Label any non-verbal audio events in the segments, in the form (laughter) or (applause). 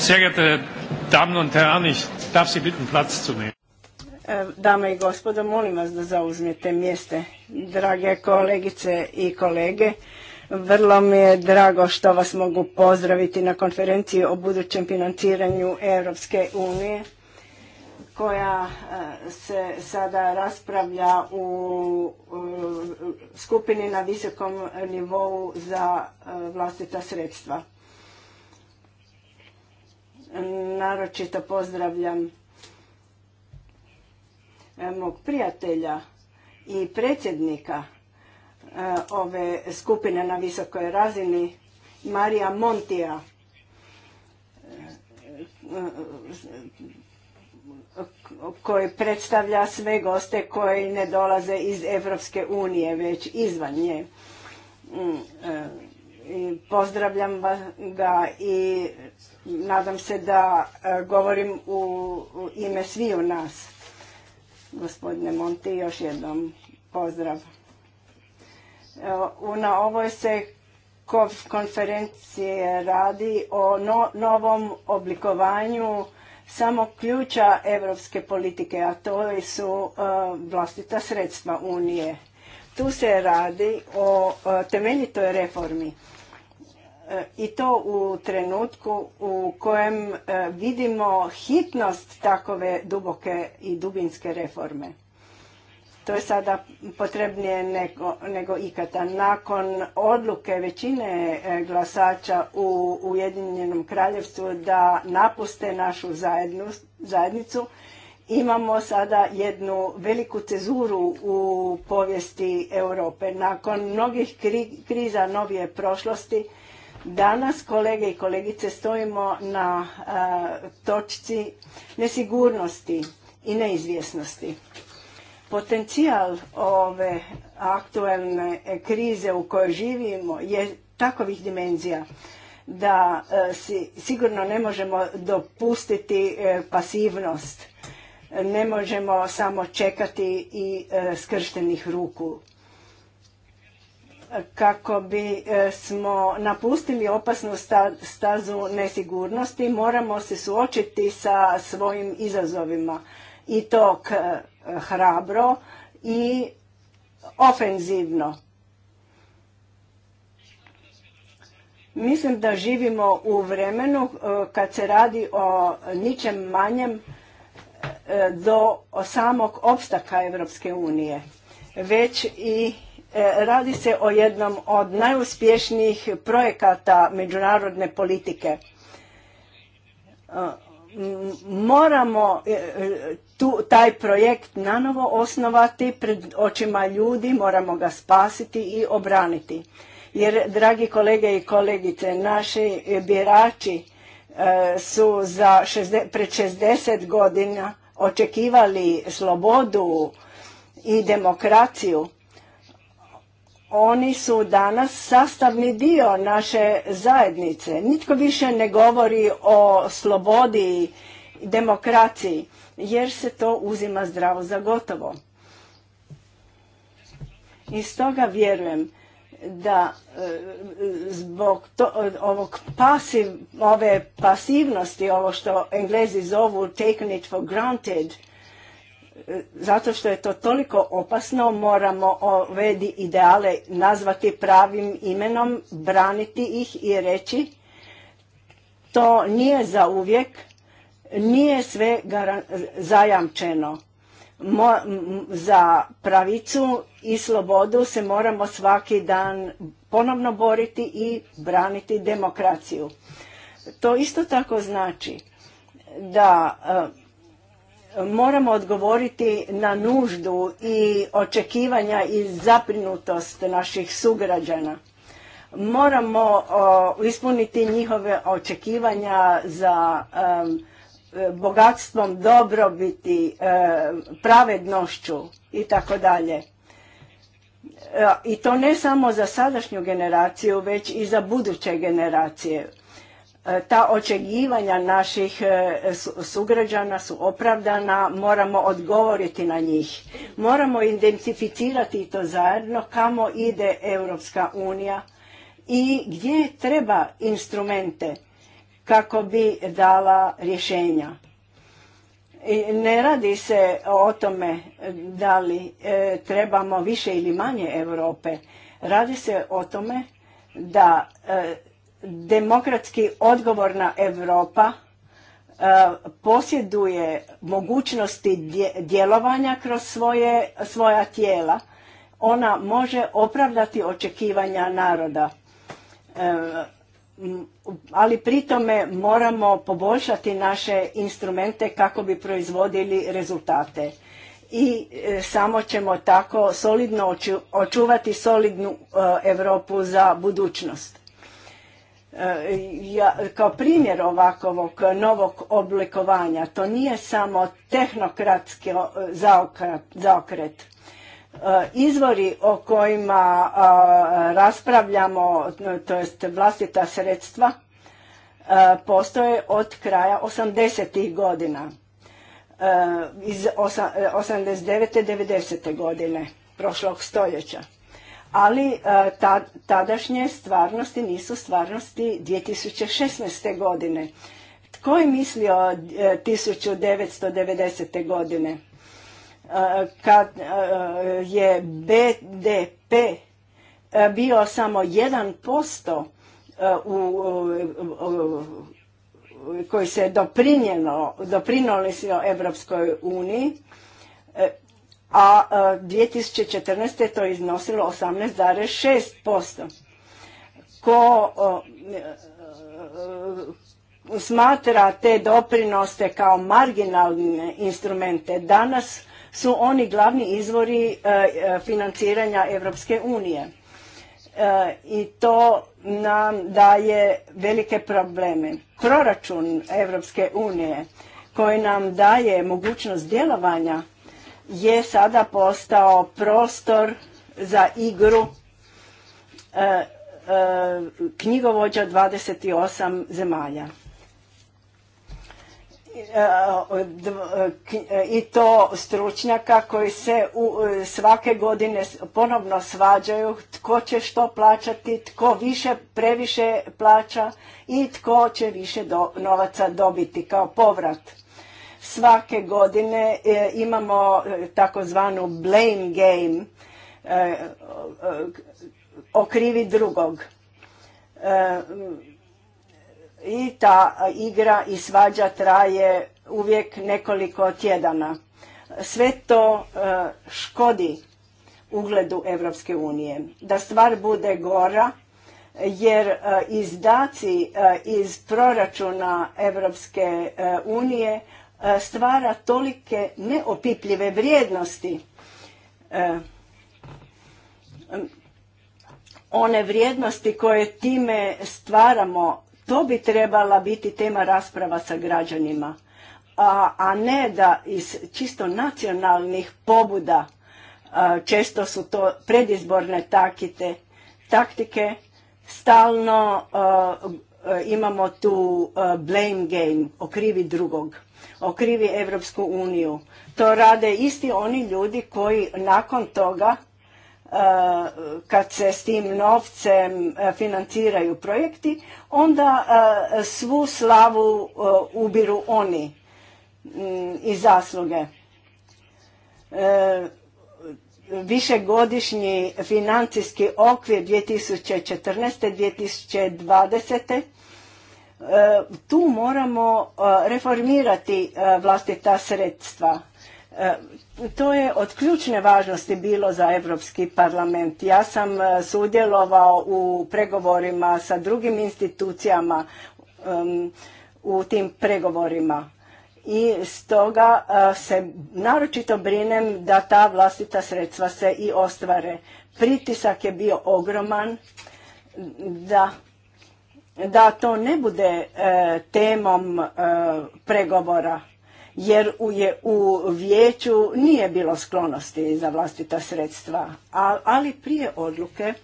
Sehr Dame i gospodo, molim vas da zauzmete mjeste. Drage kolegice i kolege, vrlo mi je drago što vas mogu pozdraviti na konferenciji o budućem financiranju Europske unije koja e, se sada raspravlja u skupini na visokom nivou za e, vlastita sredstva. Naročito pozdravljam e, mog prijatelja i predsjednika e, ove skupine na visokoj razini, Marija Montija, koji predstavlja sve goste koji ne dolaze iz Evropske unije, već izvan nje. Mm, e, Pozdravljam ga i nadam se da e, govorim u ime svi u nas. Gospodine Monti, još jednom pozdrav. Na ovoj se konferencije radi o novom oblikovanju samog ključa europske politike, a to su e, vlastita sredstva Unije. Tu se radi o e, temeljitoj reformi E, i to u trenutku u kojem e, vidimo hitnost takove duboke i dubinske reforme. To je sada potrebnije nego, nego ikada. Nakon odluke većine e, glasača u Ujedinjenom kraljevstvu da napuste našu zajednu, zajednicu, imamo sada jednu veliku cezuru u povijesti Europe. Nakon mnogih kriza novije prošlosti, Danas, kolege i kolegice, stojimo na e, točci nesigurnosti i neizvjesnosti. Potencijal ove aktualne krize u kojoj živimo je takovih dimenzija da e, sigurno ne možemo dopustiti e, pasivnost. Ne možemo samo čekati i skrštenih ruku kako bi e, smo napustili opasnu stazu nesigurnosti moramo se suočiti sa svojim izazovima i to e, hrabro i ofenzivno. Mislim da živimo u vremenu e, kad se radi o ničem manjem do samog opstaka Evropske unije, već i E, radi se o jednom od najuspješnijih projekata međunarodne politike. E, moramo e, tu, taj projekt nanovo osnovati pred očima ljudi, moramo ga spasiti i obraniti. Jer, dragi kolege i kolegice, naši birači su za pred 60 godina očekivali slobodu i demokraciju oni su danas sastavni dio naše zajednice. Nitko više ne govori o slobodi i demokraciji, jer se to uzima zdravo za gotovo. I stoga vjerujem da e, zbog to, e, ovog pasiv, ove pasivnosti, ovo što englezi zovu taken it for granted, zato što je to toliko opasno, moramo ove ideale nazvati pravim imenom, braniti ih i reći to nije za uvijek, nije sve zajamčeno. za pravicu i slobodu se moramo svaki dan ponovno boriti i braniti demokraciju. To isto tako znači da moramo odgovoriti na nuždu i očekivanja i zaprinutost naših sugrađana. Moramo ispuniti njihove očekivanja za bogatstvom, dobrobiti, pravednošću i tako dalje. E, I to ne samo za sadašnju generaciju, već i za buduće generacije. E, ta očekivanja naših e, sugrađana su opravdana, moramo odgovoriti na njih. Moramo identificirati to zajedno kamo ide Europska unija i gdje treba instrumente kako bi dala rješenja. Ne radi se o tome da li e, trebamo više ili manje Europe. Radi se o tome da demokratski odgovorna Europa e, posjeduje mogućnosti djelovanja kroz svoja tijela. Ona može opravdati očekivanja naroda. E, ali pritome moramo poboljšati naše instrumente kako bi proizvodili rezultate. I e, samo ćemo tako solidno očuvati solidnu Europu za budućnost E, kao primjer ovakvog novog oblikovanja, to nije samo tehnokratski zaokret. E, izvori o kojima raspravljamo, to jest vlastita sredstva, e, postoje od kraja 80. godina, iz 89. 90. godine prošlog stoljeća ali e, tadašnje stvarnosti nisu stvarnosti 2016. godine. Tko je mislio 1990. E, godine e, kad je BDP bio samo 1% u, koji se doprinjeno, doprinjeli se Evropskoj uniji, a 2014. E, je to iznosilo 18,6%. Ko e, smatra te doprinoste kao marginalne instrumente danas su oni glavni izvori e, financiranja Europske unije. I to nam daje velike probleme. Proračun Europske unije koji nam daje mogućnost djelovanja je sada postao prostor za igru e, e, knjigovođa 28 zemalja. E, I to stručnjaka koji se svake godine ponovno svađaju tko će što plaćati, tko više previše plaća i tko će više novaca dobiti kao povrat Svake godine e, imamo e, takozvanu blame game, e, okrivi drugog. I ta igra i svađa traje uvijek nekoliko tjedana. Sve to škodi ugledu Europske unije. Da stvar bude gora, jer izdaci iz proračuna Europske unije E, stvara tolike neopipljive vrijednosti e, one vrijednosti koje time stvaramo to bi trebala biti tema rasprava sa građanima a, ne da iz čisto nacionalnih pobuda e, često su to predizborne takite, taktike stalno imamo tu blame game okrivi drugog okrivi europsku uniju. To rade isti oni ljudi koji nakon toga e, kad se s tim novcem e, financiraju projekti, onda e, svu slavu ubiru oni mm, i zasluge. Višegodišnji financijski okvir 2014. 2020 tu moramo e, reformirati e, vlastita sredstva. E, to je od ključne važnosti bilo za Europski parlament. Ja sam sudjelovao u pregovorima sa drugim institucijama u tim pregovorima i stoga se naročito brinem da ta vlastita sredstva se i ostvare. Pritisak je bio ogroman da da to ne bude e, temom e, pregovora jer je u vijeću nije bilo sklonosti za vlastita sredstva, ali prije odluke e,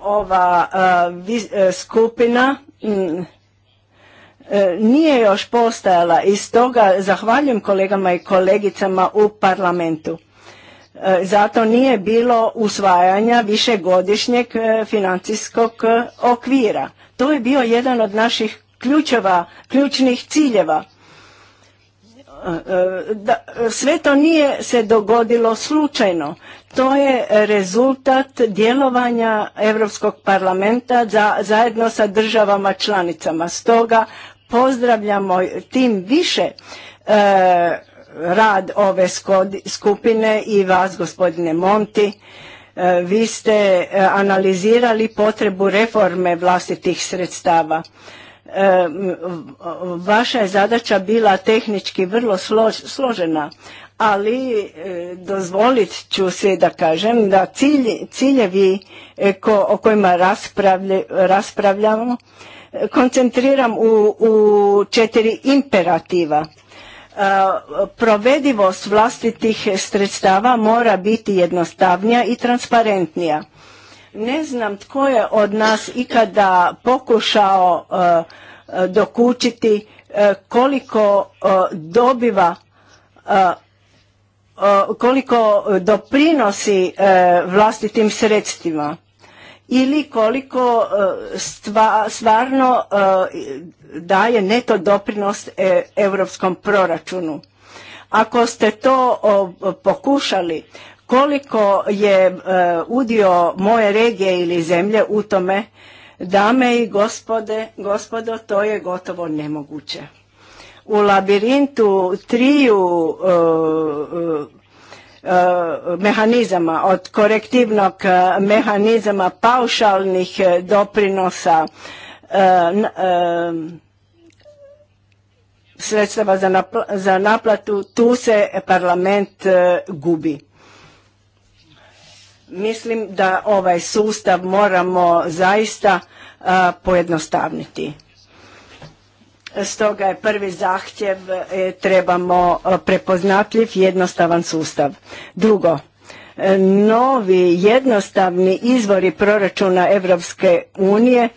ova skupina nije još postajala i stoga zahvaljujem kolegama i kolegicama u parlamentu zato nije bilo usvajanja višegodišnjeg e, financijskog e, okvira. To je bio jedan od naših ključeva, ključnih ciljeva. E, da, sve to nije se dogodilo slučajno. To je rezultat djelovanja Europskog parlamenta za, zajedno sa državama članicama. Stoga pozdravljamo tim više rad ove skupine i vas gospodine Monti. E, vi ste e, analizirali potrebu reforme vlastitih sredstava. E, vaša je zadaća bila tehnički vrlo složena, ali dozvolit ću se da kažem da ciljevi o kojima raspravljamo koncentriram u četiri imperativa – provedivost vlastitih sredstava mora biti jednostavnija i transparentnija. Ne znam tko je od nas ikada pokušao dokučiti koliko dobiva koliko doprinosi e, vlastitim sredstvima ili koliko e, stvarno e, daje neto doprinos e, europskom proračunu. Ako ste to pokušali, koliko je udio moje regije ili zemlje u tome, dame i gospode, gospodo, to je gotovo nemoguće. U labirintu triju Eh, mehanizama, od korektivnog eh, mehanizama, paušalnih eh, doprinosa, sredstava za, naplatu, tu se parlament gubi. Mislim da ovaj sustav moramo zaista pojednostavniti. Stoga je prvi zahtjev e, trebamo e, prepoznatljiv, jednostavan sustav. Drugo, e, novi jednostavni izvori proračuna Europske unije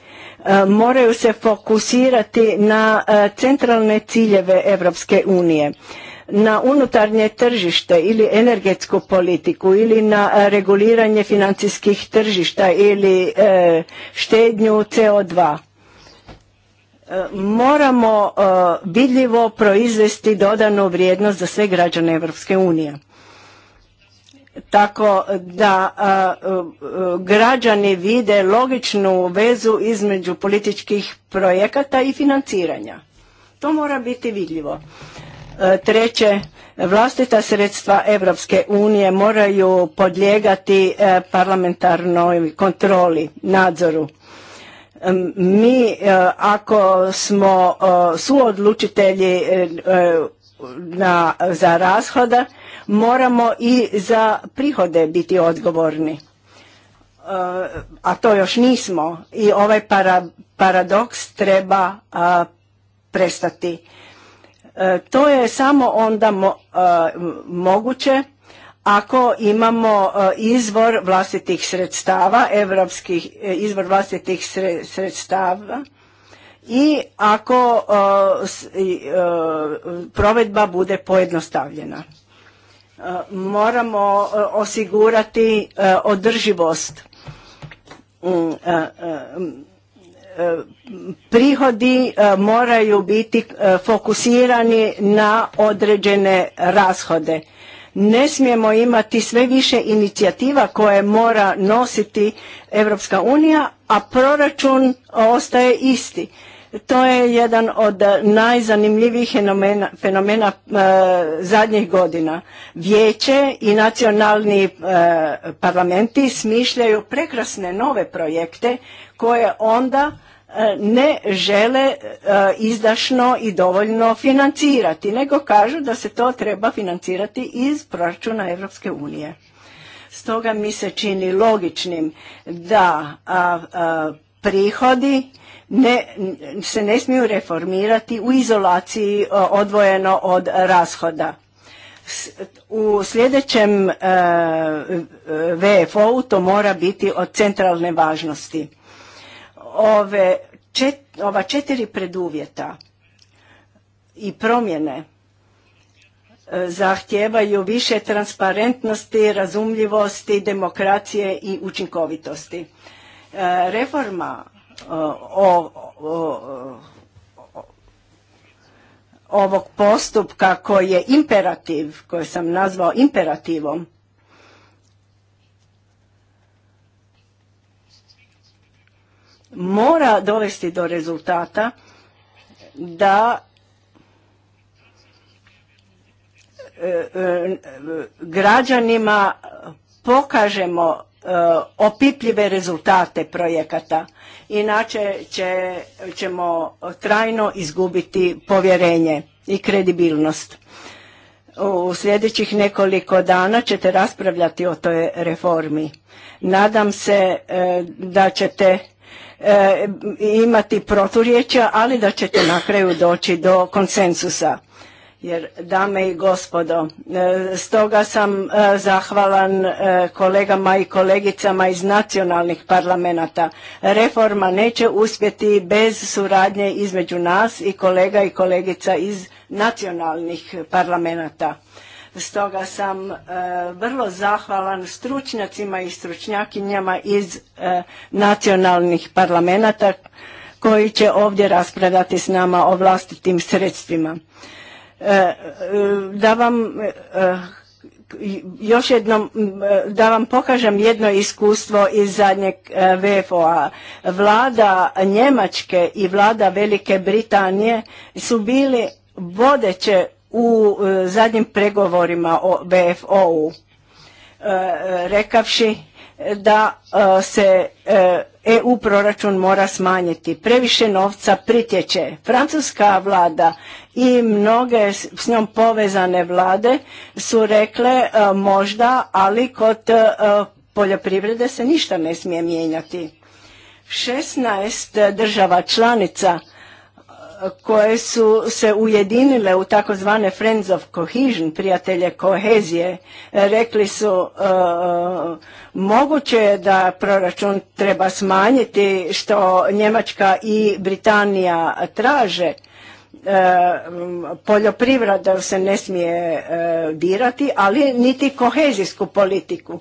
moraju se fokusirati na centralne ciljeve Europske unije na unutarnje tržište ili energetsku politiku ili na reguliranje financijskih tržišta ili štednju CO2 E, moramo e, vidljivo proizvesti dodanu vrijednost za sve građane Europske unije. Tako da e, građani vide logičnu vezu između političkih projekata i financiranja. To mora biti vidljivo. Treće, vlastita sredstva Europske unije moraju podlijegati parlamentarnoj kontroli, nadzoru mi eh, ako smo eh, suodlučitelji eh, za razhoda, moramo i za prihode biti odgovorni. A to još nismo i ovaj paradoks treba prestati. To je samo onda moguće ako imamo e, izvor vlastitih sredstava, evropskih e, izvor vlastitih sredstava i ako e, provedba bude pojednostavljena. Moramo osigurati održivost mm, prihodi moraju biti fokusirani na određene rashode ne smijemo imati sve više inicijativa koje mora nositi Europska unija, a proračun ostaje isti. To je jedan od najzanimljivijih fenomena, fenomena e, zadnjih godina. Vijeće i nacionalni e, parlamenti smišljaju prekrasne nove projekte koje onda ne žele e, izdašno i dovoljno financirati, nego kažu da se to treba financirati iz proračuna Europske unije. Stoga mi se čini logičnim da prihodi se ne smiju reformirati u izolaciji e, odvojeno od rashoda. U sljedećem e, VFO-u to mora biti od centralne važnosti ove ova četiri preduvjeta i promjene e, zahtijevaju više transparentnosti, razumljivosti, demokracije i učinkovitosti. E, reforma e, o, ovog postupka koji je imperativ, koji sam nazvao imperativom, mora dovesti do rezultata da e, e, građanima pokažemo e, opipljive rezultate projekata. Inače ćemo trajno izgubiti povjerenje i kredibilnost. U sljedećih nekoliko dana ćete raspravljati o toj reformi. Nadam se da ćete E, imati proturječja, ali da ćete na kraju doći do konsensusa. Jer, dame i gospodo, e, stoga sam e, zahvalan kolegama i kolegicama iz nacionalnih parlamenta. Reforma neće uspjeti bez suradnje između nas i kolega i kolegica iz nacionalnih parlamenta. Stoga sam e, vrlo zahvalan stručnjacima i stručnjakinjama iz e, nacionalnih parlamenata koji će ovdje raspravljati s nama o vlastitim sredstvima. E, da vam još jednom da vam pokažem jedno iskustvo iz zadnjeg VFO-a. Vlada Njemačke i vlada Velike Britanije su bili vodeće u e, zadnjim pregovorima o BFO-u e, rekavši da e, se EU proračun mora smanjiti. Previše novca pritječe. Francuska vlada i mnoge s njom povezane vlade su rekle možda, ali kod poljoprivrede se ništa ne smije mijenjati. 16 država članica koje su se ujedinile u takozvane Friends of Cohesion, prijatelje kohezije, rekli su e, moguće je da proračun treba smanjiti što Njemačka i Britanija traže. E, poljoprivreda se ne smije e, dirati, ali niti kohezijsku politiku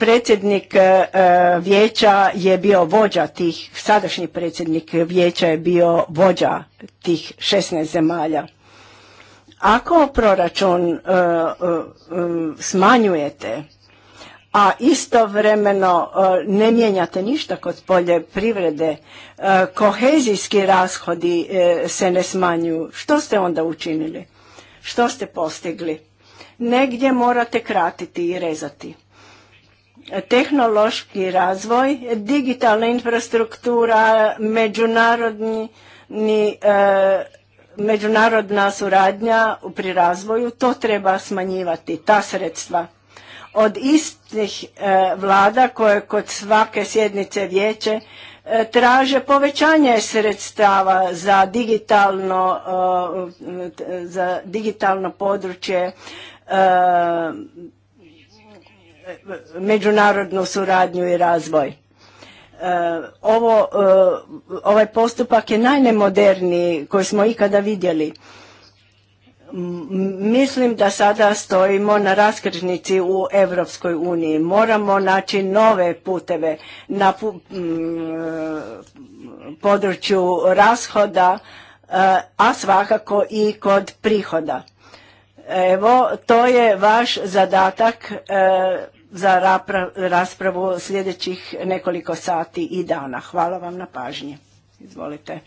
predsjednik e, e, vijeća je bio vođa tih, sadašnji predsjednik vijeća je bio vođa tih 16 zemalja. Ako proračun e, smanjujete, a istovremeno ne mijenjate ništa kod privrede, kohezijski rashodi se ne smanjuju, što ste onda učinili? Što ste postigli? Negdje morate kratiti i rezati tehnološki razvoj, digitalna infrastruktura, međunarodni e, međunarodna suradnja pri razvoju, to treba smanjivati, ta sredstva. Od istih e, vlada koje kod svake sjednice vijeće e, traže povećanje sredstava za digitalno, za digitalno područje međunarodnu suradnju i razvoj. E, ovo, e, ovaj postupak je najnemoderniji koji smo ikada vidjeli. Mislim da sada stojimo na raskrižnici u Europskoj uniji. Moramo naći nove puteve na području rashoda, e, a svakako i kod prihoda. Evo, to je vaš zadatak za raspravu sljedećih nekoliko sati i dana. Hvala vam na pažnji. Izvolite.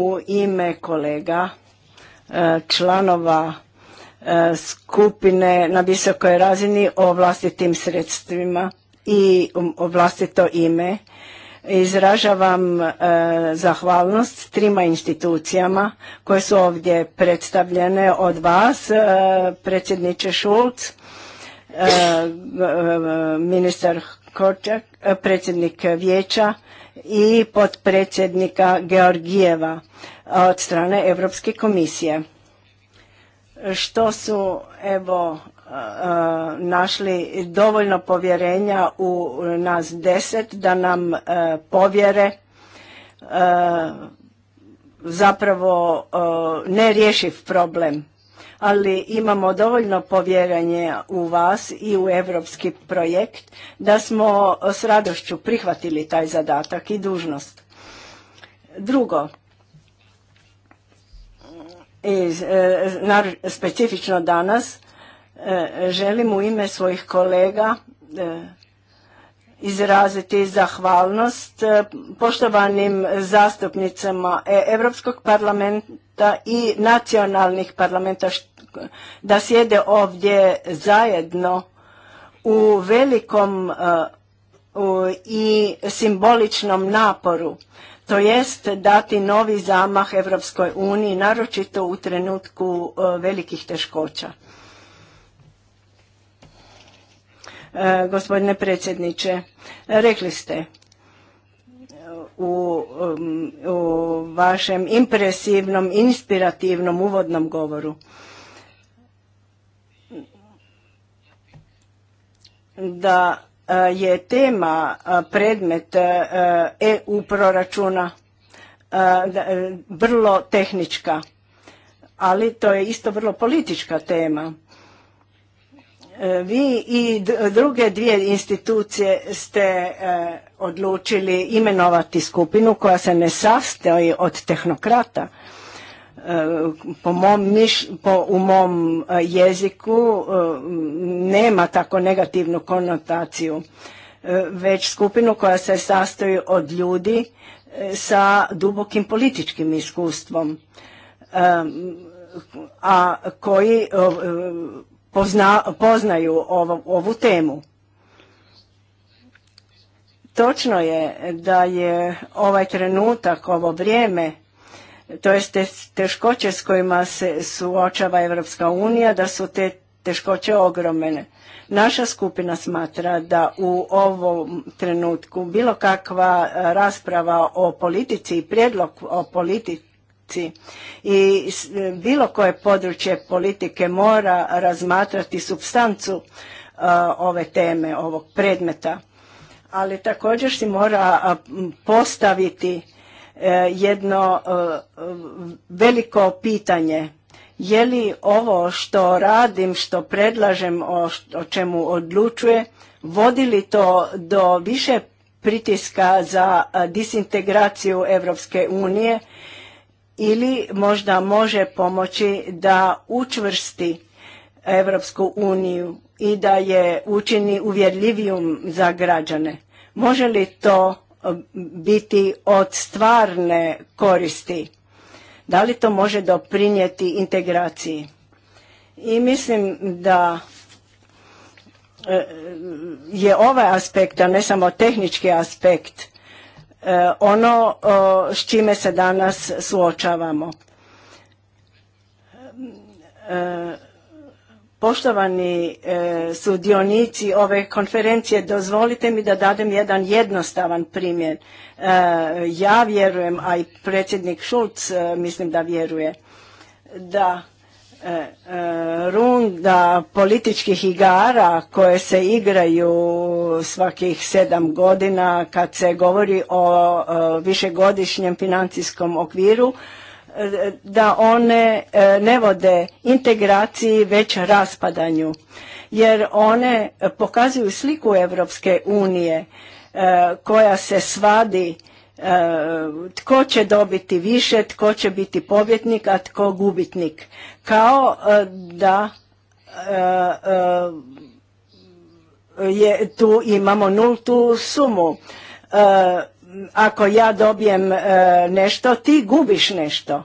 u ime kolega e, članova E, skupine na visokoj razini o vlastitim sredstvima i um, o vlastito ime. Izražavam e, zahvalnost trima institucijama koje su ovdje predstavljene od vas, e, predsjedniče Šulc, ministar Korčak, predsjednik vijeća i potpredsjednika Georgijeva od strane Europske komisije što su evo e, našli dovoljno povjerenja u nas deset da nam e, povjere e, zapravo nerješiv problem ali imamo dovoljno povjerenje u vas i u europski projekt da smo s radošću prihvatili taj zadatak i dužnost. Drugo, i e, specifično danas e, želim u ime svojih kolega e, izraziti zahvalnost poštovanim zastupnicama Europskog parlamenta i nacionalnih parlamenta da sjede ovdje zajedno u velikom i simboličnom naporu to jest dati novi zamah Evropskoj uniji, naročito u trenutku e, velikih teškoća. E, gospodine predsjedniče, rekli ste e, um, u vašem impresivnom, inspirativnom uvodnom govoru da Eh, je tema eh, predmet EU eh, e proračuna vrlo tehnička, ali to je isto vrlo politička tema. Vi i druge dvije institucije ste odlučili imenovati skupinu koja se ne sastoji od tehnokrata, po mom po, u mom e, jeziku e, nema tako negativnu konotaciju e, već skupinu koja se sastoji od ljudi sa dubokim političkim iskustvom a koji poznaju ovu temu točno je da je ovaj trenutak ovo vrijeme to jest te teškoće s kojima se suočava Evropska unija, da su te teškoće ogromene. Naša skupina smatra da u ovom trenutku bilo kakva rasprava o politici i prijedlog o politici i bilo koje područje politike mora razmatrati substancu e, ove teme, ovog predmeta. Ali također si mora postaviti E, jedno e, veliko pitanje. Je li ovo što radim, što predlažem, o, čemu odlučuje, vodi li to do više pritiska za e, disintegraciju Europske unije ili možda može pomoći da učvrsti Europsku uniju i da je učini uvjerljivijom za građane. Može li to biti od stvarne koristi? Da li to može doprinijeti integraciji? I mislim da e, je ovaj aspekt, a ne samo tehnički aspekt, e, ono s čime se danas suočavamo. E, Poštovani e, sudionici ove konferencije, dozvolite mi da dadem jedan jednostavan primjer. E, ja vjerujem, a i predsjednik Šulc e, mislim da vjeruje, da runda političkih igara koje se igraju svakih sedam godina kad se govori o višegodišnjem financijskom okviru, da one e, ne vode integraciji već raspadanju jer one pokazuju sliku Europske unije e, koja se svadi e, tko će dobiti više, tko će biti pobjetnik, a tko gubitnik. Kao da je, tu imamo nultu sumu ako ja dobijem e, nešto, ti gubiš nešto.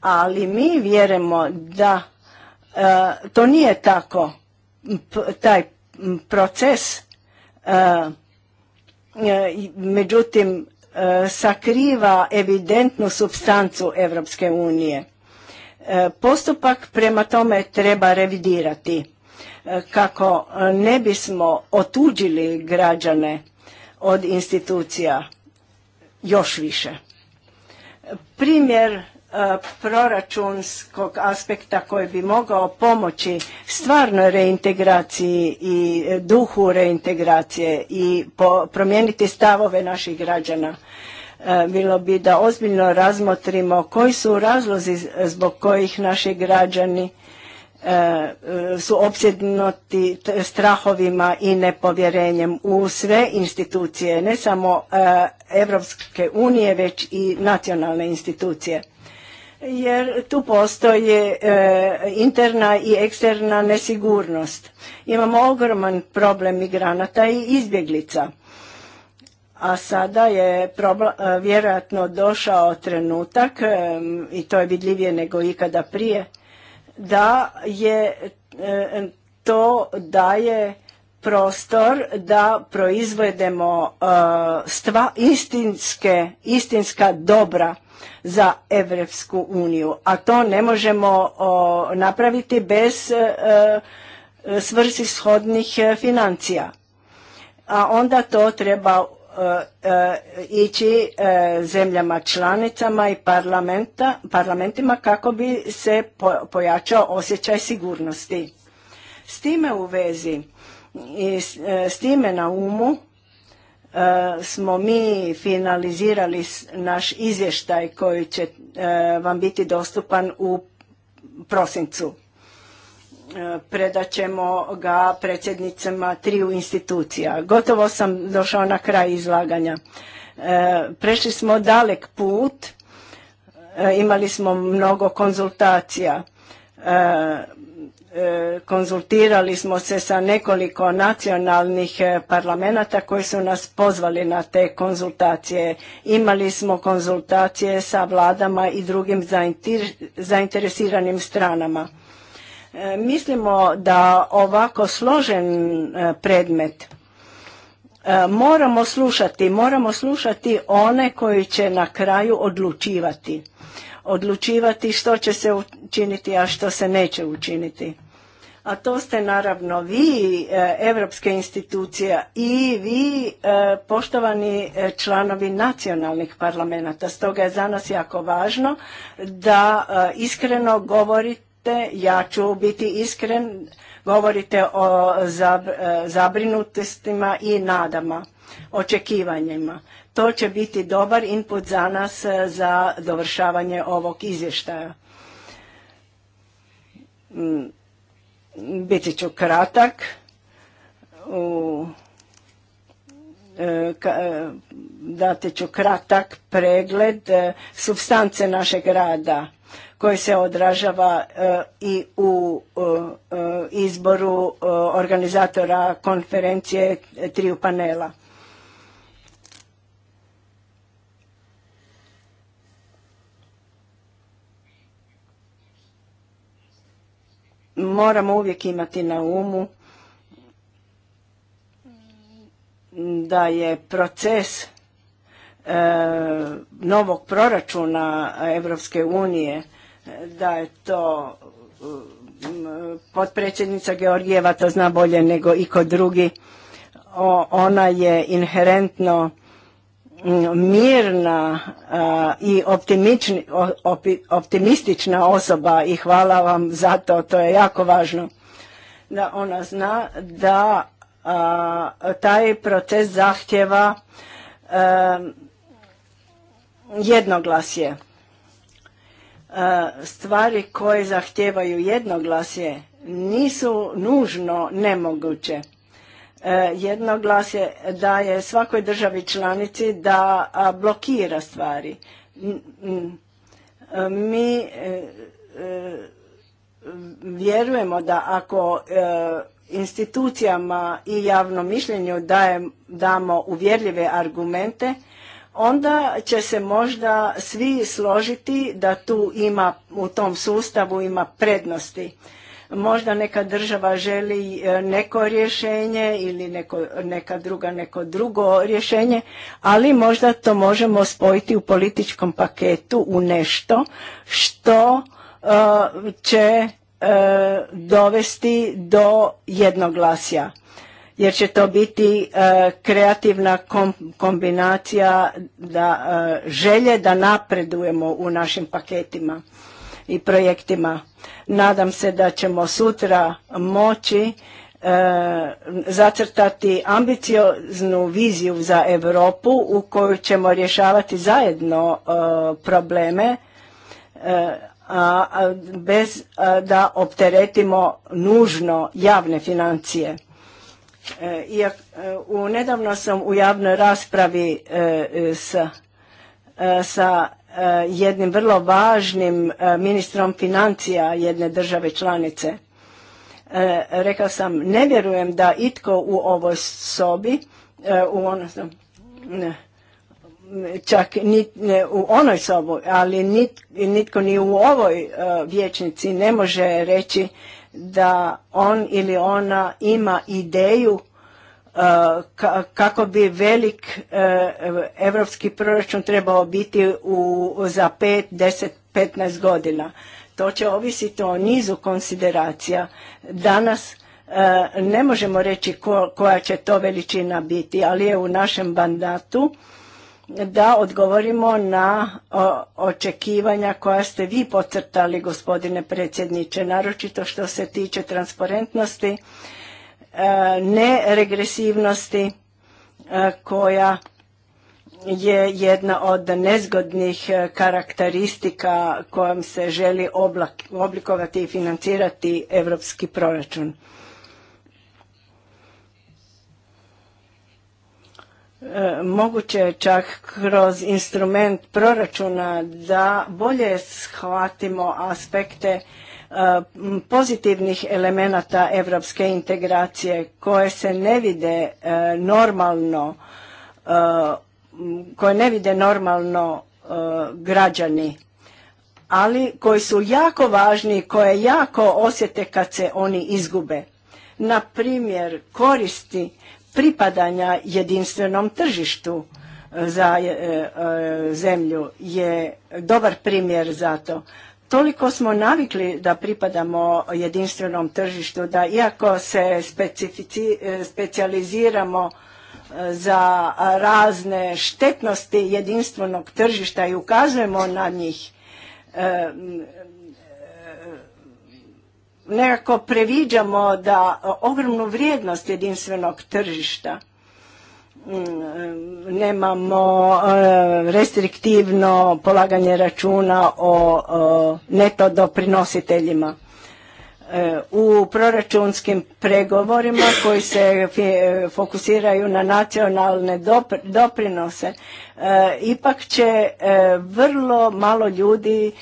Ali mi vjerujemo da e, to nije tako. taj proces, e, međutim, sakriva evidentnu substancu Evropske unije. Postupak prema tome treba revidirati kako ne bismo otuđili građane od institucija još više. Primjer e, proračunskog aspekta koji bi mogao pomoći stvarnoj reintegraciji i duhu reintegracije i promijeniti stavove naših građana e, bilo bi da ozbiljno razmotrimo koji su razlozi zbog kojih naši građani E, su opsjednuti strahovima i nepovjerenjem u sve institucije, ne samo e, Evropske unije, već i nacionalne institucije. Jer tu postoji e, interna i eksterna nesigurnost. Imamo ogroman problem migranata i izbjeglica. A sada je vjerojatno došao trenutak, i to je vidljivije nego ikada prije, da je e, to daje prostor da proizvedemo e, stva istinska dobra za Evropsku uniju, a to ne možemo napraviti bez e, svrsishodnih financija. A onda to treba E, e, ići e, zemljama članicama i parlamentima kako bi se pojačao osjećaj sigurnosti. S time u vezi i s time na umu smo mi finalizirali naš izvještaj koji će vam biti dostupan u prosincu predat ćemo ga predsjednicama triju institucija. Gotovo sam došao na kraj izlaganja. E, prešli smo dalek put, e, imali smo mnogo konzultacija, e, konzultirali smo se sa nekoliko nacionalnih parlamenta koji su nas pozvali na te konzultacije. Imali smo konzultacije sa vladama i drugim zainteresiranim stranama E, mislimo da ovako složen e, predmet e, moramo slušati, moramo slušati one koji će na kraju odlučivati. Odlučivati što će se učiniti, a što se neće učiniti. A to ste naravno vi, evropske institucije i vi, poštovani članovi nacionalnih parlamenta. Stoga je za nas jako važno da iskreno govorite ja ću biti iskren, govorite o e, zabrinutostima i nadama, očekivanjima. To će biti dobar input za nas e, za dovršavanje ovog izvještaja. Mm, biti ću kratak. U, e, dati ću kratak pregled substance našeg rada koje se odražava e, i u e, e, izboru organizatora konferencije triju panela. Moramo uvijek imati na umu da je proces novog proračuna Europske unije da je to um, potpredsjednica Georgijeva to zna bolje nego i kod drugi. Ona je inherentno um, mirna i optimistična osoba i hvala vam za to, to je jako važno. Da ona zna da taj proces zahtjeva um, jednoglasje stvari koje zahtijevaju jednoglasje nisu nužno nemoguće. Jednoglasje daje svakoj državi članici da blokira stvari. Mi e, e, vjerujemo da ako e, institucijama i javnom mišljenju damo uvjerljive argumente, onda će se možda svi složiti da tu ima u tom sustavu ima prednosti možda neka država želi e, neko rješenje ili neko, neka druga neko drugo rješenje ali možda to možemo spojiti u političkom paketu u nešto što e, će e, dovesti do jednoglasja jer će to biti e, kreativna kombinacija da e, želje da napredujemo u našim paketima i projektima. Nadam se da ćemo sutra moći e, zacrtati ambicioznu viziju za Europu u kojoj ćemo rješavati zajedno probleme a, bez da opteretimo nužno javne financije. E, e, u nedavno sam u javnoj raspravi e, sa, jednim vrlo važnim ministrom financija jedne države članice. Rekao sam, ne vjerujem da itko u ovoj sobi, u ono čak u onoj sobi, ali nitko ni u ovoj vječnici ne može reći da on ili ona ima ideju uh, kako bi velik uh, europski proračun trebao biti u, za 5, 10, 15 godina. To će ovisiti o nizu konsideracija. Danas uh, ne možemo reći koja će to veličina biti, ali je u našem mandatu da odgovorimo na očekivanja koja ste vi pocrtali gospodine predsjedniče, naročito što se tiče transparentnosti, e, neregresivnosti e, koja je jedna od nezgodnih e, karakteristika kojom se želi oblikovati i financirati europski proračun. E, moguće je čak kroz instrument proračuna da bolje shvatimo aspekte e, pozitivnih elemenata evropske integracije koje se ne vide e, normalno koje ne vide normalno građani ali koji su jako važni koje jako osjete kad se oni izgube na primjer koristi pripadanja jedinstvenom tržištu e, za e, e, zemlju je dobar primjer za to. Toliko smo navikli da pripadamo jedinstvenom tržištu da iako se specijaliziramo za razne štetnosti jedinstvenog tržišta i ukazujemo na njih, nekako previđamo da ogromnu vrijednost jedinstvenog tržišta mm, nemamo e, restriktivno polaganje računa o neto doprinositeljima E, u proračunskim pregovorima koji se e, fokusiraju na nacionalne doprinose e, ipak će vrlo malo ljudi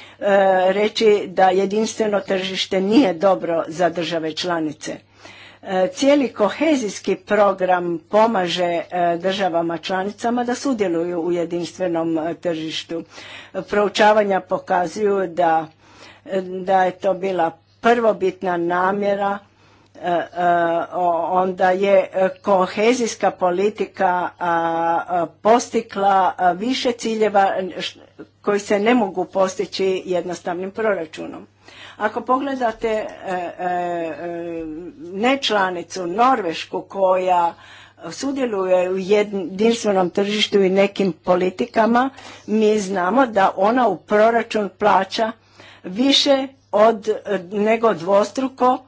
reći da jedinstveno tržište nije dobro za države članice cijeli kohezijski program pomaže državama članicama da sudjeluju u jedinstvenom tržištu. Proučavanja pokazuju da, da je to bila prvobitna namjera e, e, onda je e, kohezijska politika postikla više ciljeva koji se ne mogu postići jednostavnim proračunom. Ako pogledate nečlanicu Norvešku koja sudjeluje u jedinstvenom tržištu i nekim politikama, mi znamo da ona u proračun plaća više od, nego dvostruko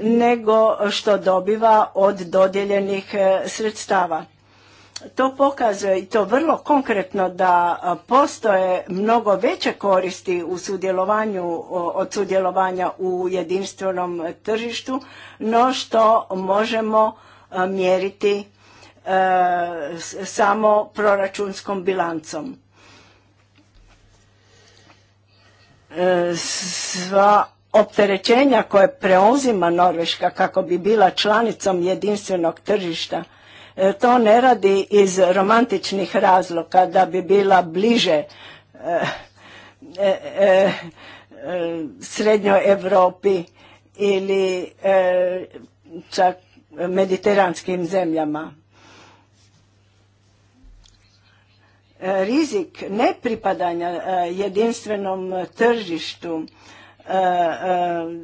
nego što dobiva od dodijeljenih e, sredstava. To pokazuje i to vrlo konkretno da e, postoje mnogo veće koristi u sudjelovanju, od sudjelovanja u jedinstvenom tržištu, no što možemo e, mjeriti samo proračunskom bilancom. E, sva opterećenja koje preuzima Norveška kako bi bila članicom jedinstvenog tržišta, e, to ne radi iz romantičnih razloga da bi bila bliže e, srednjoj Europi ili čak mediteranskim zemljama. rizik nepripadanja e, jedinstvenom tržištu e, e,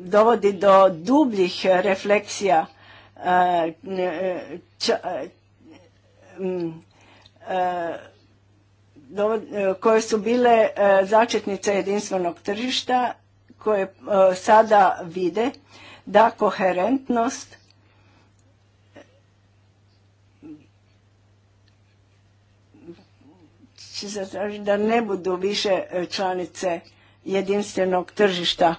dovodi do dubljih refleksija koje su bile začetnice jedinstvenog tržišta koje sada vide da koherentnost će zatražiti da ne budu više e, članice jedinstvenog tržišta,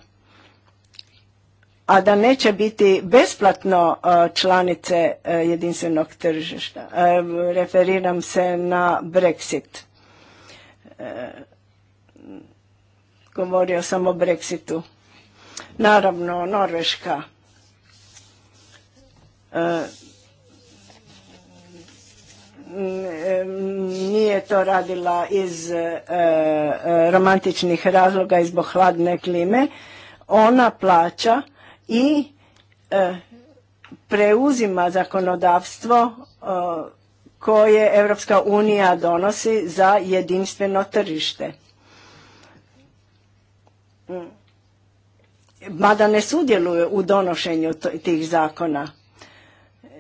a da neće biti besplatno e, članice e, jedinstvenog tržišta. Referiram se na Brexit. Govorio sam o Brexitu. Naravno, Norveška Mm, nije to radila iz e, e, romantičnih razloga i zbog hladne klime. Ona plaća i e, preuzima zakonodavstvo koje Europska unija donosi za jedinstveno tržište. Mm. Mada ne sudjeluje u donošenju tih zakona.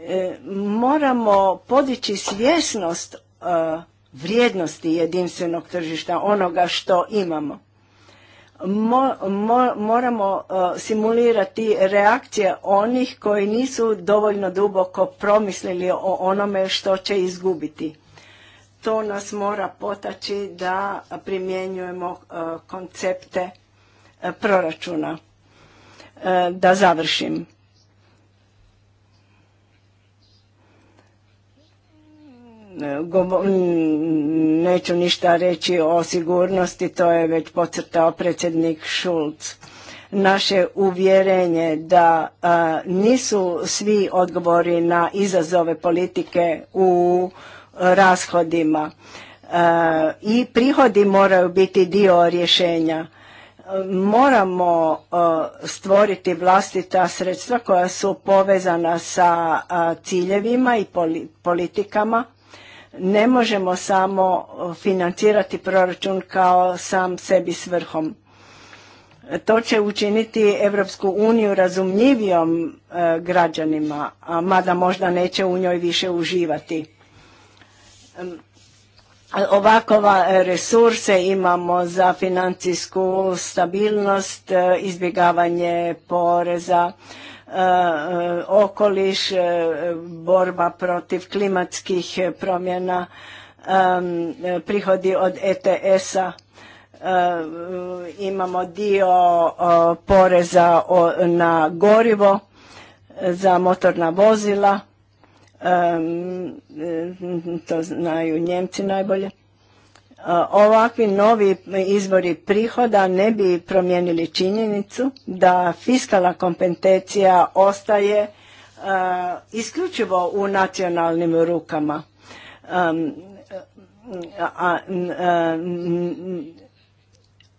E, moramo podići svjesnost e, vrijednosti jedinstvenog tržišta, onoga što imamo. moramo e, simulirati reakcije onih koji nisu dovoljno duboko promislili o onome što će izgubiti. To nas mora potaći da primjenjujemo koncepte proračuna. Da završim neću ništa reći o sigurnosti, to je već podcrtao predsjednik Šulc. Naše uvjerenje da nisu svi odgovori na izazove politike u rashodima i prihodi moraju biti dio rješenja. Moramo stvoriti vlastita sredstva koja su povezana sa ciljevima i politikama ne možemo samo eh, financirati proračun kao sam sebi svrhom. To će učiniti Europsku uniju razumljivijom eh, građanima, a mada možda neće u njoj više uživati. ovakova eh, resurse imamo za financijsku stabilnost, izbjegavanje poreza, Eh, okoliš, eh, borba protiv klimatskih eh, promjena, prihodi od ETS-a, imamo dio poreza na gorivo za motorna vozila, to znaju Njemci najbolje Ovakvi novi izvori prihoda ne bi promijenili činjenicu da fiskalna kompetencija ostaje e, isključivo u nacionalnim rukama. A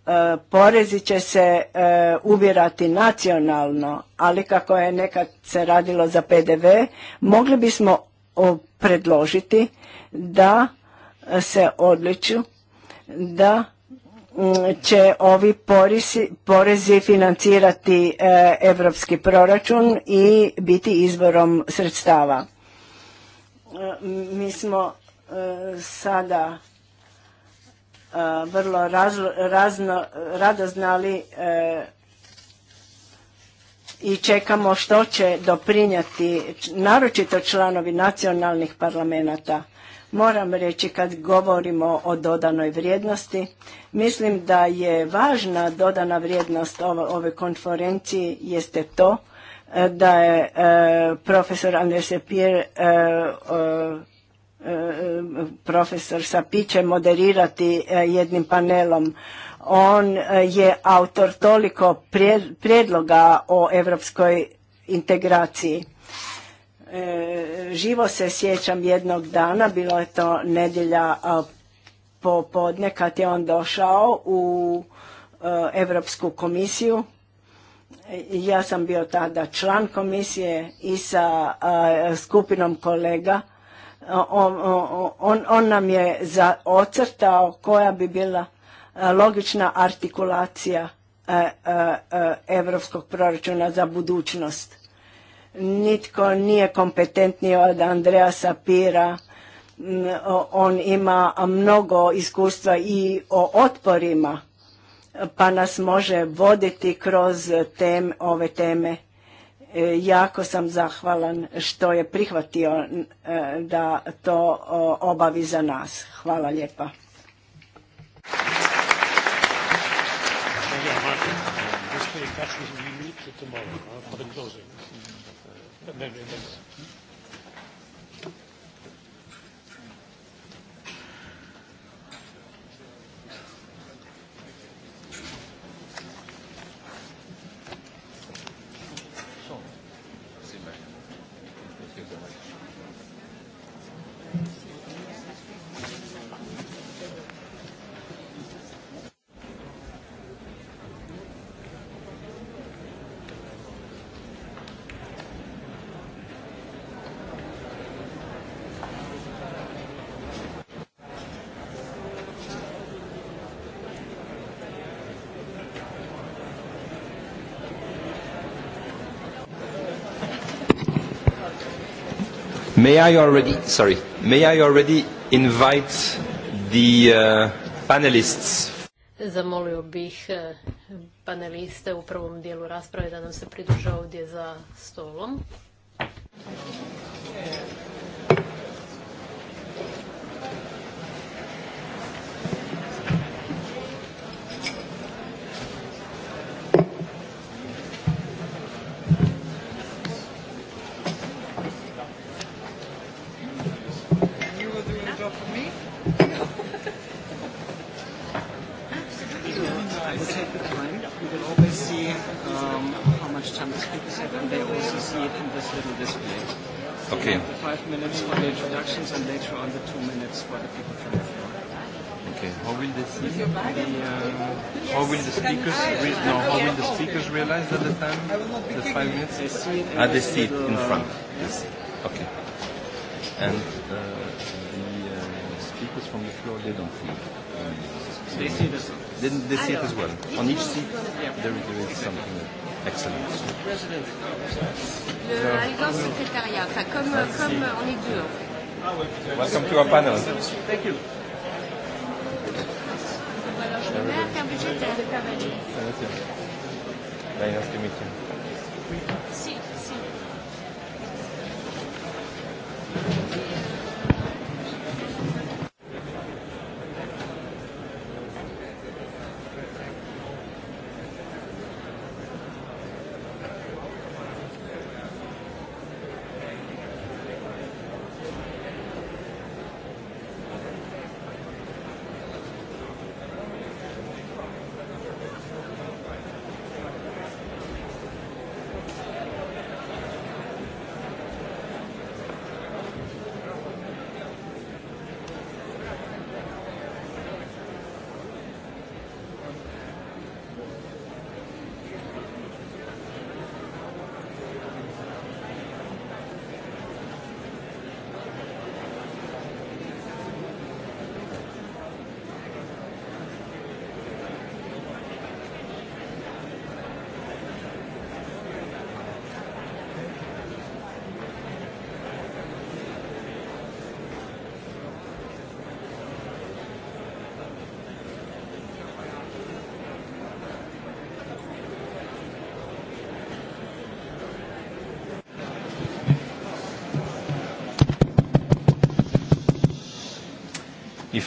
e, porezi će se e, ubirati nacionalno, ali kako je nekad se radilo za PDV, mogli bismo predložiti da se odliču da mm, će ovi porezi financirati europski proračun i biti izborom sredstava. E, mi smo e, sada e, vrlo rado znali i čekamo što će doprinjati naročito članovi nacionalnih parlamenta Moram reći kad govorimo o dodanoj vrijednosti, mislim da je važna dodana vrijednost ove konferencije jeste to e, da je e, profesor Andres Pir, e, profesor Sapiće moderirati jednim panelom. On je autor toliko prijedloga o europskoj integraciji. E, živo se sjećam jednog dana, bilo je to nedjelja popodne kad je on došao u Europsku komisiju. Ja sam bio tada član komisije i sa skupinom kolega. On, on, on nam je ocrtao koja bi bila logična artikulacija europskog e, e, proračuna za budućnost. Nitko nije kompetentniji od Andreja Sapira, mm, On ima mnogo iskustva i o otporima, pa nas može voditi kroz tem, ove teme. E, jako sam zahvalan što je prihvatio e, da to obavi za nas. Hvala lijepa ne ne ne May I already, sorry, may I already invite the uh, panelists? Zamolio bih uh, paneliste u prvom dijelu rasprave da nam se pridruže ovdje za stolom. have seat in front. Yes. Okay. And uh, the uh, speakers from the floor, they don't they see this. Um, they see it as well. On each seat, there, is something. Excellent. comme, euh, on est deux, Welcome to our panel. Thank you.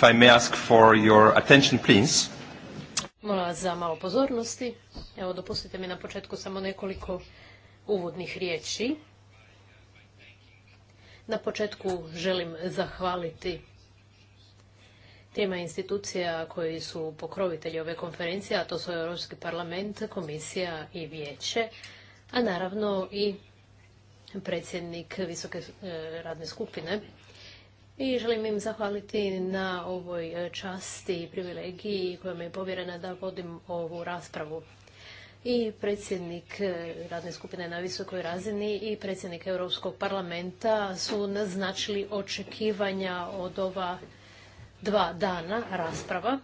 I Molim vas za malo pozornosti. Evo, dopustite mi na početku samo nekoliko uvodnih riječi. Na početku želim zahvaliti tema institucija koji su pokrovitelji ove konferencije, a to su Europski parlament, komisija i vijeće, a naravno i predsjednik Visoke eh, radne skupine i želim im zahvaliti na ovoj e, časti i privilegiji koja mi je povjerena da vodim ovu raspravu. I predsjednik e, radne skupine na visokoj razini i predsjednik Europskog parlamenta su naznačili očekivanja od ova dva dana rasprava.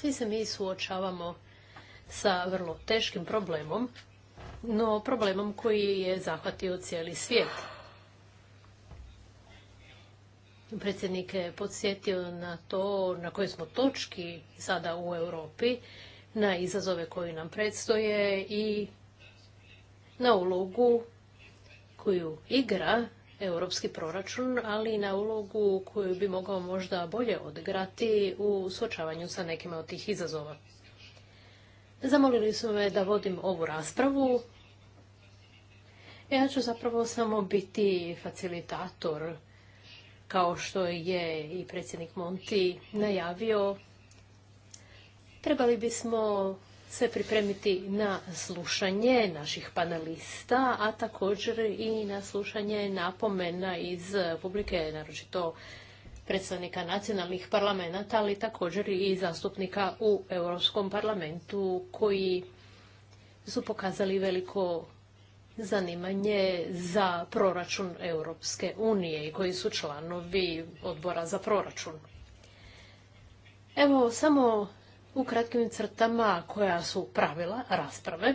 Svi se mi suočavamo sa vrlo teškim problemom, no problemom koji je zahvatio cijeli svijet predsjednik je podsjetio na to na kojoj smo točki sada u Europi, na izazove koji nam predstoje i na ulogu koju igra europski proračun, ali i na ulogu koju bi mogao možda bolje odigrati u suočavanju sa nekima od tih izazova. Zamolili su me da vodim ovu raspravu. Ja ću zapravo samo biti facilitator kao što je i predsjednik Monti najavio, trebali bismo se pripremiti na slušanje naših panelista, a također i na slušanje napomena iz publike, naročito predstavnika nacionalnih parlamenta, ali također i zastupnika u Europskom parlamentu koji su pokazali veliko zanimanje za proračun Europske unije i koji su članovi odbora za proračun. Evo samo u kratkim crtama koja su pravila rasprave.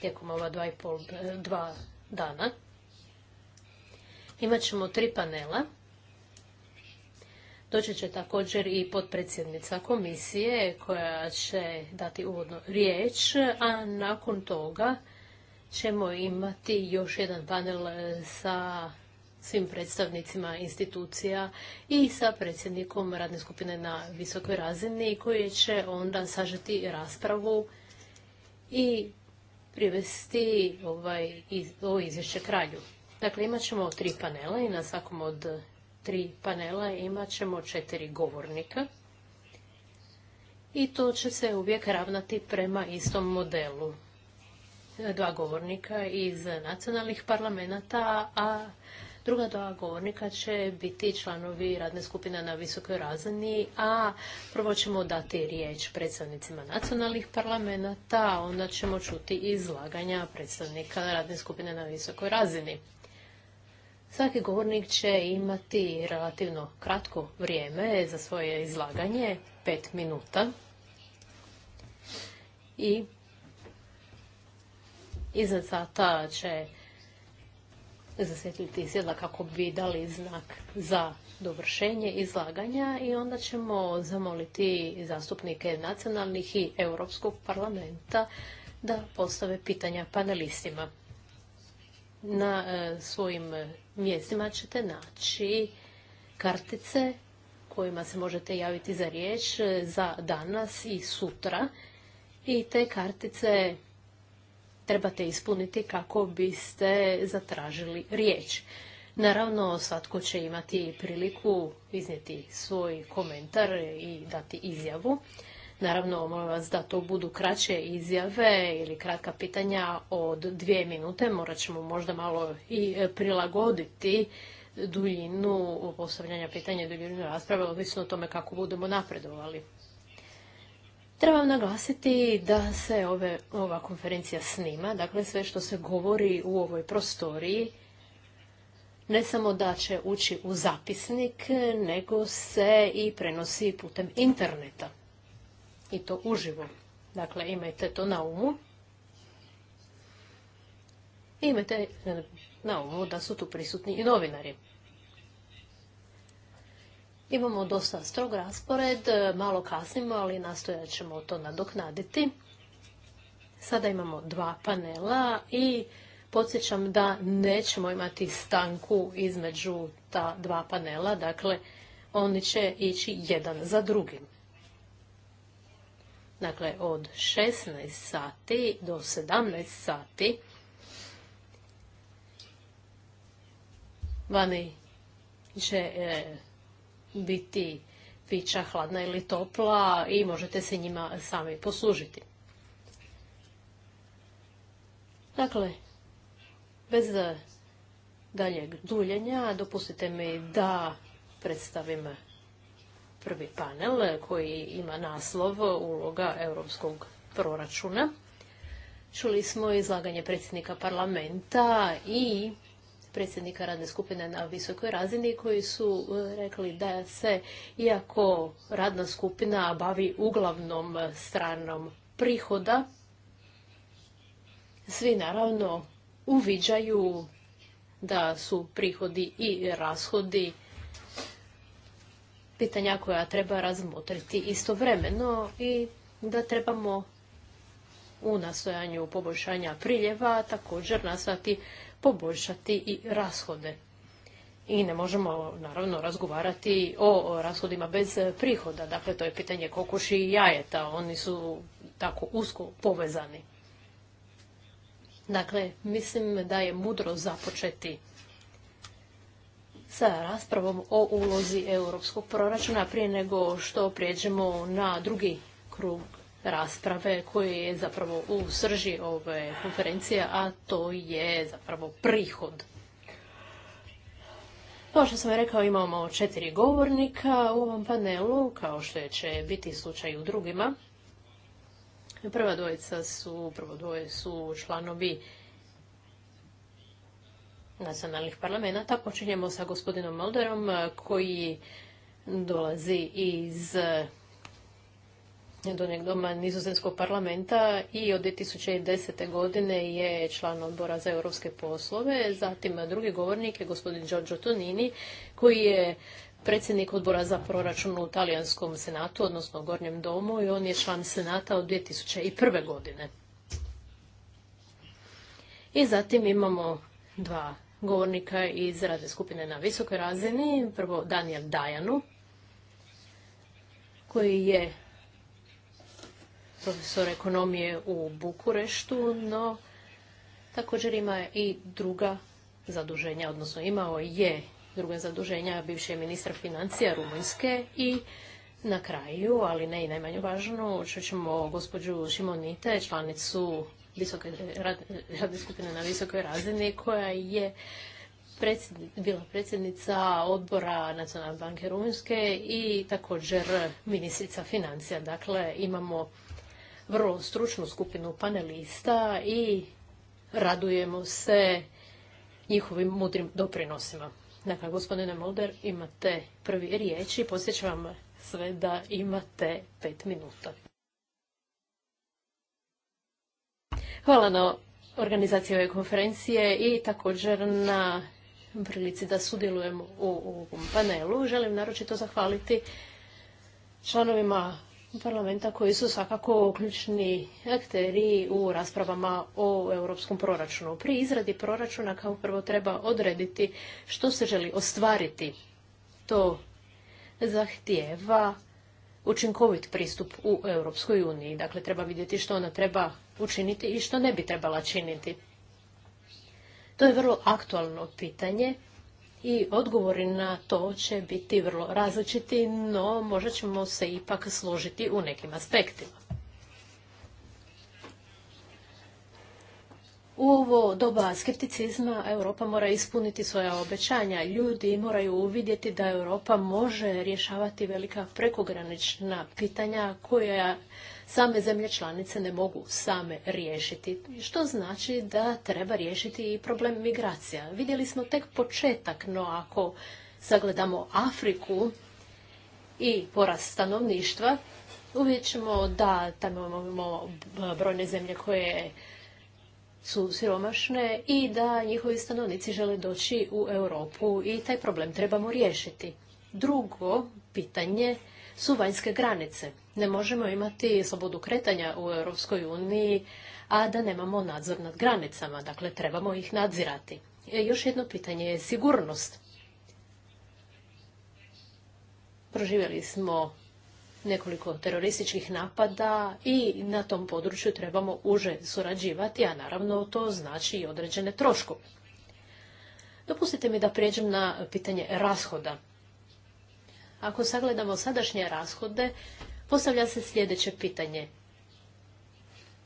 Tijekom ova dva pol, dva dana imat ćemo tri panela. Doći će također i potpredsjednica komisije koja će dati uvodno riječ, a nakon toga ćemo imati još jedan panel sa svim predstavnicima institucija i sa predsjednikom radne skupine na visokoj razini koji će onda sažeti raspravu i privesti ovaj, ovo izvješće kralju. Dakle, imat ćemo tri panela i na svakom od tri panela imat ćemo četiri govornika i to će se uvijek ravnati prema istom modelu. Dva govornika iz nacionalnih parlamenta, a druga dva govornika će biti članovi radne skupine na visokoj razini, a prvo ćemo dati riječ predstavnicima nacionalnih parlamenta, a onda ćemo čuti izlaganja predstavnika radne skupine na visokoj razini. Svaki govornik će imati relativno kratko vrijeme za svoje izlaganje, pet minuta. I iznad sata će zasjetljiti sjedla kako bi dali znak za dovršenje izlaganja i onda ćemo zamoliti zastupnike nacionalnih i Europskog parlamenta da postave pitanja panelistima na e, svojim e, mjestima ćete naći kartice kojima se možete javiti za riječ e, za danas i sutra. I te kartice trebate ispuniti kako biste zatražili riječ. Naravno, svatko će imati priliku iznijeti svoj komentar i dati izjavu. Naravno, molim vas da to budu kraće izjave ili kratka pitanja od dvije minute. Morat ćemo možda malo i e, prilagoditi duljinu postavljanja pitanja, duljinu rasprave, ovisno o tome kako budemo napredovali. Trebam naglasiti da se ove, ova konferencija snima, dakle sve što se govori u ovoj prostoriji ne samo da će ući u zapisnik, nego se i prenosi putem interneta i to uživo. Dakle, imajte to na umu. imajte na umu da su tu prisutni i novinari. Imamo dosta strog raspored, malo kasnimo, ali nastojat ćemo to nadoknaditi. Sada imamo dva panela i podsjećam da nećemo imati stanku između ta dva panela, dakle oni će ići jedan za drugim. Dakle, od 16 sati do 17 sati vani će e, biti pića hladna ili topla i možete se njima sami poslužiti. Dakle, bez daljeg duljenja dopustite mi da predstavim prvi panel koji ima naslov uloga europskog proračuna. Čuli smo izlaganje predsjednika parlamenta i predsjednika radne skupine na visokoj razini koji su e, rekli da se, iako radna skupina bavi uglavnom stranom prihoda, svi naravno uviđaju da su prihodi i rashodi pitanja koja treba razmotriti istovremeno i da trebamo u nastojanju poboljšanja priljeva također nastojati poboljšati i rashode. I ne možemo naravno razgovarati o rashodima bez prihoda. Dakle, to je pitanje kokoši i jajeta. Oni su tako usko povezani. Dakle, mislim da je mudro započeti sa raspravom o ulozi europskog proračuna prije nego što prijeđemo na drugi krug rasprave koji je zapravo u srži ove konferencije, a to je zapravo prihod. Kao što sam rekao, imamo četiri govornika u ovom panelu, kao što će biti slučaj u drugima. Prva dvojica su, prvo dvoje su članovi nacionalnih parlamenta. Počinjemo sa gospodinom Mulderom eh, koji dolazi iz eh, Donjeg doma Nizozemskog parlamenta i od 2010. godine je član odbora za europske poslove. Zatim eh, drugi govornik je gospodin Giorgio Tonini koji je predsjednik odbora za proračun u talijanskom senatu, odnosno Gornjem domu i on je član senata od 2001. godine. I zatim imamo dva govornika iz radne skupine na visokoj razini. Prvo Danijel Dajanu, koji je profesor ekonomije u Bukureštu, no također ima i druga zaduženja, odnosno imao je druga zaduženja bivši je ministar financija Rumunjske i na kraju, ali ne i najmanje važno, ćemo gospođu Šimonite, članicu visoke radne skupine na visokoj razini koja je bila predsjednica odbora Nacionalne banke Rumunjske i također ministrica financija. Dakle, imamo vrlo stručnu skupinu panelista i radujemo se njihovim mudrim doprinosima. Dakle, gospodine Mulder, imate prvi riječ i posjećam sve da imate pet minuta. Hvala na organizaciji ove konferencije i također na prilici da sudjelujem u ovom panelu. Želim naročito zahvaliti članovima parlamenta koji su svakako ključni akteri u raspravama o europskom proračunu. Pri izradi proračuna kao prvo treba odrediti što se želi ostvariti. To zahtijeva učinkovit pristup u Europskoj uniji. Dakle, treba vidjeti što ona treba učiniti i što ne bi trebala činiti. To je vrlo aktualno pitanje i odgovori na to će biti vrlo različiti, no možda ćemo se ipak složiti u nekim aspektima. U ovo doba skepticizma Europa mora ispuniti svoja obećanja. Ljudi moraju uvidjeti da Europa može rješavati velika prekogranična pitanja koja same zemlje članice ne mogu same riješiti. Što znači da treba riješiti i problem migracija. Vidjeli smo tek početak, no ako sagledamo Afriku i porast stanovništva, uvijek ćemo da tamo imamo brojne zemlje koje su siromašne i da njihovi stanovnici žele doći u Europu i taj problem trebamo riješiti. Drugo pitanje su vanjske granice. Ne možemo imati slobodu kretanja u Europskoj uniji, a da nemamo nadzor nad granicama, dakle trebamo ih nadzirati. E, još jedno pitanje je sigurnost. Proživjeli smo nekoliko terorističkih napada i na tom području trebamo uže surađivati, a naravno to znači i određene troškove. Dopustite mi da prijeđem na pitanje rashoda. Ako sagledamo sadašnje rashode, postavlja se sljedeće pitanje.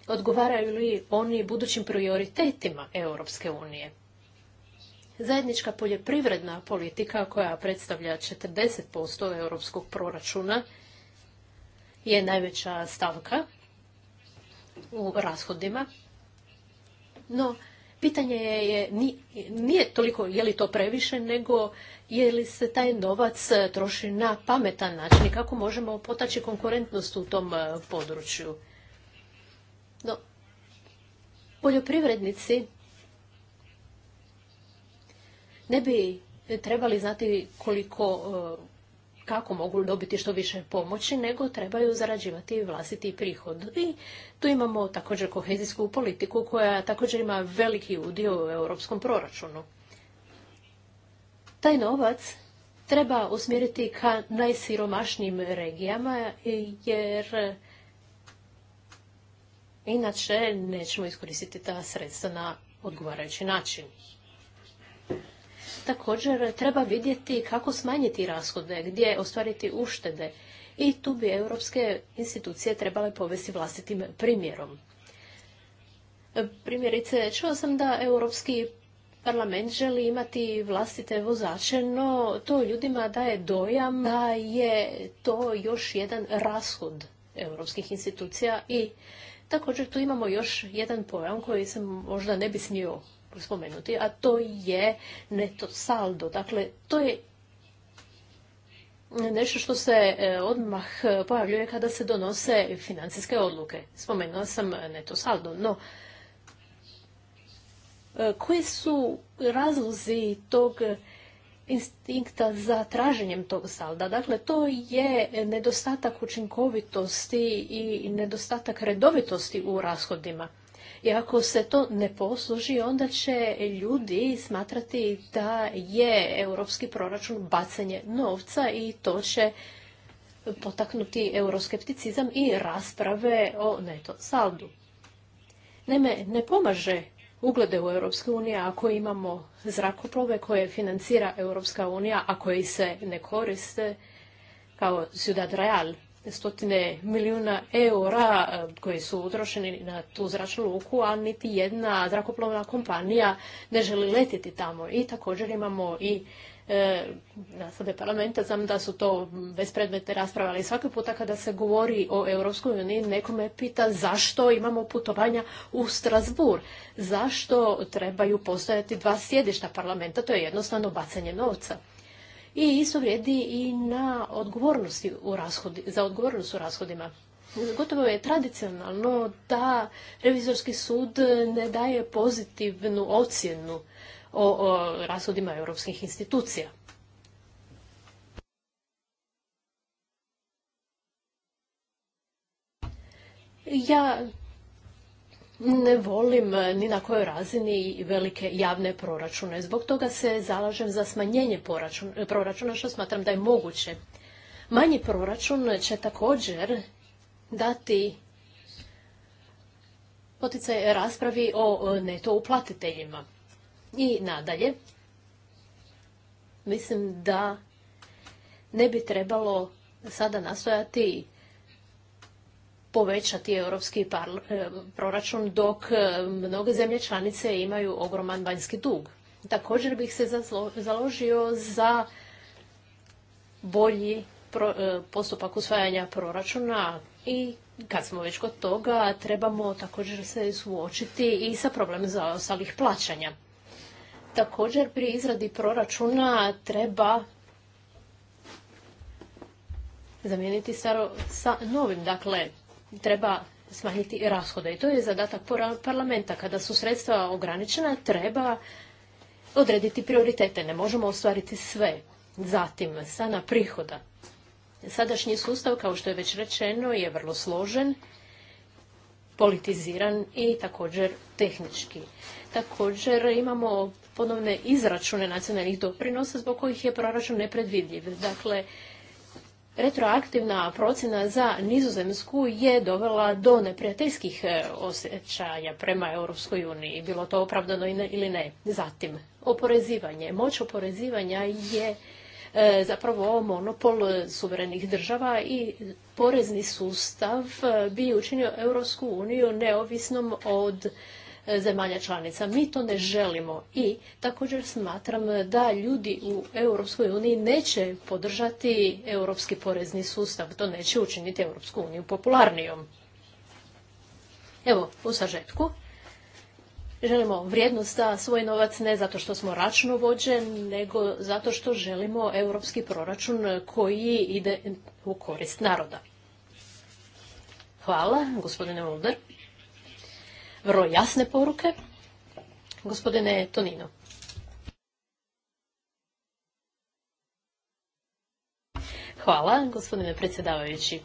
Odgovaraju li oni budućim prioritetima Europske unije? Zajednička poljoprivredna politika koja predstavlja 40% europskog proračuna je najveća stavka u rashodima. No, pitanje je, nije toliko je li to previše, nego je li se taj novac troši na pametan način i kako možemo potaći konkurentnost u tom e, području. No, poljoprivrednici ne bi trebali znati koliko e, kako mogu dobiti što više pomoći, nego trebaju zarađivati vlastiti prihod. I tu imamo također kohezijsku politiku koja također ima veliki udio u europskom proračunu. Taj novac treba usmjeriti ka najsiromašnijim regijama jer inače nećemo iskoristiti ta sredstva na odgovarajući način. Također treba vidjeti kako smanjiti rashode, gdje ostvariti uštede i tu bi europske institucije trebale povesti vlastitim primjerom. Primjerice, čuo sam da europski parlament želi imati vlastite vozače, no to ljudima daje dojam da je to još jedan rashod europskih institucija i također tu imamo još jedan pojam koji se možda ne bi smio spomenuti, a to je neto saldo. Dakle, to je nešto što se e, odmah pojavljuje kada se donose financijske odluke. Spomenula sam neto saldo, no e, koji su razlozi tog instinkta za traženjem tog salda. Dakle, to je nedostatak učinkovitosti i nedostatak redovitosti u rashodima. I ako se to ne posluži, onda će ljudi smatrati da je europski proračun bacanje novca i to će potaknuti euroskepticizam i rasprave o neto saldu. Naime, ne pomaže uglede u Europske unije ako imamo zrakoplove koje financira Europska unija, a koji se ne koriste kao Ciudad Real stotine milijuna eura e, koji su utrošeni na tu zračnu luku, a niti jedna zrakoplovna kompanija ne želi letjeti tamo. I također imamo i e, parlamenta, znam da su to bespredmetne rasprave, ali svaki puta kada se govori o Europskoj uniji, neko me pita zašto imamo putovanja u Strasbur, zašto trebaju postojati dva sjedišta parlamenta, to je jednostavno bacanje novca. I isto vrijedi i na odgovornosti u rashodi, za odgovornost u rashodima. Gotovo je tradicionalno da revizorski sud ne daje pozitivnu ocjenu o, o rashodima europskih institucija. Ja ne volim eh, ni na kojoj razini velike javne proračune. Zbog toga se zalažem za smanjenje proračuna, što smatram da je moguće. Manji proračun će također dati poticaj raspravi o eh, neto uplatiteljima. I nadalje, mislim da ne bi trebalo sada nastojati povećati europski e, proračun dok e, mnoge zemlje članice imaju ogroman vanjski dug. Također bih se založio za bolji e, postupak usvajanja proračuna i kad smo već kod toga trebamo također se suočiti i sa problemom zaostalih plaćanja. Također pri izradi proračuna treba zamijeniti sa novim. Dakle, treba smanjiti rashode. I to je zadatak parlamenta. Kada su sredstva ograničena, treba odrediti prioritete. Ne možemo ostvariti sve. Zatim, sana prihoda. Sadašnji sustav, kao što je već rečeno, je vrlo složen, politiziran i također tehnički. Također imamo ponovne izračune nacionalnih doprinosa zbog kojih je proračun nepredvidljiv. Dakle, retroaktivna procjena za nizozemsku je dovela do neprijateljskih e, osjećaja prema Europskoj uniji, bilo to opravdano ili ne. Zatim, oporezivanje. Moć oporezivanja je e, zapravo monopol suverenih država i porezni sustav e, bi učinio Europsku uniju neovisnom od E, zemalja članica. Mi to ne želimo i također smatram da ljudi u Europskoj uniji neće podržati europski porezni sustav. To neće učiniti Europsku uniju popularnijom. Evo, u sažetku. Želimo vrijednost za svoj novac ne zato što smo računovođe, nego zato što želimo europski proračun koji ide u korist naroda. Hvala, gospodine Mulder vrlo jasne poruke. Gospodine Tonino. Hvala, gospodine predsjedavajući.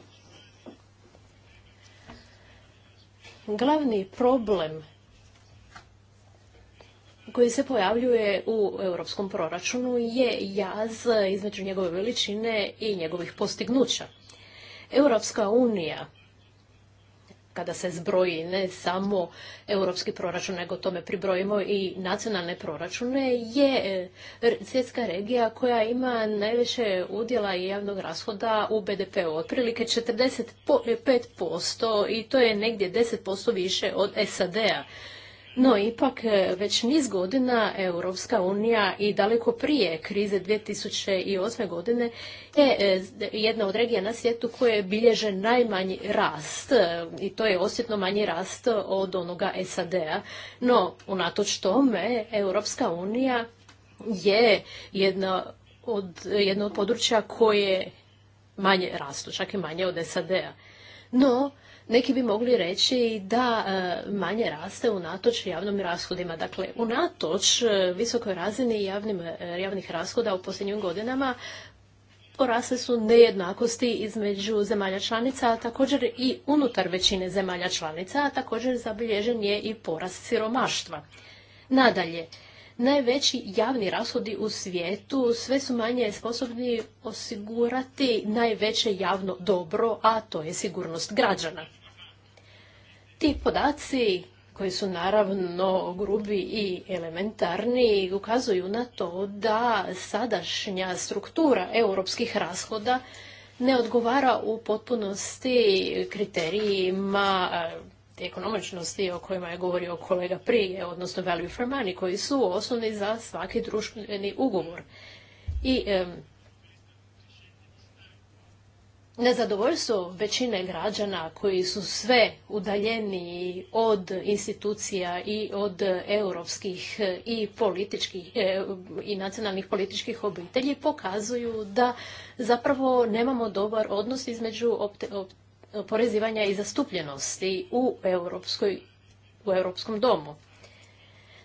Glavni problem koji se pojavljuje u europskom proračunu je jaz između njegove veličine i njegovih postignuća. Europska unija kada se zbroji ne samo europski proračun, nego tome pribrojimo i nacionalne proračune, je e, svjetska regija koja ima najviše udjela i javnog rashoda u BDP-u, otprilike 45% i to je negdje 10% više od SAD-a. No, ipak e, već niz godina Europska unija i daleko prije krize 2008. godine je e, jedna od regija na svijetu koje bilježe najmanji rast e, i to je osjetno manji rast od onoga SAD-a. No, unatoč tome, Europska unija je jedna od, jedno od područja koje manje rastu, čak i manje od SAD-a. No, neki bi mogli reći da e, manje raste unatoč javnim rashodima. Dakle, unatoč e, visokoj razini e, javnih rashoda u posljednjim godinama porasle su nejednakosti između zemalja članica, a također i unutar većine zemalja članica, a također zabilježen je i porast siromaštva. Nadalje, najveći javni rashodi u svijetu sve su manje sposobni osigurati najveće javno dobro, a to je sigurnost građana. Ti podaci koji su naravno grubi i elementarni ukazuju na to da sadašnja struktura europskih rashoda ne odgovara u potpunosti kriterijima e, ekonomičnosti o kojima je govorio kolega prije, odnosno value for money, koji su osnovni za svaki društveni ugovor. I nezadovoljstvo većine građana koji su sve udaljeni od institucija i od europskih i političkih e, i nacionalnih političkih obitelji pokazuju da zapravo nemamo dobar odnos između oporezivanja i zastupljenosti u u europskom domu.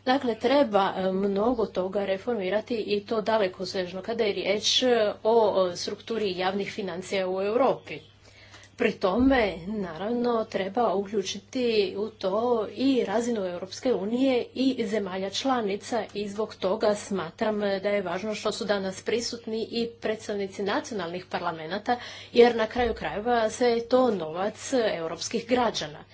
Dakle, treba e, mnogo toga reformirati i to daleko svežno kada je riječ e, o strukturi javnih financija u Europi. Pri tome, naravno, treba uključiti u to i razinu Europske unije i zemalja članica i zbog toga smatram da je važno što su danas prisutni i predstavnici nacionalnih parlamenta, jer na kraju krajeva sve je to novac europskih građana.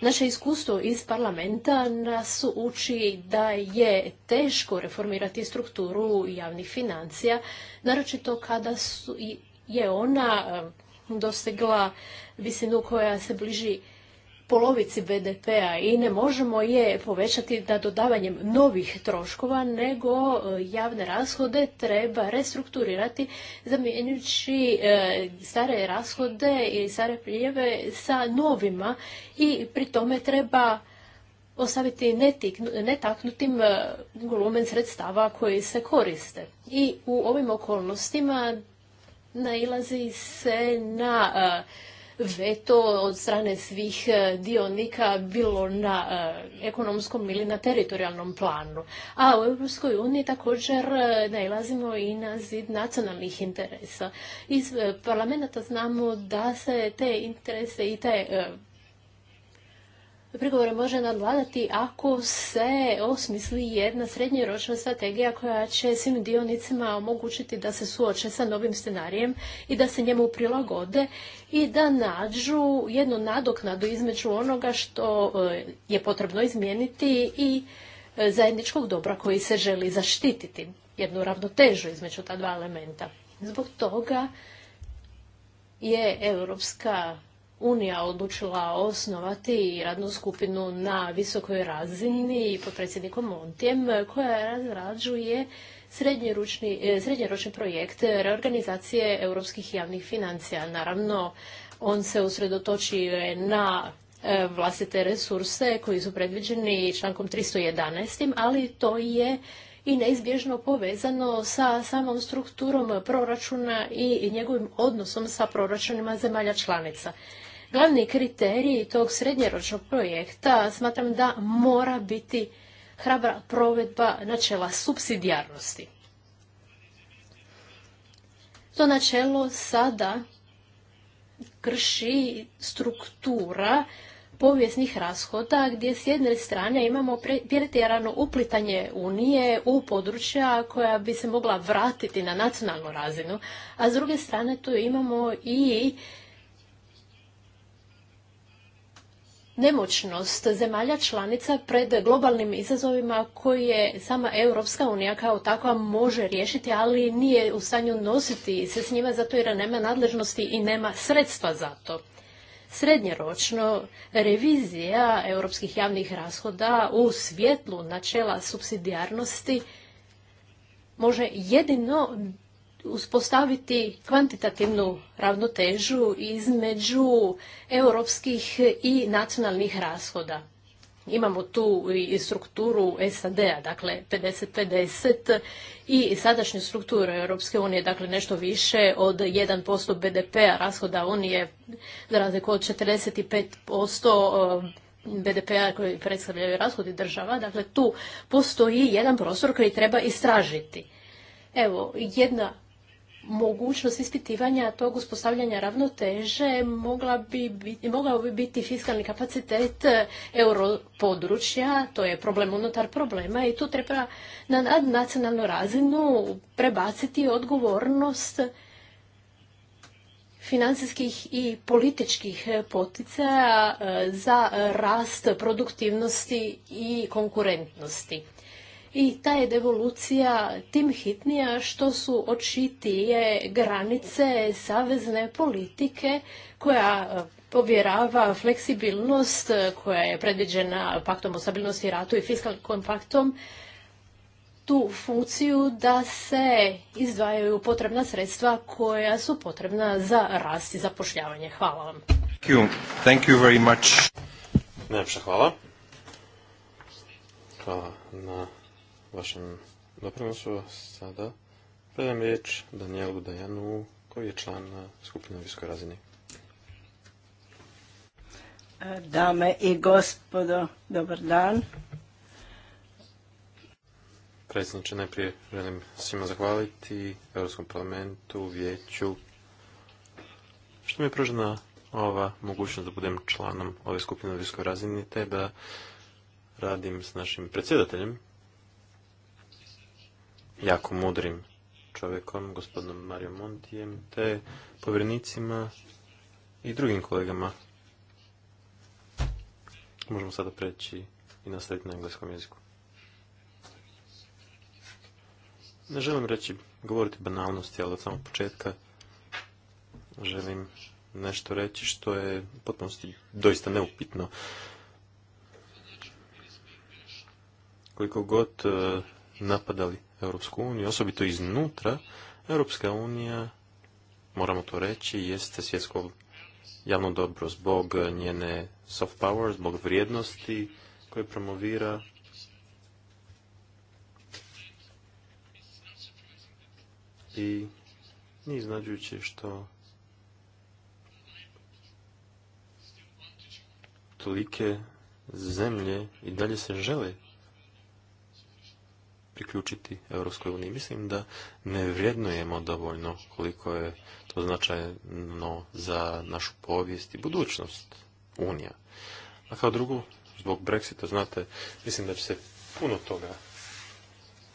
Naše iskustvo iz parlamenta nas uči da je teško reformirati strukturu javnih financija, naročito kada je ona eh, dosegla visinu koja se bliži polovici BDP-a i ne možemo je povećati da dodavanjem novih troškova, nego e, javne rashode treba restrukturirati zamijenjući e, stare rashode i stare prijeve sa novima i pri tome treba ostaviti netaknutim e, gulumen sredstava koji se koriste. I u ovim okolnostima nailazi se na veto od strane svih e, dionika bilo na e, ekonomskom ili na teritorijalnom planu. A u Europskoj uniji također e, nailazimo i na zid nacionalnih interesa. Iz parlamenta znamo da se te interese i te prigovore može nadvladati ako se osmisli jedna srednjoročna strategija koja će svim dionicima omogućiti da se suoče sa novim scenarijem i da se njemu prilagode i da nađu jednu nadoknadu između onoga što e, je potrebno izmijeniti i e, zajedničkog dobra koji se želi zaštititi, jednu ravnotežu između ta dva elementa. Zbog toga je Europska Unija odlučila osnovati radnu skupinu na visokoj razini i pod predsjednikom Montijem koja razrađuje e, srednjeročni projekt reorganizacije europskih javnih financija. Naravno, on se usredotočio na e, vlastite resurse koji su predviđeni člankom 311. ali to je i neizbježno povezano sa samom strukturom proračuna i njegovim odnosom sa proračunima zemalja članica. Glavni kriterij tog srednjeročnog projekta smatram da mora biti hrabra provedba načela subsidijarnosti. To načelo sada krši struktura povijesnih rashoda gdje s jedne strane imamo pretjerano uplitanje Unije u područja koja bi se mogla vratiti na nacionalnu razinu, a s druge strane tu imamo i nemoćnost zemalja članica pred globalnim izazovima koje sama Europska unija kao takva može riješiti, ali nije u stanju nositi se s njima zato jer nema nadležnosti i nema sredstva za to. Srednjeročno revizija europskih javnih rashoda u svjetlu načela subsidijarnosti može jedino uspostaviti kvantitativnu ravnotežu između europskih i nacionalnih rashoda. Imamo tu i strukturu SAD-a, dakle 50-50 i sadašnju strukturu Europske unije, dakle nešto više od 1% BDP-a rashoda unije, za razliku od 45% um, BDP-a koji predstavljaju rashodi država. Dakle, tu postoji jedan prostor koji treba istražiti. Evo, jedna mogućnost ispitivanja tog uspostavljanja ravnoteže mogla bi biti, mogao bi biti fiskalni kapacitet e, europodručja, to je problem unutar problema i tu treba na nacionalnu razinu prebaciti odgovornost financijskih i političkih poticaja e, za rast produktivnosti i konkurentnosti i ta je devolucija tim hitnija što su očitije granice savezne politike koja e, povjerava fleksibilnost e, koja je predviđena paktom o stabilnosti i ratu i fiskalnim kompaktom tu funkciju da se izdvajaju potrebna sredstva koja su potrebna za rast i zapošljavanje. Hvala vam. Thank you. very much. hvala. na vašem doprinosu. Sada predajem riječ Danielu Dajanu, koji je član skupine na viskoj razini. Dame i gospodo, dobar dan. Predsjedniče, najprije želim svima zahvaliti Europskom parlamentu, vijeću, što mi je pružena ova mogućnost da budem članom ove skupine na viskoj razini, te da radim s našim predsjedateljem, jako mudrim čovjekom, gospodinom Mario Montijem, te povjernicima i drugim kolegama. Možemo sada preći i nastaviti na engleskom jeziku. Ne želim reći, govoriti banalnosti, ali od samog početka želim nešto reći što je potpunosti doista neupitno. Koliko god eh, napadali Europsku uniju, osobito iznutra, Europska unija, moramo to reći, jeste svjetsko javno dobro zbog njene soft power, zbog vrijednosti koje promovira. I nije iznađujuće što tolike zemlje i dalje se žele priključiti Europskoj uniji. Mislim da ne vrijednujemo dovoljno koliko je to značajno za našu povijest i budućnost Unija. A kao drugo, zbog Brexita, znate, mislim da će se puno toga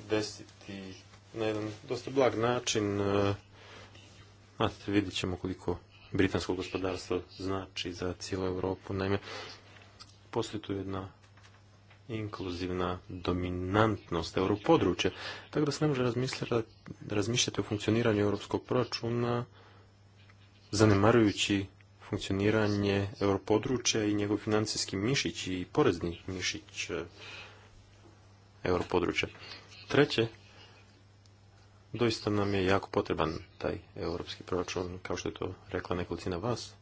desiti na jedan dosta blag način. Znate, vidjet ćemo koliko britansko gospodarstvo znači za cijelu Europu. Naime, postoji tu jedna inkluzivna dominantnost europodručja. Tako da se ne može razmišljati o funkcioniranju europskog proračuna zanemarujući funkcioniranje europodručja i njegov financijski mišić i porezni mišić e, europodručja. Treće, doista nam je jako potreban taj europski proračun, kao što je to rekla nekolicina vas.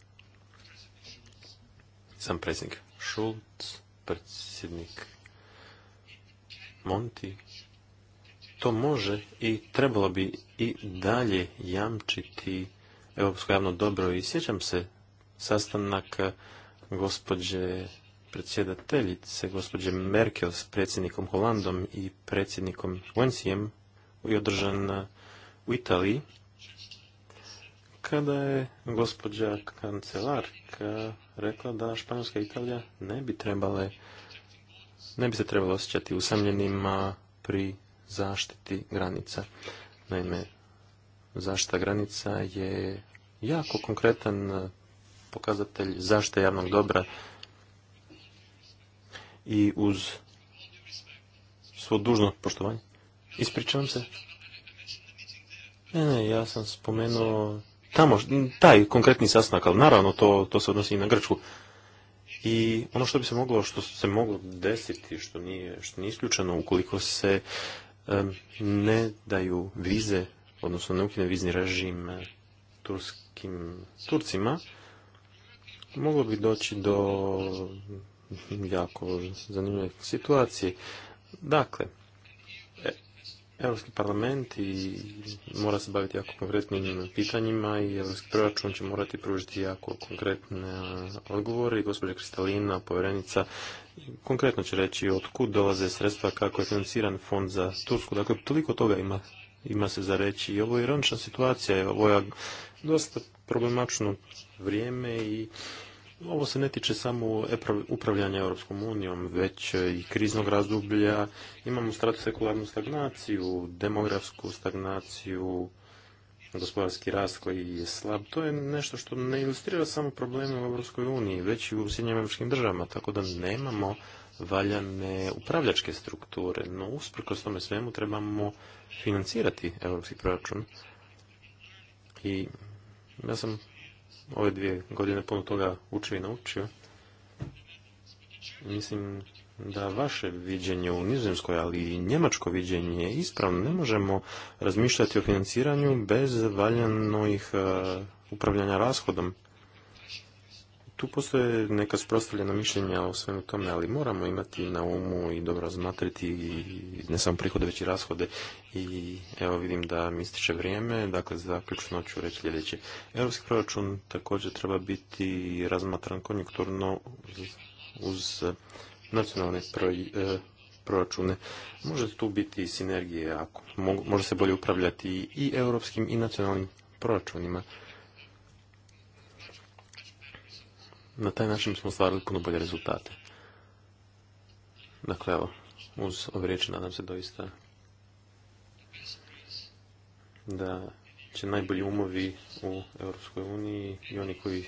Sam predsjednik Šulc, predsjednik Monti, to može i trebalo bi i dalje jamčiti evropsko javno dobro i sjećam se sastanak gospođe predsjedateljice, gospođe Merkel s predsjednikom Holandom i predsjednikom Wensijem i održan u Italiji kada je gospođa kancelarka rekla da Španjolska Italija ne bi trebale ne bi se trebalo osjećati usamljenima pri zaštiti granica. Naime, zaštita granica je jako konkretan eh, pokazatelj zaštite javnog dobra i uz svo dužno poštovanje. Ispričavam se. Ne, ne, ja sam spomenuo tamo, taj konkretni sastanak, ali naravno to, to se odnosi i na Grčku i ono što bi se moglo, što se moglo desiti, što nije, što nije isključeno ukoliko se ne daju vize, odnosno ne ukine vizni režim e, turskim Turcima, moglo bi doći do jako zanimljive situacije. Dakle, Europski parlament i mora se baviti jako konkretnim pitanjima i Europski proračun će morati pružiti jako konkretne odgovore i gospođa Kristalina, povjerenica, konkretno će reći otkud dolaze sredstva, kako je financiran fond za Tursku. Dakle, toliko toga ima, ima se za reći i ovo je ironična situacija, ovo je dosta problematično vrijeme i ovo se ne tiče samo upravljanja Europskom unijom, već i kriznog razdoblja. Imamo stratosekularnu stagnaciju, demografsku stagnaciju, gospodarski rast koji je slab. To je nešto što ne ilustrira samo probleme u Europskoj uniji, već i u Sjedinjim Europskim državama, tako da nemamo valjane upravljačke strukture. No, usprkos tome svemu trebamo financirati europski proračun. I ja sam ove dvije godine puno toga učio i naučio. Mislim da vaše viđenje u Nizozemskoj, ali i njemačko viđenje je ispravno. Ne možemo razmišljati o financiranju bez valjanih eh, upravljanja rashodom tu postoje neka sprostavljena mišljenja o svemu tome, ali moramo imati na umu i dobro razmatriti i ne samo prihode, već i rashode. I evo vidim da mi ističe vrijeme, dakle zaključno ću reći sljedeće. Europski proračun također treba biti razmatran konjunkturno uz nacionalne e, proračune. Može tu biti sinergije, ako, može se bolje upravljati i europskim i nacionalnim proračunima na taj način smo stvarili puno bolje rezultate. Dakle, evo, uz ove riječi nadam se doista da će najbolji umovi u Europskoj uniji i oni koji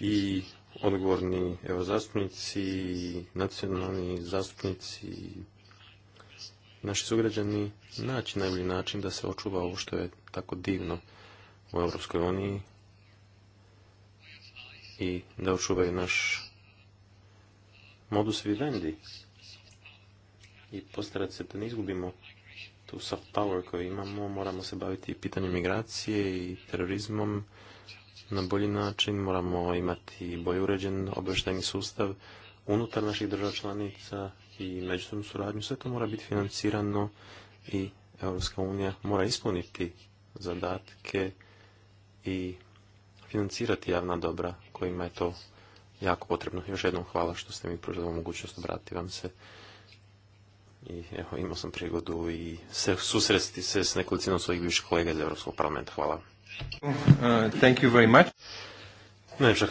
i odgovorni zastupnici i nacionalni zastupnici naši sugrađani naći najbolji način da se očuva ovo što je tako divno u Europskoj uniji, i da očuvaju naš modus vivendi i postarati se da ne izgubimo tu soft power koju imamo, moramo se baviti pitanjem migracije i terorizmom na bolji način, moramo imati bolje uređen obavještajni sustav unutar naših država članica i međusobnu suradnju, sve to mora biti financirano i Europska unija mora ispuniti zadatke i financirati javna dobra kojima je to jako potrebno. Još jednom hvala što ste mi pružili mogućnost obratiti vam se. I evo, imao sam prigodu i se, susresti se s nekolicinom svojih bivših kolega iz Europskog parlamenta. Hvala. Uh, thank you very much. Najviše,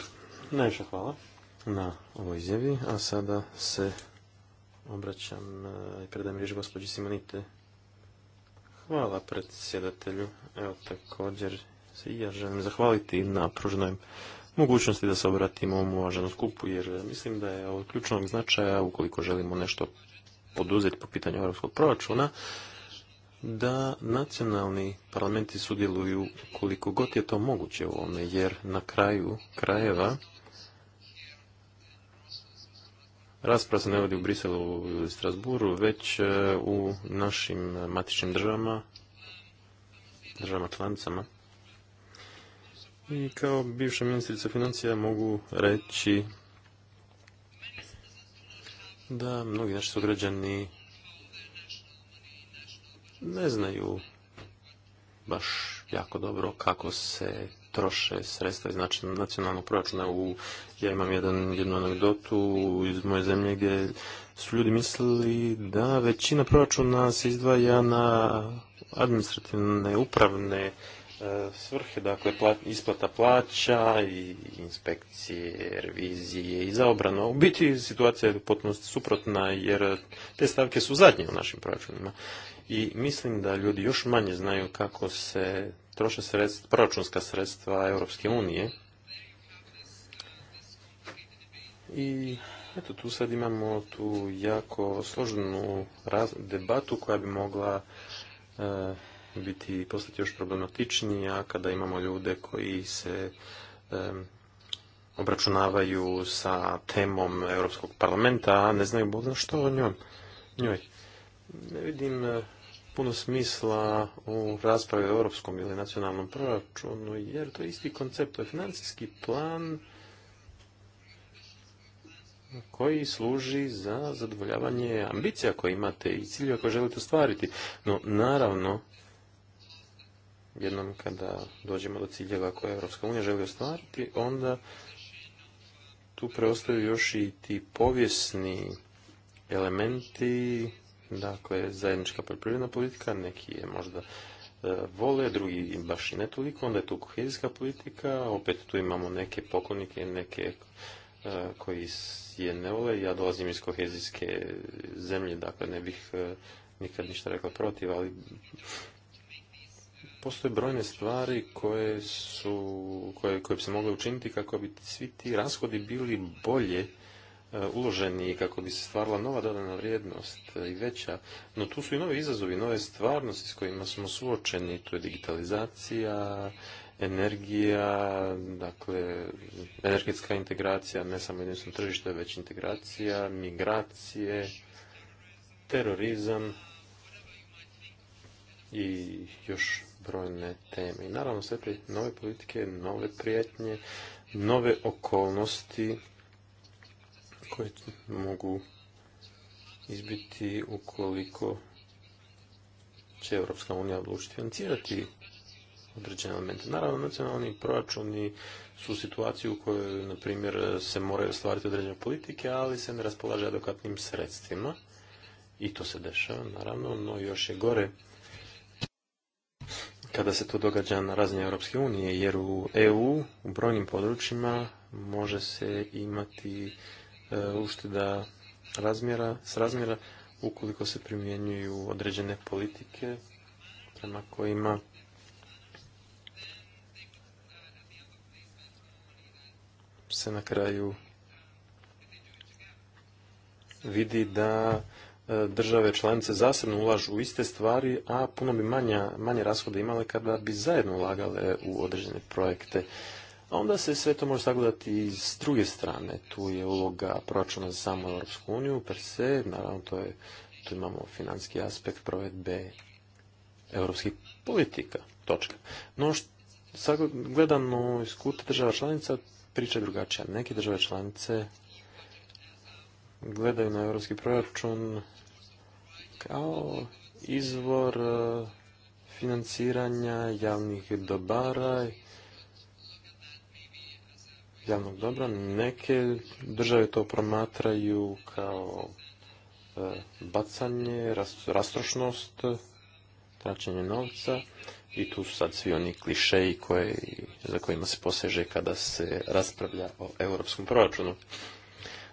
najviše hvala na ovoj izjavi, a sada se obraćam uh, i predajem riječ gospođi Simonite. Hvala predsjedatelju. Evo također i ja želim zahvaliti na pruženoj mogućnosti da se obratimo ovom uvaženom skupu, jer mislim da je od ključnog značaja, ukoliko želimo nešto poduzeti po pitanju europskog proračuna, da nacionalni parlamenti sudjeluju koliko god je to moguće u ovome, jer na kraju krajeva rasprava se ne vodi u Briselu ili Strasburu, već e, u našim matičnim državama, državama članicama. I kao bivša ministrica financija mogu reći da mnogi naši sugrađani ne znaju baš jako dobro kako se troše sredstva iz znači, nacionalnog proračuna. ja imam jednu anegdotu iz moje zemlje gdje su ljudi mislili da većina proračuna se izdvaja na administrativne, upravne E, svrhe, dakle isplata plaća i inspekcije, revizije i zaobrano. U biti situacija je potpuno suprotna jer te stavke su zadnje u našim proračunima i mislim da ljudi još manje znaju kako se troše sredstva, proračunska sredstva Europske unije. I eto tu sad imamo tu jako složenu debatu koja bi mogla e, biti postati još problematičnija kada imamo ljude koji se obračunavaju sa temom Europskog parlamenta, a ne znaju bolno što o njoj. njoj. Ne vidim e, puno smisla u raspravi o europskom ili nacionalnom proračunu, jer to je isti koncept, to je financijski plan koji služi za zadovoljavanje ambicija koje imate i ciljeva koje želite ostvariti. No, naravno, jednom kada dođemo do ciljeva koje Evropska unija želi ostvariti, onda tu preostaju još i ti povijesni elementi, dakle zajednička poljoprivredna politika, neki je možda e, vole, drugi baš i ne toliko, onda je tu kohezijska politika, opet tu imamo neke poklonike, neke e, koji je ne vole, ja dolazim iz kohezijske zemlje, dakle ne bih e, nikad ništa rekla protiv, ali postoje brojne stvari koje, su, koje, bi se mogle učiniti kako bi svi ti rashodi bili bolje e, uloženi i kako bi se stvarala nova dodana vrijednost e, i veća. No tu su i novi izazovi, nove stvarnosti s kojima smo suočeni. Tu je digitalizacija, energija, dakle, energetska integracija, ne samo jednostavno tržište, već integracija, migracije, terorizam i još brojne teme. I naravno sve te nove politike, nove prijetnje, nove okolnosti koje mogu izbiti ukoliko će Europska unija odlučiti financirati određene elemente. Naravno, nacionalni proračuni su situaciju u kojoj, na primjer, se moraju ostvariti određene politike, ali se ne raspolaže adekvatnim sredstvima. I to se dešava, naravno, no još je gore kada se to događa na razini Europske unije, jer u EU u brojnim područjima može se imati e, ušteda razmjera, s razmjera ukoliko se primjenjuju određene politike prema kojima se na kraju vidi da E, države članice zasebno ulažu u iste stvari, a puno bi manja, manje rashode imale kada bi zajedno ulagale u određene projekte. A onda se sve to može sagledati i s druge strane. Tu je uloga proračuna za samu Europsku uniju, per se, naravno to je, tu imamo financijski aspekt provedbe europskih politika, točka. No, gledano iz kuta država članica, priča je drugačija. Neke države članice gledaju na europski proračun kao izvor e, financiranja javnih dobara, javnog dobra. Neke države to promatraju kao e, bacanje, rastrošnost, tračenje novca i tu su sad svi oni klišeji koje, za kojima se poseže kada se raspravlja o europskom proračunu.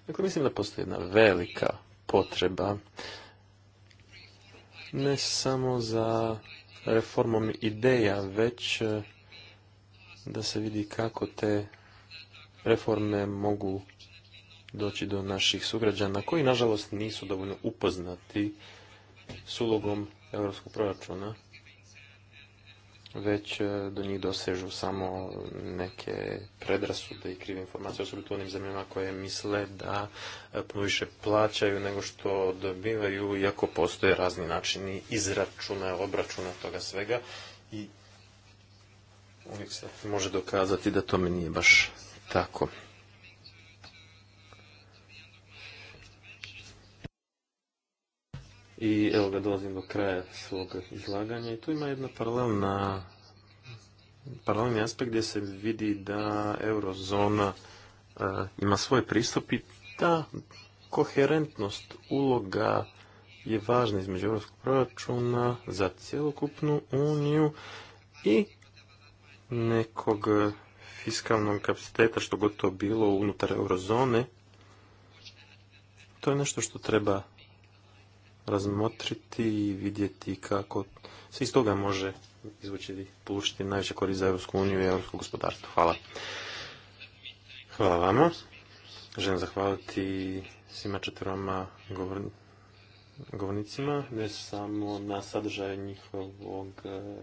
Dakle, mislim da postoji jedna velika potreba ne samo za reformom ideja, već eh, da se vidi kako te reforme mogu doći do naših sugrađana, koji nažalost nisu dovoljno upoznati s ulogom europskog proračuna već e, do njih dosežu samo neke predrasude i krive informacije, osobito onim zemljama koje misle da e, puno više plaćaju nego što dobivaju, iako postoje razni načini izračuna, obračuna toga svega i uvijek se može dokazati da tome nije baš tako. I evo ga dolazim do kraja svog izlaganja i tu ima jedna paralelna paralelni aspekt gdje se vidi da eurozona e, ima svoj pristup i ta koherentnost uloga je važna između europskog proračuna za cjelokupnu uniju i nekog fiskalnog kapaciteta što god to bilo unutar eurozone. To je nešto što treba razmotriti i vidjeti kako se iz toga može izvući i polučiti najveće korist za Europsku uniju i europsko gospodarstvo. Hvala. Hvala vama. Želim zahvaliti svima četvroma govornicima, ne samo na sadržaju njihovog e,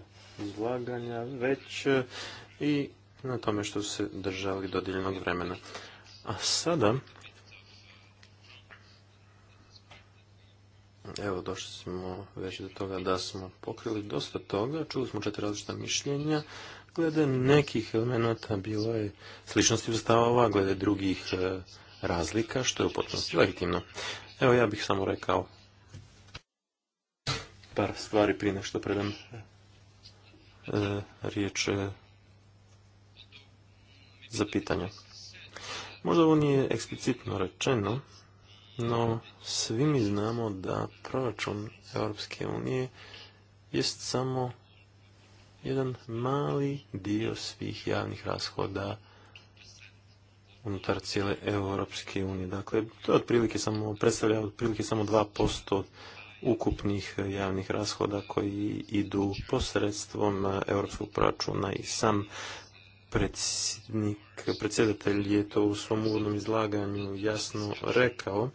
izlaganja, već e, i na tome što su se držali dodijeljenog vremena. A sada Evo, došli smo već do toga da smo pokrili dosta toga. Čuli smo četiri različita mišljenja. Glede nekih elemenata bilo je sličnosti u glede drugih e, razlika, što je u potpunosti legitimno. Evo, ja bih samo rekao par stvari prije nešto predam e, riječ e, za pitanja. Možda ovo nije eksplicitno rečeno, no svi mi znamo da proračun Europske unije jest samo jedan mali dio svih javnih rashoda unutar cijele Europske unije. Dakle, to je otprilike samo, predstavlja otprilike samo 2% ukupnih javnih rashoda koji idu posredstvom europskog proračuna i sam predsjednik, predsjedatelj je to u svom uvodnom izlaganju jasno rekao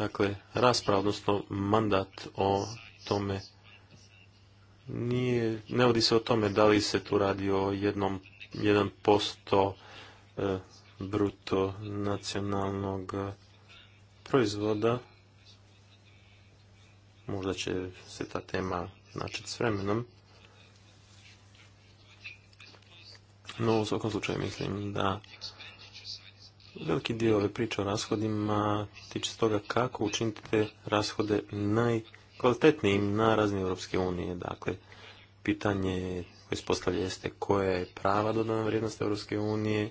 Dakle, rasprava, odnosno mandat o tome nije, ne vodi se o tome da li se tu radi o jednom, 1% e, bruto nacionalnog e, proizvoda. Možda će se ta tema značiti s vremenom. No, u svakom slučaju mislim da Veliki dio ove priče o rashodima tiče se toga kako učiniti te rashode najkvalitetnijim na razini Europske unije. Dakle, pitanje koje se postavlja jeste koja je prava dodana vrijednost Europske unije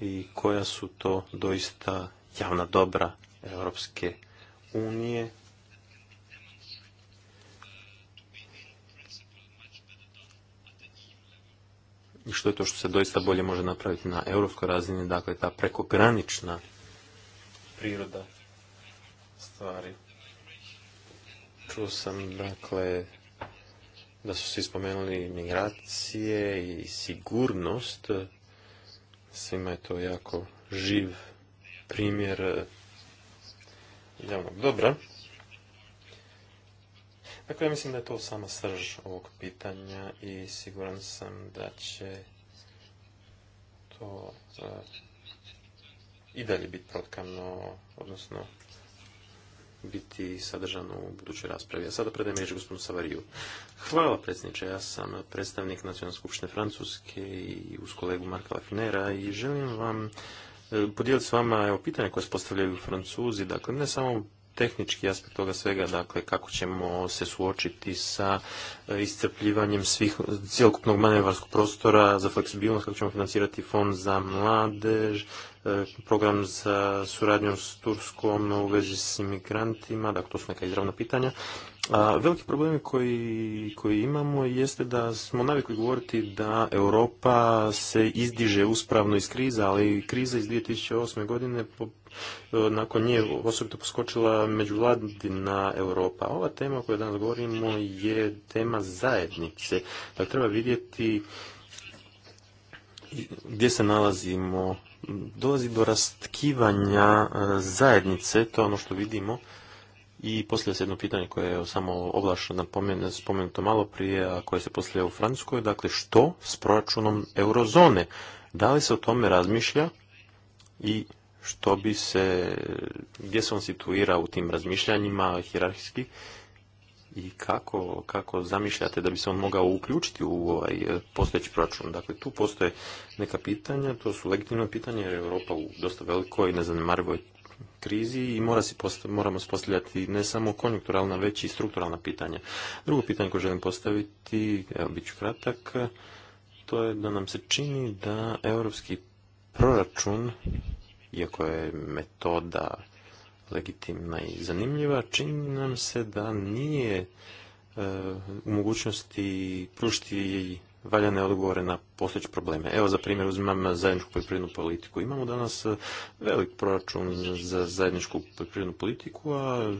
i koja su to doista javna dobra Europske unije I što je to što se doista bolje može napraviti na europskoj razini, dakle ta prekogranična priroda stvari. Čuo sam, dakle, da su se spomenuli migracije i sigurnost. Svima je to jako živ primjer javnog dobra. Dakle, ja mislim da je to sama srž ovog pitanja i siguran sam da će to e, i dalje biti protkano, odnosno biti sadržano u budućoj raspravi. A sada predajem riječ gospodinu Savariju. Hvala predsjedniče, ja sam predstavnik Nacionalne skupštine Francuske i uz kolegu Marka Lafinera i želim vam e, podijeliti s vama evo, pitanje koje se postavljaju Francuzi, dakle ne samo tehnički aspekt toga svega, dakle kako ćemo se suočiti sa e, iscrpljivanjem svih cjelokupnog manevarskog prostora za fleksibilnost, kako ćemo financirati fond za mladež, e, program za suradnju s Turskom u vezi s imigrantima, dakle to su neka izravna pitanja. veliki problem koji, koji imamo jeste da smo navikli govoriti da Europa se izdiže uspravno iz kriza, ali kriza iz 2008. godine E, nakon nje osobito poskočila međuvladina Europa. Ova tema o kojoj danas govorimo je tema zajednice. Dakle, treba vidjeti gdje se nalazimo. Dolazi do rastkivanja e, zajednice, to je ono što vidimo. I poslije se jedno pitanje koje je samo oblašeno spomenuto malo prije, a koje se poslije u Francuskoj, dakle što s proračunom eurozone? Da li se o tome razmišlja i što bi se, gdje se on situira u tim razmišljanjima hirarhijski i kako, kako zamišljate da bi se on mogao uključiti u ovaj e, postojeći proračun. Dakle, tu postoje neka pitanja, to su legitimna pitanja jer je Europa u dosta velikoj nezanemarivoj krizi i mora si moramo postavljati ne samo konjunkturalna, već i strukturalna pitanja. Drugo pitanje koje želim postaviti, evo bit ću kratak, to je da nam se čini da europski proračun iako je metoda legitimna i zanimljiva, čini nam se da nije e, u mogućnosti pružiti valjane odgovore na postojeće probleme. Evo za primjer uzimam zajedničku poljoprivrednu politiku. Imamo danas e, velik proračun za zajedničku poljoprivrednu politiku, a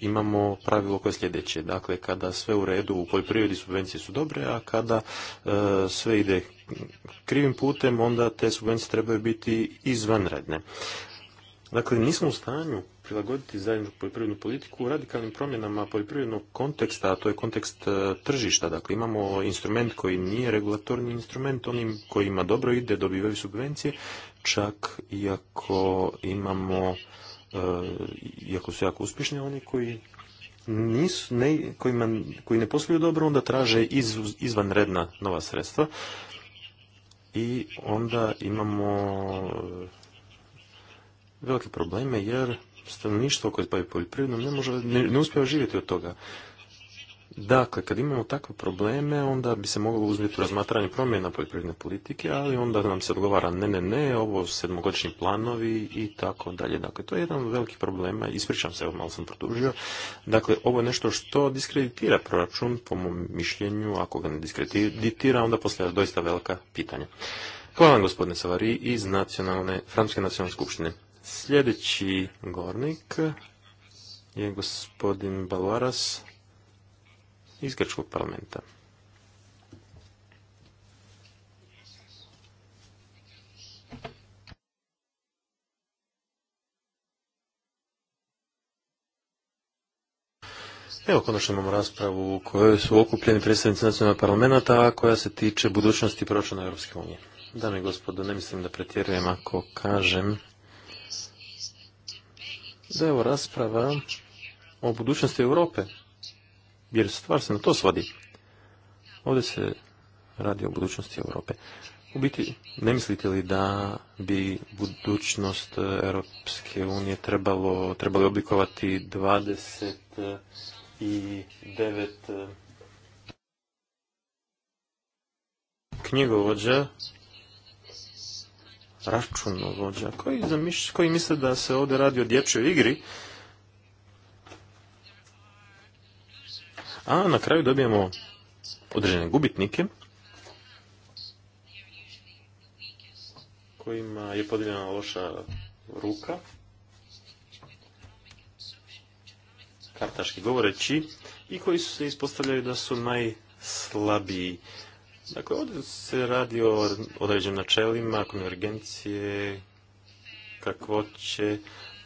imamo pravilo koje je sljedeće. Dakle, kada sve u redu u poljoprivredi subvencije su dobre, a kada e, sve ide krivim putem, onda te subvencije trebaju biti izvanredne. Dakle, nismo u stanju prilagoditi zajedničku poljoprivrednu politiku radikalnim promjenama poljoprivrednog konteksta, a to je kontekst e, tržišta. Dakle, imamo instrument koji nije regulatorni instrument, onim kojima dobro ide dobivaju subvencije, čak iako imamo, e, iako su jako uspješni oni koji nisu, ne, koji ne posluju dobro, onda traže iz, izvanredna nova sredstva i onda imamo e, velike probleme jer stanovništvo koje bavi poljoprivredno ne, može, ne, ne živjeti od toga. Dakle, kad imamo takve probleme, onda bi se moglo u razmatranje promjena poljoprivredne politike, ali onda nam se odgovara ne, ne, ne, ovo sedmogodišnji planovi i tako dalje. Dakle, to je jedan od velikih problema, ispričam se, malo sam produžio. Dakle, ovo je nešto što diskreditira proračun, po mom mišljenju, ako ga ne diskreditira, onda postoje doista velika pitanja. Hvala vam, gospodine Savari, iz nacionalne, Francuske nacionalne skupštine. Sljedeći govornik je gospodin Balvaras iz Grčkog parlamenta. Evo, konačno imamo raspravu u kojoj su okupljeni predstavnici nacionalnog parlamenta, a koja se tiče budućnosti proračuna Europske unije. Dame i gospodo, ne mislim da pretjerujem ako kažem je ovo rasprava o budućnosti Europe, jer stvar se na to svodi. Ovdje se radi o budućnosti Europe. U biti, ne mislite li da bi budućnost Europske unije trebalo, trebali oblikovati 29 knjigovođa računovođa koji, koji misle da se ovdje radi o dječjoj igri, a na kraju dobijemo određene gubitnike kojima je podijeljena loša ruka. Kartaški govoreći i koji su se ispostavljaju da su najslabiji Dakle, ovdje se radi o određenim načelima, konvergencije, kakvoće,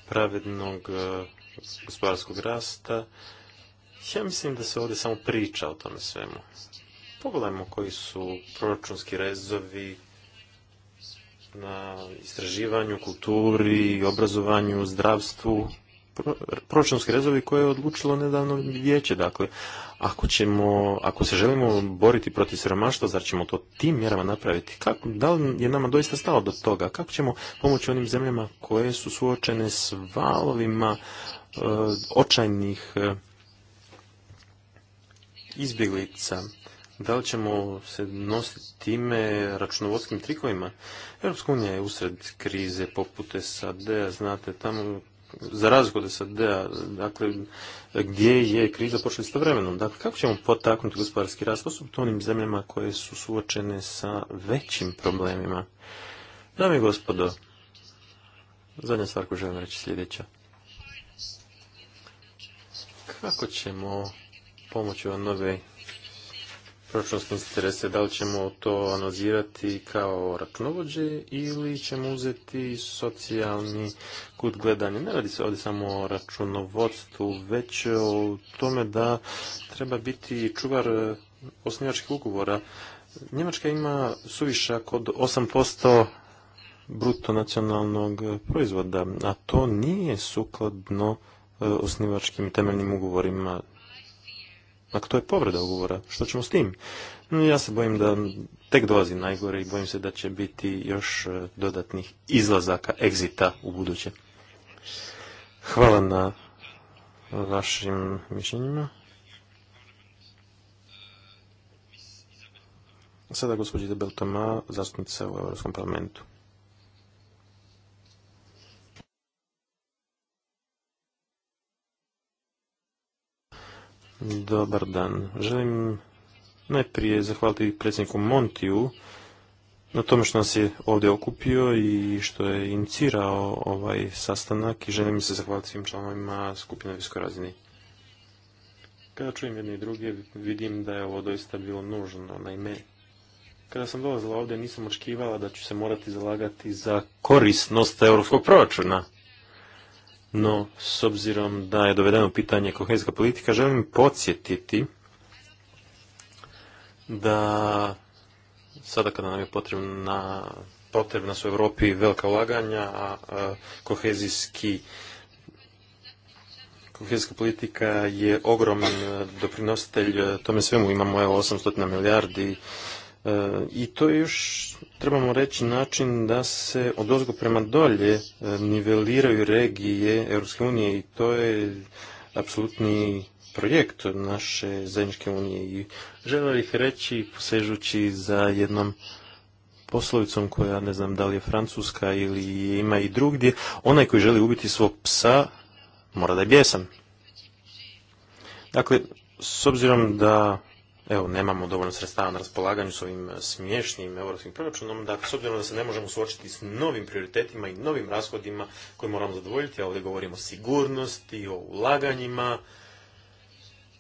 pravednog e, gospodarskog rasta. Ja mislim da se ovdje samo priča o tome svemu. Pogledajmo koji su proračunski rezovi na istraživanju, kulturi, obrazovanju, zdravstvu proračunski rezovi koje je odlučilo nedavno vijeće. Dakle, ako, ćemo, ako se želimo boriti protiv siromaštva, zar ćemo to tim mjerama napraviti? Kako, da li je nama doista stalo do toga? Kako ćemo pomoći onim zemljama koje su suočene s valovima e, očajnih e, izbjeglica? Da li ćemo se nositi time računovodskim trikovima? Europska unija je usred krize poput sad znate, tamo za razliku od sad dakle, gdje je kriza počela istovremeno. Dakle, kako ćemo potaknuti gospodarski rast, u onim zemljama koje su suočene sa većim problemima? Dame i gospodo, zadnja stvar koju želim reći sljedeća. Kako ćemo pomoći ove nove proračunske interese, da li ćemo to analizirati kao računovođe ili ćemo uzeti socijalni kut gledanja. Ne radi se ovdje samo o računovodstvu, već o tome da treba biti čuvar osnivačkih ugovora. Njemačka ima suvišak od 8% bruto nacionalnog proizvoda, a to nije sukladno e, osnivačkim temeljnim ugovorima Dakle, to je povreda ugovora. Što ćemo s tim? No, ja se bojim da tek dolazi najgore i bojim se da će biti još e, dodatnih izlazaka, egzita u buduće. Hvala na vašim mišljenjima. Sada gospođi Debel Toma, zastupnica u Europskom parlamentu. Dobar dan. Želim najprije zahvaliti predsjedniku Montiju na tome što nas je ovdje okupio i što je inicirao ovaj sastanak i želim se zahvaliti svim članovima skupine viskoj razini. Kada čujem jedne i druge, vidim da je ovo doista bilo nužno. Naime, kada sam dolazila ovdje, nisam očekivala da ću se morati zalagati za korisnost europskog proračuna no s obzirom da je dovedeno pitanje kohezijska politika, želim podsjetiti da sada kada nam je potrebna, potrebna su u Europi velika ulaganja, a, kohezijski kohezijska politika je ogroman doprinositelj tome svemu. Imamo evo 800 milijardi e, i to je još trebamo reći način da se od ozgo prema dolje e, niveliraju regije Europske unije i to je apsolutni projekt naše zajedničke unije i želio bih reći posežući za jednom poslovicom koja ne znam da li je francuska ili ima i drugdje, onaj koji želi ubiti svog psa mora da je bjesan. Dakle, s obzirom da evo, nemamo dovoljno sredstava na raspolaganju s ovim e, smiješnim europskim proračunom, dakle, s obzirom da se ne možemo suočiti s novim prioritetima i novim rashodima koje moramo zadovoljiti, a ovdje govorimo o sigurnosti, o ulaganjima,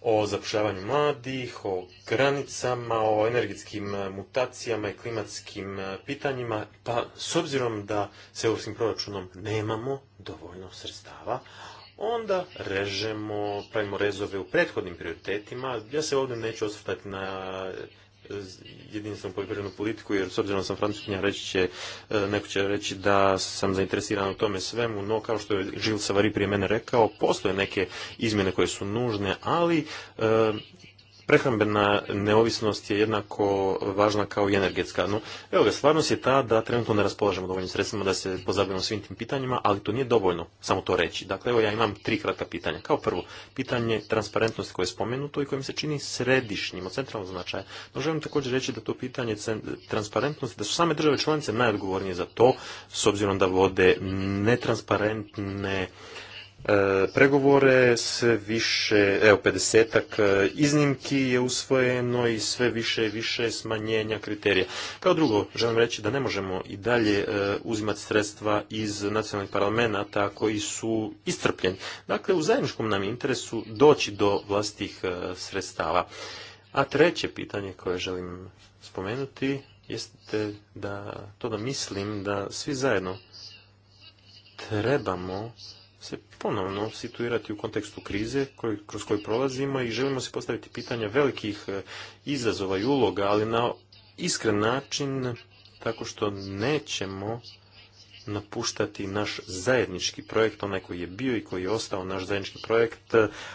o zapošljavanju mladih, o granicama, o energetskim e, mutacijama i klimatskim e, pitanjima, pa s obzirom da s europskim proračunom nemamo dovoljno sredstava, onda režemo, pravimo rezove u prethodnim prioritetima. Ja se ovdje neću osvrtati na e, jedinstvenu poljoprivrednu politiku, jer s obzirom da sam francuskinja reći će, e, neko će reći da sam zainteresiran u tome svemu, no kao što je Žil Savari prije mene rekao, postoje neke izmjene koje su nužne, ali e, prehrambena neovisnost je jednako važna kao i energetska. No, evo ga, stvarnost je ta da trenutno ne raspolažemo dovoljnim sredstvima da se pozabavimo svim tim pitanjima, ali to nije dovoljno samo to reći. Dakle, evo ja imam tri kratka pitanja. Kao prvo, pitanje transparentnosti koje je spomenuto i koje mi se čini središnjim, od centralnog značaja. No, želim također reći da to pitanje transparentnosti, da su same države članice najodgovornije za to, s obzirom da vode netransparentne E, pregovore, sve više, evo, 50-ak e, iznimki je usvojeno i sve više i više smanjenja kriterija. Kao drugo, želim reći da ne možemo i dalje e, uzimati sredstva iz nacionalnih parlamenta koji su iscrpljeni. Dakle, u zajedničkom nam interesu doći do vlastih sredstava. A treće pitanje koje želim spomenuti jeste da to da mislim da svi zajedno trebamo se ponovno situirati u kontekstu krize kroz koju prolazimo i želimo se postaviti pitanja velikih e, izazova i uloga, ali na iskren način tako što nećemo napuštati naš zajednički projekt, onaj koji je bio i koji je ostao naš zajednički projekt,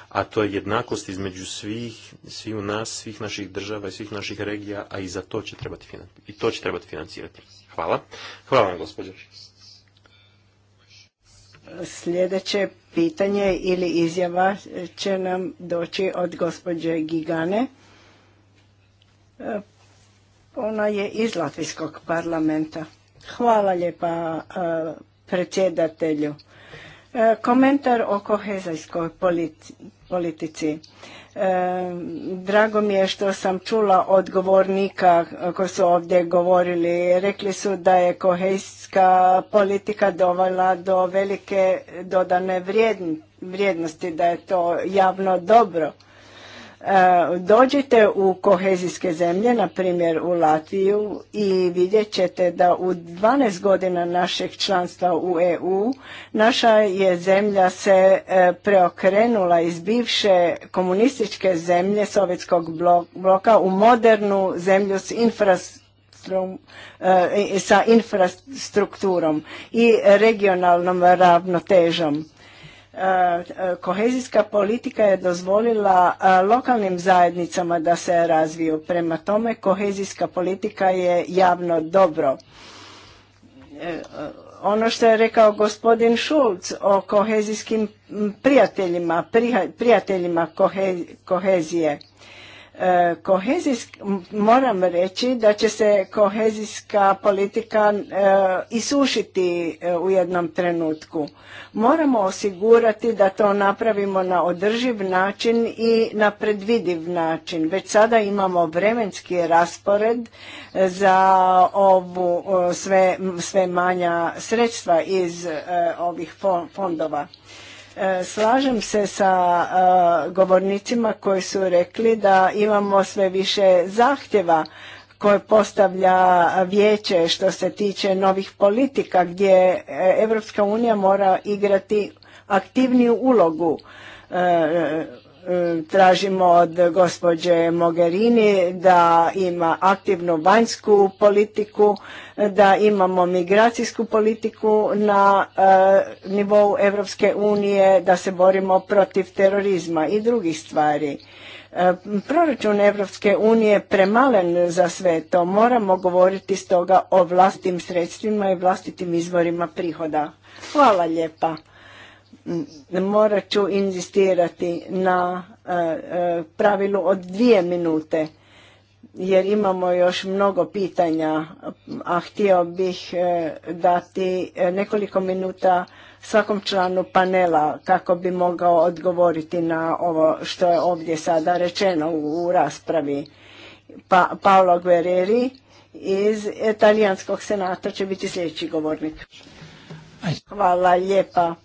a to je jednakost između svih, sviju nas, svih naših država i svih naših regija, a i za to će trebati, i to će trebati financirati. Hvala. Hvala vam, gospođo. Sljedeće pitanje ili izjava će nam doći od gospođe Gigane. E, ona je iz Latvijskog parlamenta. Hvala lijepa e, predsjedatelju. E, komentar o kohezajskoj politici. Drago mi je što sam čula odgovornika koji su ovdje govorili. Rekli su da je kohejska politika dovala do velike dodane vrijednosti, da je to javno dobro. E, dođite u kohezijske zemlje, na primjer u Latviju i vidjet ćete da u 12 godina našeg članstva u EU naša je zemlja se e, preokrenula iz bivše komunističke zemlje sovjetskog bloka u modernu zemlju s infrastrukturom e, sa infrastrukturom i regionalnom ravnotežom kohezijska politika je dozvolila lokalnim zajednicama da se razviju. Prema tome, kohezijska politika je javno dobro. E, e, ono što je rekao gospodin Šulc o kohezijskim prijateljima, prijateljima kohezije, E, Kohezijsk, moram reći da će se kohezijska politika e, isušiti e, u jednom trenutku. Moramo osigurati da to napravimo na održiv način i na predvidiv način. Već sada imamo vremenski raspored za ovu sve, manja sredstva iz ovih fondova E, slažem se sa e, govornicima koji su rekli da imamo sve više zahtjeva koje postavlja vijeće što se tiče novih politika gdje Europska unija mora igrati aktivniju ulogu e, Mm, tražimo od gospođe Mogherini da ima aktivnu vanjsku politiku, da imamo migracijsku politiku na eh, nivou Europske unije, da se borimo protiv terorizma i drugih stvari. Eh, proračun Evropske unije premalen za sve to. Moramo govoriti stoga o vlastim sredstvima i vlastitim izvorima prihoda. Hvala lijepa morat ću inzistirati na e, e, pravilu od dvije minute jer imamo još mnogo pitanja, a htio bih e, dati nekoliko minuta svakom članu panela kako bi mogao odgovoriti na ovo što je ovdje sada rečeno u raspravi. Pa, Paolo Guerreri iz Italijanskog senata će biti sljedeći govornik. Hvala lijepa.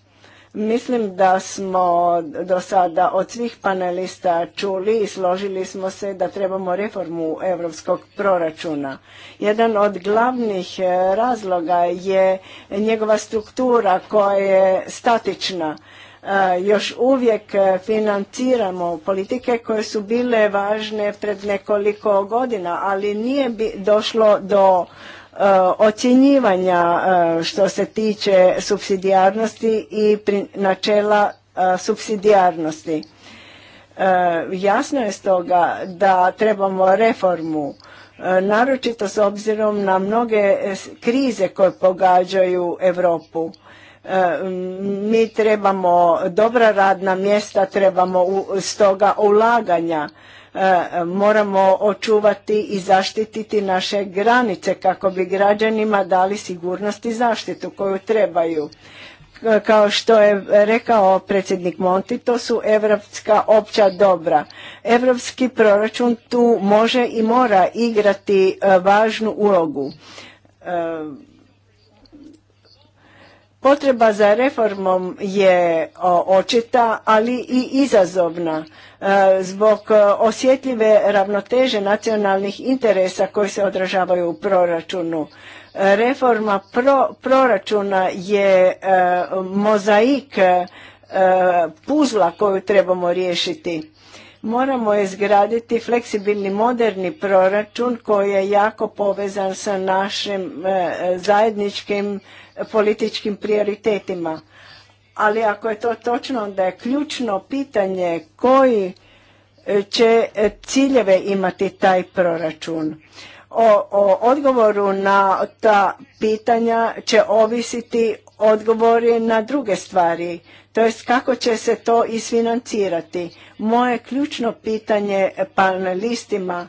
Mislim da smo do sada od svih panelista čuli i složili smo se da trebamo reformu europskog proračuna. Jedan od glavnih e, razloga je njegova struktura koja je statična. E, još uvijek financiramo politike koje su bile važne pred nekoliko godina, ali nije došlo do Eh, ocjenjivanja eh, što se tiče subsidijarnosti i načela eh, subsidijarnosti. Jasno je stoga da trebamo reformu, naročito s obzirom na mnoge krize koje pogađaju Europu. Mi trebamo dobra radna mjesta, trebamo stoga ulaganja E, moramo očuvati i zaštititi naše granice kako bi građanima dali sigurnost i zaštitu koju trebaju. Kao što je rekao predsjednik Monti, to su evropska opća dobra. Evropski proračun tu može i mora igrati e, važnu ulogu e, Potreba za reformom je očita, ali i izazovna e, zbog e, osjetljive ravnoteže nacionalnih interesa koji se odražavaju u proračunu. Reforma proračuna je e, mozaik puzla koju trebamo riješiti Moramo izgraditi fleksibilni moderni proračun koji je jako povezan sa našim e, zajedničkim političkim prioritetima. Ali ako je to točno, onda je ključno pitanje koji e, će e, ciljeve imati taj proračun. O, o odgovoru na ta pitanja će ovisiti odgovori na druge stvari, to jest kako će se to isfinancirati. Moje ključno pitanje panelistima,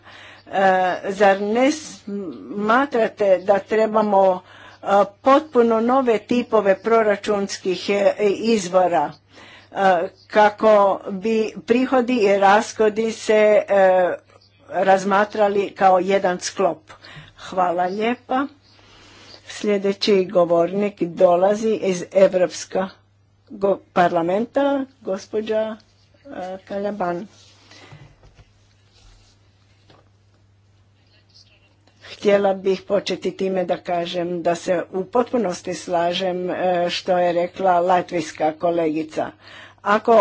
e, zar ne smatrate da trebamo e, potpuno nove tipove proračunskih e, izvora kako bi prihodi i rashodi se razmatrali kao jedan sklop. Hvala lijepa. Sljedeći govornik dolazi iz Evropska parlamenta, gospođa e, Kaljaban. Htjela bih početi time da kažem da se u potpunosti slažem e, što je rekla latvijska kolegica. Ako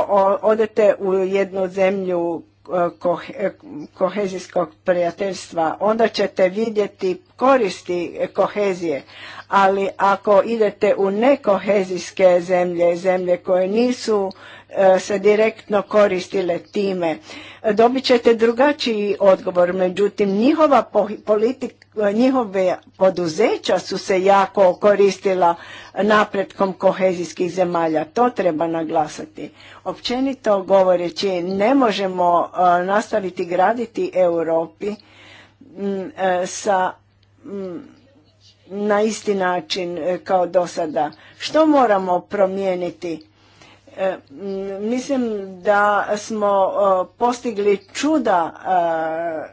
odete u jednu zemlju E, e, kohezijskog prijateljstva, onda ćete vidjeti koristi kohezije, ali ako idete u nekohezijske zemlje, zemlje koje nisu E, se direktno koristile time, dobit ćete drugačiji odgovor. Međutim, njihova politika, njihove poduzeća su se jako koristila napretkom kohezijskih zemalja. To treba naglasati. Općenito govoreći, ne možemo e, nastaviti graditi Europi e, sa na isti način kao do sada. Što moramo promijeniti? E, mislim da smo e, postigli čuda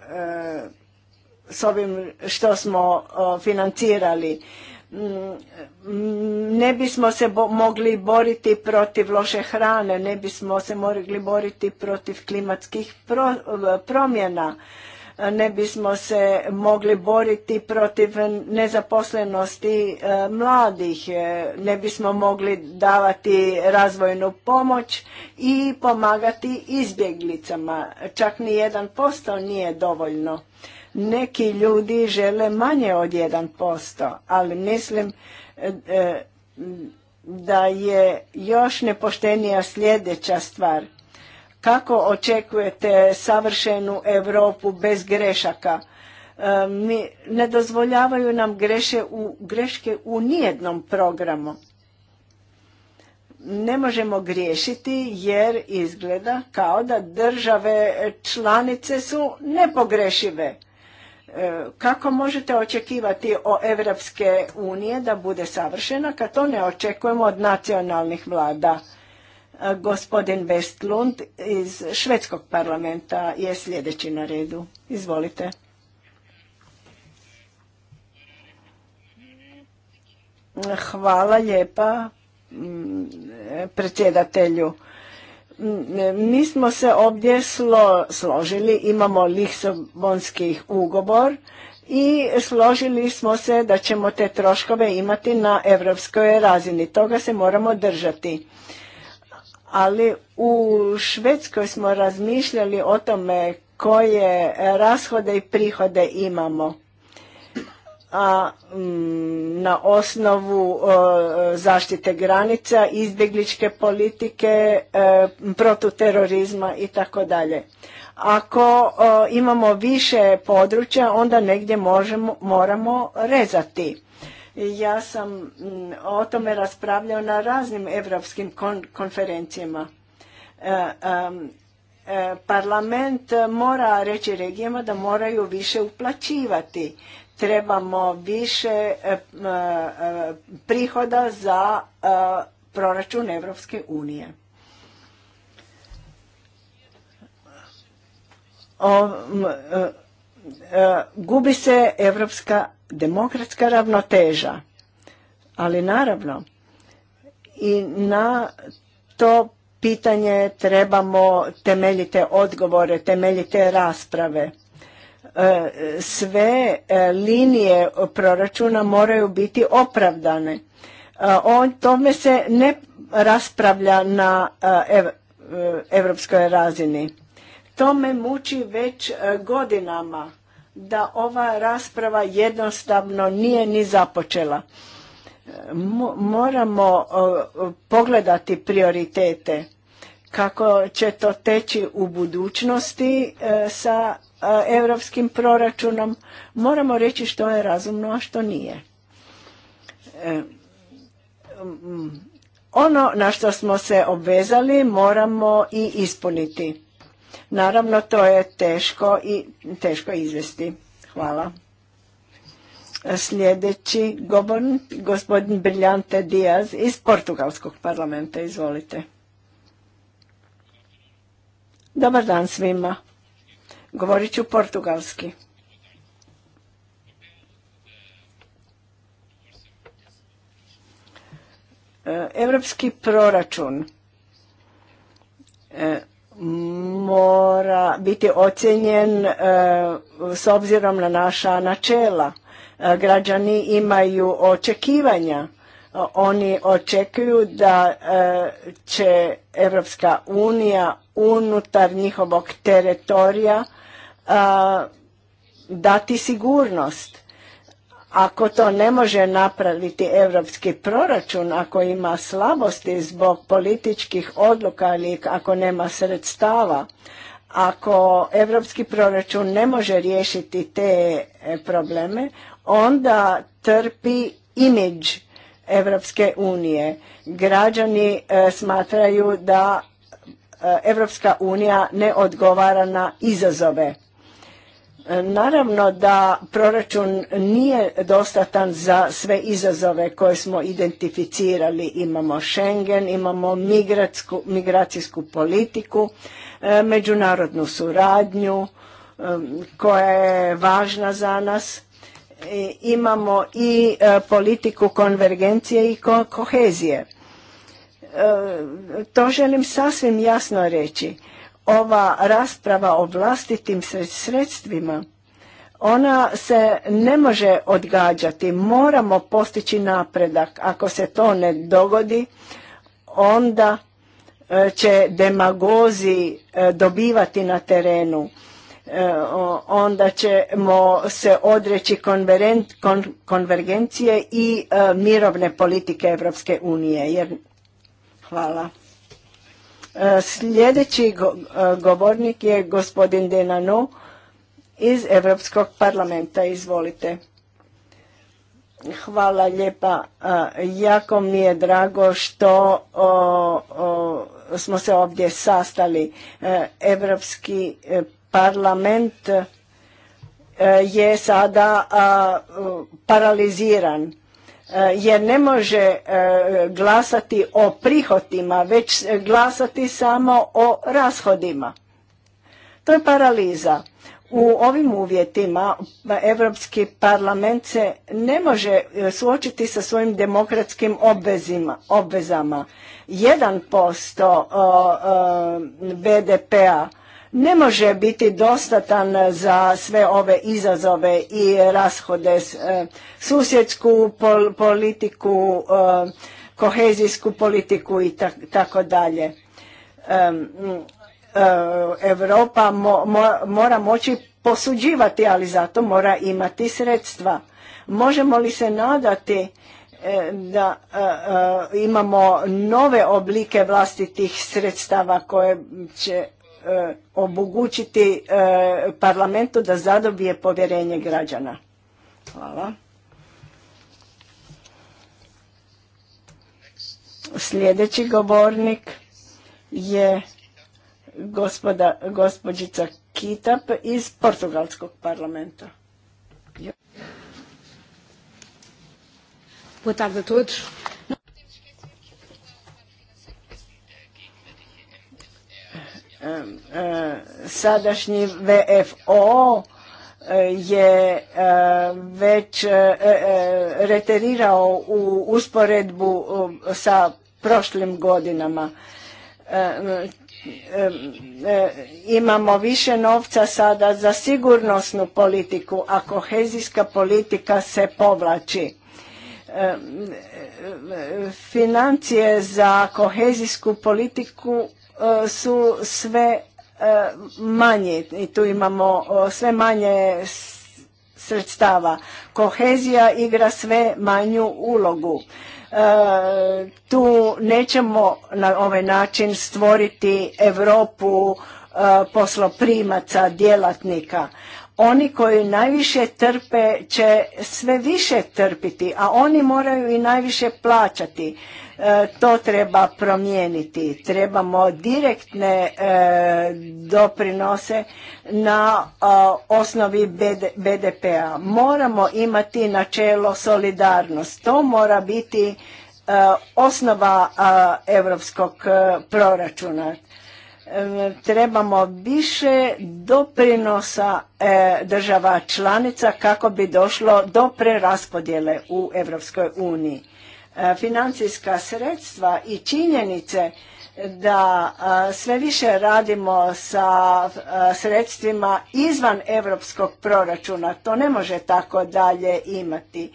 e, s ovim što smo financirali. Ne bismo se mogli boriti protiv loše hrane, ne bismo se mogli boriti protiv klimatskih promjena. E, ne bismo se mogli boriti protiv nezaposlenosti e, mladih, e, ne bismo mogli davati razvojnu pomoć i pomagati izbjeglicama. Čak ni jedan posto nije dovoljno. Neki ljudi žele manje od jedan posto, ali mislim da je još nepoštenija sljedeća stvar kako očekujete savršenu Europu bez grešaka? E, ne dozvoljavaju nam u, greške u nijednom programu. Ne možemo griješiti jer izgleda kao da države članice su nepogrešive. E, kako možete očekivati o Evropske unije da bude savršena kad to ne očekujemo od nacionalnih vlada? Gospodin Westlund iz Švedskog parlamenta je sljedeći na redu. Izvolite. Hvala lijepa mm, predsjedatelju. Mm, mi smo se ovdje složili, imamo lihsobonski ugovor i složili smo se da ćemo te troškove imati na evropskoj razini. Toga se moramo držati ali u Švedskoj smo razmišljali o tome koje rashode i prihode imamo a mm, na osnovu zaštite granica, izbjegličke politike, e, protuterorizma i tako dalje. Ako imamo više područja, onda negdje možemo, moramo rezati. Ja sam mm, o tome raspravljao na raznim evropskim konferencijama. E, e, parlament mora reći regijama da moraju više uplaćivati. Trebamo više e, prihoda za proračun Evropske unije. gubi se evropska demokratska ravnoteža. Ali naravno i na to pitanje trebamo temeljite odgovore, temeljite rasprave. E, sve e, linije proračuna moraju biti opravdane. E, o tome se ne raspravlja na europskoj razini. To me muči već godinama da ova rasprava jednostavno nije ni započela. E, moramo pogledati prioritete kako će to teći u budućnosti e, sa europskim proračunom. Moramo reći što je razumno, a što nije. E, ono na što smo se obvezali moramo i ispuniti Naravno, to je teško i teško izvesti. Hvala. Sljedeći govorn, gospodin Briljante Diaz iz Portugalskog parlamenta. Izvolite. Dobar dan svima. Govorit ću portugalski. Europski proračun e, mora biti ocjenjen e, s obzirom na naša načela. E, građani imaju očekivanja. Oni očekuju da e, će Evropska unija unutar njihovog teritorija dati sigurnost ako to ne može napraviti europski proračun, ako ima slabosti zbog političkih odluka ili ako nema sredstava, ako europski proračun ne može riješiti te e, probleme, onda trpi imidž Evropske unije. Građani e, smatraju da e, Evropska unija ne odgovara na izazove. Naravno da proračun nije dostatan za sve izazove koje smo identificirali. Imamo Schengen, imamo migracijsku politiku, e, međunarodnu suradnju e, koja je važna za nas. E, imamo i politiku konvergencije i kohezije. To želim sasvim jasno reći ova rasprava o vlastitim sredstvima, ona se ne može odgađati, moramo postići napredak. Ako se to ne dogodi, onda e, će demagozi e, dobivati na terenu. E, onda ćemo se odreći konvergencije i mirovne politike Europske unije. Jer... Hvala. E, sljedeći e, govornik je gospodin Denanu iz Europskog parlamenta. Izvolite. Hvala lijepa. E, jako mi je drago što smo se ovdje sastali. Europski parlament je sada paraliziran Eh, jer ne može eh, glasati o prihodima, već glasati samo o rashodima. To je paraliza. U ovim uvjetima evropski parlament se ne može eh, suočiti sa svojim demokratskim obvezama. 1% BDP-a ne može biti dostatan za sve ove izazove i rashode e, susjedsku politiku, e, kohezijsku politiku i tako dalje. E, Europa mora moći posuđivati, ali zato mora imati sredstva. Možemo li se nadati da imamo nove oblike vlastitih sredstava koje će E, omogućiti e, parlamentu da zadobije povjerenje građana. Hvala. Sljedeći govornik je gospođica Kitap iz Portugalskog parlamenta. Boa tarde a sadašnji VFO e, je e, već e, reterirao u usporedbu sa prošlim godinama. Imamo više novca sada za sigurnosnu politiku, a kohezijska politika se povlači. Financije za kohezijsku politiku E, su sve e, manje i tu imamo e, sve manje sredstava. Kohezija igra sve manju ulogu. Tu nećemo na ovaj način stvoriti Europu posloprimaca, djelatnika. Oni koji najviše trpe će sve više trpiti, a oni moraju i najviše plaćati. E, to treba promijeniti. Trebamo direktne e, doprinose na e, osnovi BDP-a. Moramo imati načelo solidarnost. To mora biti osnova europskog proračuna. Trebamo više doprinosa država članica kako bi došlo do preraspodjele u Europskoj uniji E, financijska sredstva i činjenice da e, sve više radimo sa e, sredstvima izvan europskog proračuna. To ne može tako dalje imati.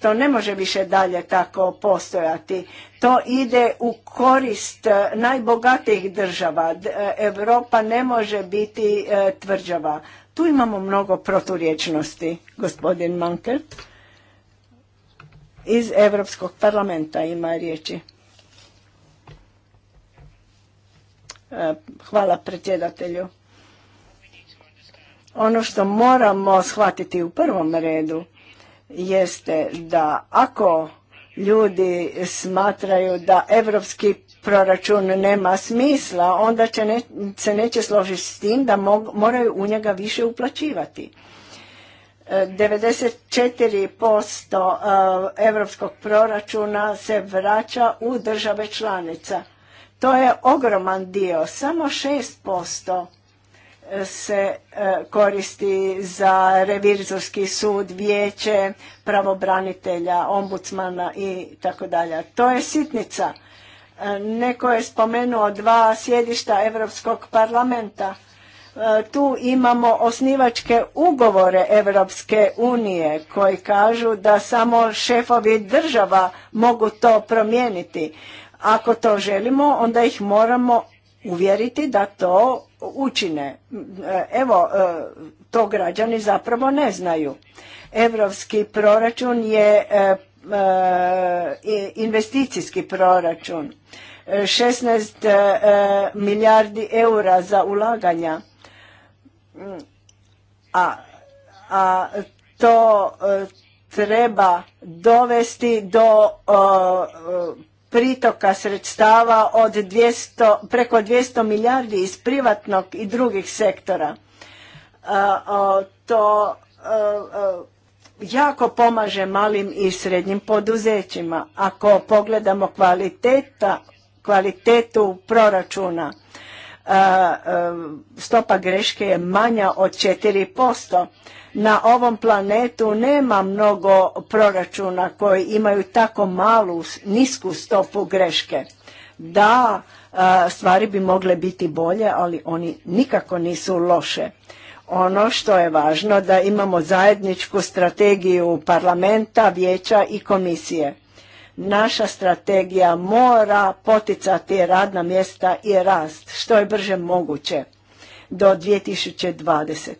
To ne može više dalje tako postojati. To ide u korist najbogatijih država. Europa ne može biti tvrđava. Tu imamo mnogo proturječnosti, gospodin Mankert iz Europskog parlamenta ima riječi. E, hvala predsjedatelju. Ono što moramo shvatiti u prvom redu jeste da ako ljudi smatraju da evropski proračun nema smisla, onda će se neće složiti s tim da moraju u njega više uplaćivati. 94% europskog eh, proračuna se vraća u države članica. To je ogroman dio, samo 6% eh, se eh, koristi za revizorski sud, vijeće, pravobranitelja, ombudsmana i tako dalje. To je sitnica. Neko je spomenuo dva sjedišta Europskog parlamenta E, tu imamo osnivačke ugovore Europske unije koji kažu da samo šefovi država mogu to promijeniti. Ako to želimo, onda ih moramo uvjeriti da to učine. E, evo, e, to građani zapravo ne znaju. Europski proračun je investicijski proračun. 16 milijardi eura za ulaganja a, a to e, treba dovesti do pritoka sredstava od 200, preko 200 milijardi iz privatnog i drugih sektora. E, to e, jako pomaže malim i srednjim poduzećima. Ako pogledamo kvaliteta, kvalitetu proračuna, stopa greške je manja od 4%. Na ovom planetu nema mnogo proračuna koji imaju tako malu, nisku stopu greške. Da, stvari bi mogle biti bolje, ali oni nikako nisu loše. Ono što je važno da imamo zajedničku strategiju parlamenta, vijeća i komisije Naša strategija mora poticati radna mjesta i rast što je brže moguće do 2020.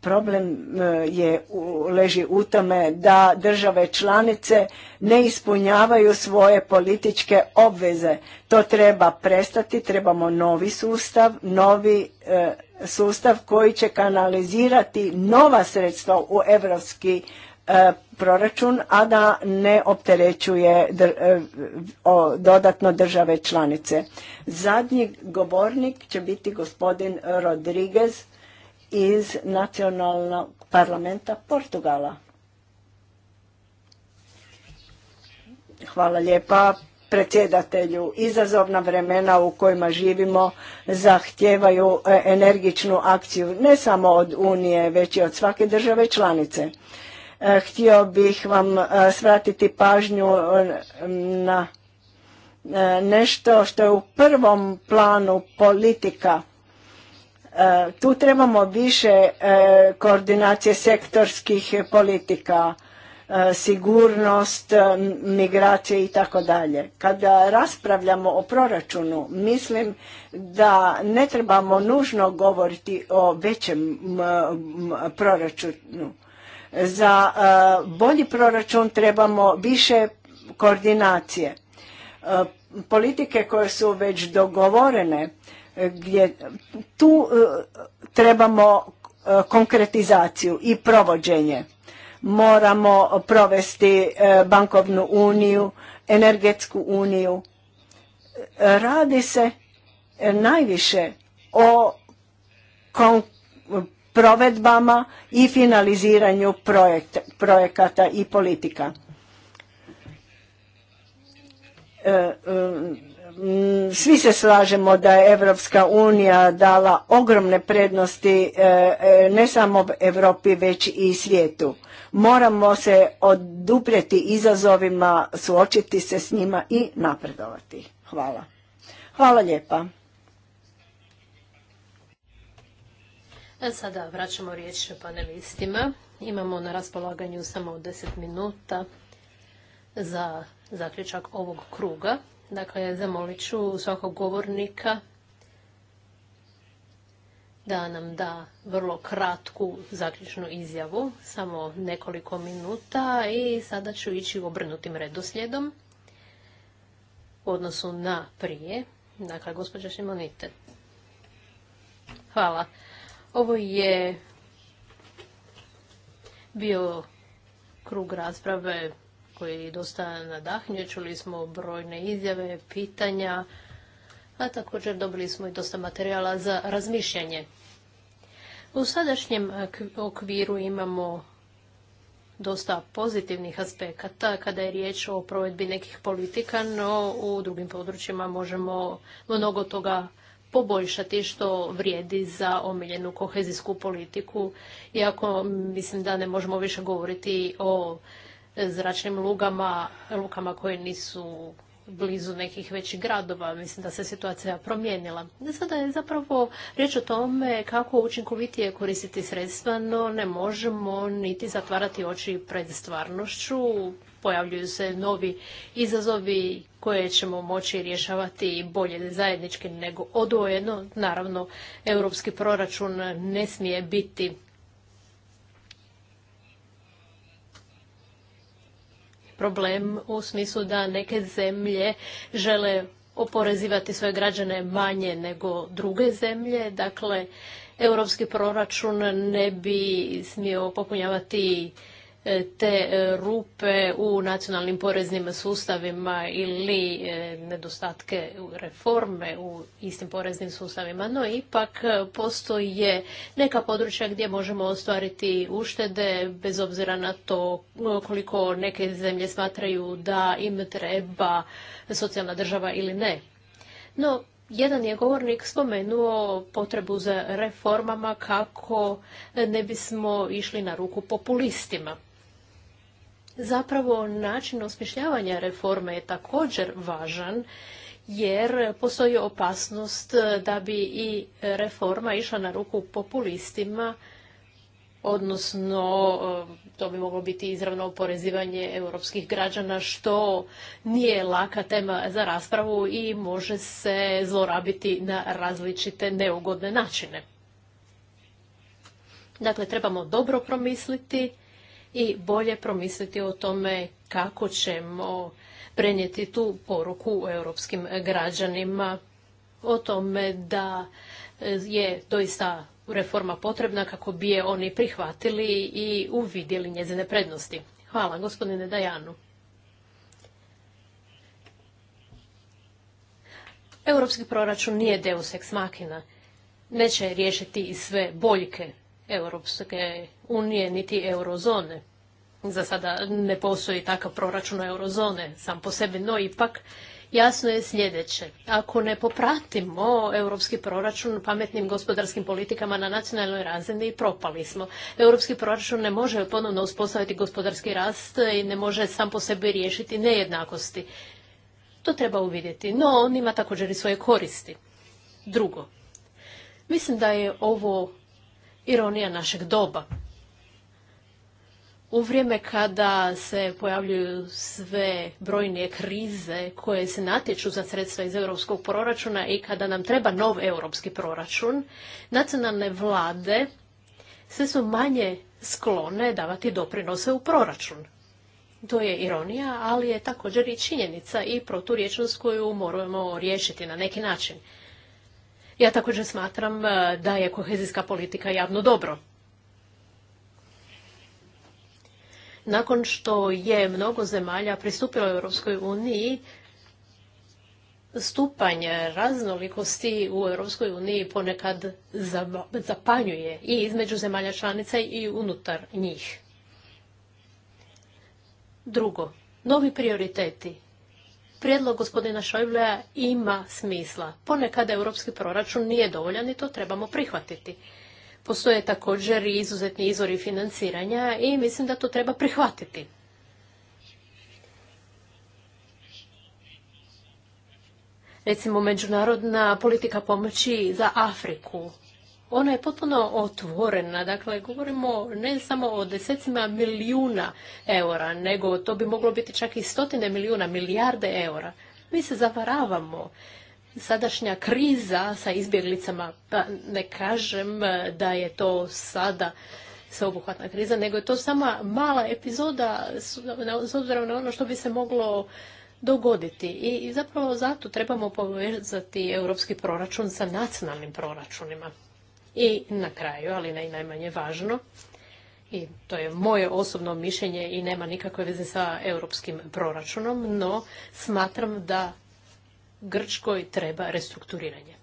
Problem e, je, leži u tome da države članice ne ispunjavaju svoje političke obveze. To treba prestati, trebamo novi sustav, novi e, sustav koji će kanalizirati nova sredstva u evropski E, proračun, a da ne opterećuje e, dodatno države članice. Zadnji govornik će biti gospodin Rodriguez iz nacionalnog parlamenta Portugala. Hvala lijepa predsjedatelju. Izazovna vremena u kojima živimo zahtijevaju e, energičnu akciju ne samo od Unije, već i od svake države članice. E, htio bih vam e, svratiti pažnju e, na nešto što je u prvom planu politika. Tu trebamo više koordinacije sektorskih politika, sigurnost, migracije i tako dalje. Kada raspravljamo o proračunu, mislim da ne trebamo nužno govoriti o većem proračunu. Za e, bolji proračun trebamo više koordinacije. E, politike koje su već dogovorene, e, gdje tu trebamo konkretizaciju i provođenje. Moramo provesti bankovnu uniju, energetsku uniju. Radi se najviše o provedbama i finaliziranju projekata i politika. E, e, svi se slažemo da je Evropska unija dala ogromne prednosti e, ne samo Europi već i svijetu. Moramo se oduprijeti izazovima, suočiti se s njima i napredovati. Hvala. Hvala lijepa. E, sada vraćamo riječ panelistima. Imamo na raspolaganju samo 10 minuta za zaključak ovog kruga. Dakle, zamolit ću svakog govornika da nam da vrlo kratku zaključnu izjavu, samo nekoliko minuta i sada ću ići obrnutim redoslijedom u odnosu na prije. Dakle, gospođa Šimonite. Hvala. Ovo je bio krug rasprave koji je dosta nadahnio. Čuli smo brojne izjave, pitanja, a također dobili smo i dosta materijala za razmišljanje. U sadašnjem okviru imamo dosta pozitivnih aspekata kada je riječ o provedbi nekih politika, no u drugim područjima možemo mnogo toga poboljšati što vrijedi za omiljenu kohezijsku politiku. Iako mislim da ne možemo više govoriti o zračnim lugama, lukama koje nisu blizu nekih većih gradova. Mislim da se situacija promijenila. Sada je zapravo riječ o tome kako učinkovitije koristiti sredstva, no ne možemo niti zatvarati oči pred stvarnošću pojavljuju se novi izazovi koje ćemo moći rješavati bolje zajednički nego odvojeno. Naravno, europski proračun ne smije biti problem u smislu da neke zemlje žele oporezivati svoje građane manje nego druge zemlje. Dakle, europski proračun ne bi smio popunjavati E, te e, rupe u nacionalnim poreznim sustavima ili e, nedostatke reforme u istim poreznim sustavima. No ipak postoje neka područja gdje možemo ostvariti uštede bez obzira na to koliko neke zemlje smatraju da im treba socijalna država ili ne. No, jedan je govornik spomenuo potrebu za reformama kako ne bismo išli na ruku populistima. Zapravo način osmišljavanja reforme je također važan jer postoji opasnost da bi i reforma išla na ruku populistima, odnosno e, to bi moglo biti izravno oporezivanje europskih građana, što nije laka tema za raspravu i može se zlorabiti na različite neugodne načine. Dakle, trebamo dobro promisliti i bolje promisliti o tome kako ćemo prenijeti tu poruku europskim građanima o tome da e, je doista reforma potrebna kako bi je oni prihvatili i uvidjeli njezine prednosti. Hvala gospodine Dajanu. Europski proračun nije deus ex machina. Neće riješiti i sve boljke Europske unije niti eurozone. Za sada ne postoji takav proračun eurozone sam po sebi, no ipak jasno je sljedeće. Ako ne popratimo europski proračun pametnim gospodarskim politikama na nacionalnoj razini, propali smo. Europski proračun ne može ponovno uspostaviti gospodarski rast i ne može sam po sebi riješiti nejednakosti. To treba uvidjeti, no on ima također i svoje koristi. Drugo, mislim da je ovo ironija našeg doba. U vrijeme kada se pojavljuju sve brojne krize koje se natječu za sredstva iz europskog proračuna i kada nam treba nov europski proračun, nacionalne vlade sve su manje sklone davati doprinose u proračun. To je ironija, ali je također i činjenica i proturječnost koju moramo riješiti na neki način. Ja također smatram e, da je kohezijska politika javno dobro. Nakon što je mnogo zemalja pristupilo Europskoj uniji, stupanje raznolikosti u Europskoj uniji ponekad zapanjuje i između zemalja članica i unutar njih. Drugo, novi prioriteti prijedlog gospodina Šojblea ima smisla. Ponekad europski proračun nije dovoljan i to trebamo prihvatiti. Postoje također i izuzetni izvori financiranja i mislim da to treba prihvatiti. Recimo, međunarodna politika pomoći za Afriku ona je potpuno otvorena, dakle govorimo ne samo o desecima milijuna eura, nego to bi moglo biti čak i stotine milijuna, milijarde eura. Mi se zavaravamo. Sadašnja kriza sa izbjeglicama, pa ne kažem da je to sada sveobuhvatna kriza, nego je to sama mala epizoda s obzirom na ono što bi se moglo dogoditi. I zapravo zato trebamo povezati europski proračun sa nacionalnim proračunima. I na kraju, ali ne i najmanje važno, i to je moje osobno mišljenje i nema nikakve veze sa europskim proračunom, no smatram da Grčkoj treba restrukturiranje.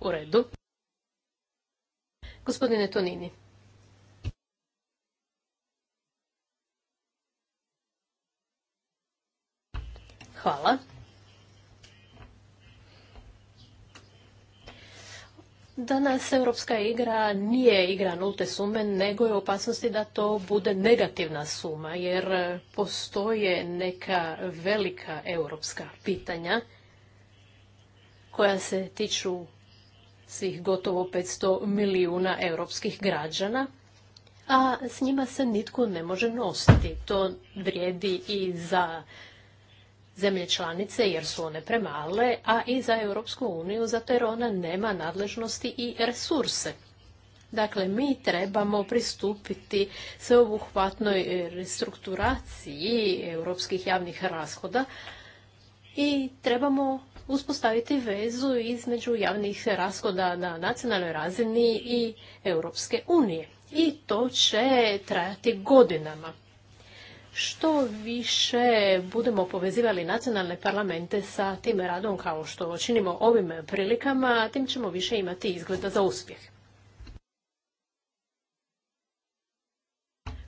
U redu. Gospodine Tonini. Hvala. Danas europska igra nije igra nulte sume, nego je opasnosti da to bude negativna suma, jer postoje neka velika europska pitanja koja se tiču svih gotovo 500 milijuna europskih građana, a s njima se nitko ne može nositi. To vrijedi i za zemlje članice jer su one premale, a i za Europsku uniju zato jer ona nema nadležnosti i resurse. Dakle, mi trebamo pristupiti sveobuhvatnoj restrukturaciji europskih javnih rashoda i trebamo uspostaviti vezu između javnih rashoda na nacionalnoj razini i Europske unije. I to će trajati godinama što više budemo povezivali nacionalne parlamente sa tim radom kao što činimo ovim prilikama, tim ćemo više imati izgleda za uspjeh.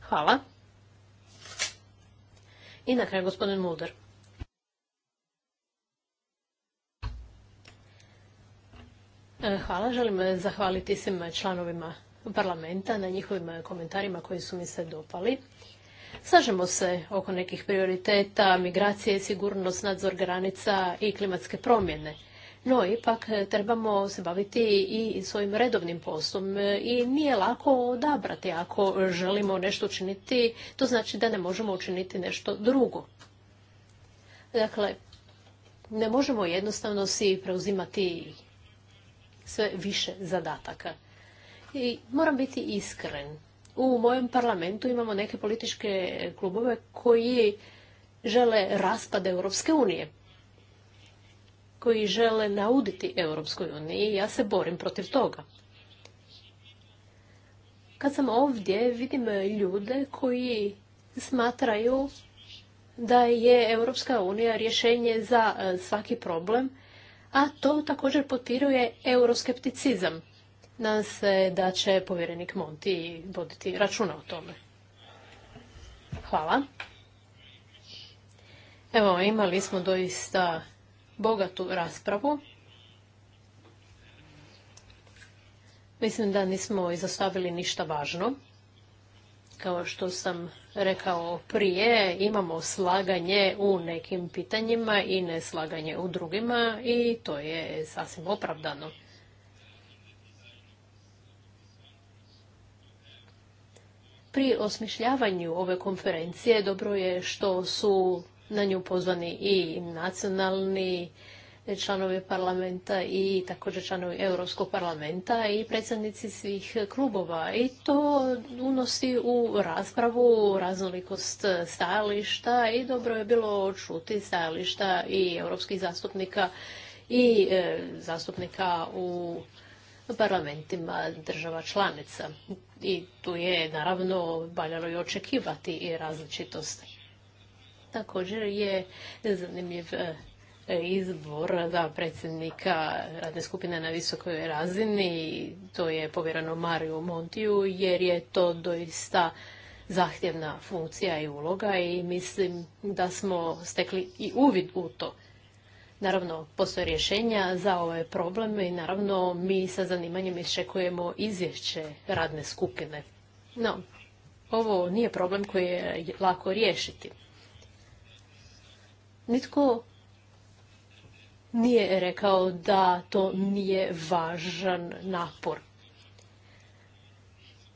Hvala. I na kraju gospodin Mulder. E, hvala. Želim zahvaliti svim članovima parlamenta na njihovim komentarima koji su mi se dopali. Slažemo se oko nekih prioriteta, migracije, sigurnost, nadzor granica i klimatske promjene. No, ipak trebamo se baviti i svojim redovnim poslom i nije lako odabrati. Ako želimo nešto učiniti, to znači da ne možemo učiniti nešto drugo. Dakle, ne možemo jednostavno si preuzimati sve više zadataka. I moram biti iskren u mojem parlamentu imamo neke političke klubove koji žele raspad Europske unije, koji žele nauditi Europskoj uniji i ja se borim protiv toga. Kad sam ovdje, vidim ljude koji smatraju da je Europska unija rješenje za e, svaki problem, a to također potiruje euroskepticizam. Nadam se da će povjerenik Monti voditi računa o tome. Hvala. Evo, imali smo doista bogatu raspravu. Mislim da nismo izostavili ništa važno. Kao što sam rekao prije, imamo slaganje u nekim pitanjima i neslaganje u drugima i to je sasvim opravdano. Pri osmišljavanju ove konferencije dobro je što su na nju pozvani i nacionalni članovi parlamenta i također članovi Europskog parlamenta i predsjednici svih klubova. I to unosi u raspravu raznolikost stajališta i dobro je bilo čuti stajališta i europskih zastupnika i e, zastupnika u parlamentima država članica. I tu je naravno valjalo i očekivati i različitost. Također je zanimljiv e, izbor da predsjednika radne skupine na visokoj razini. To je povjerano Mariju Montiju jer je to doista zahtjevna funkcija i uloga i mislim da smo stekli i uvid u to. Naravno, postoje rješenja za ove probleme i naravno mi sa zanimanjem iščekujemo izvješće radne skupine. No, ovo nije problem koji je lako riješiti. Nitko nije rekao da to nije važan napor.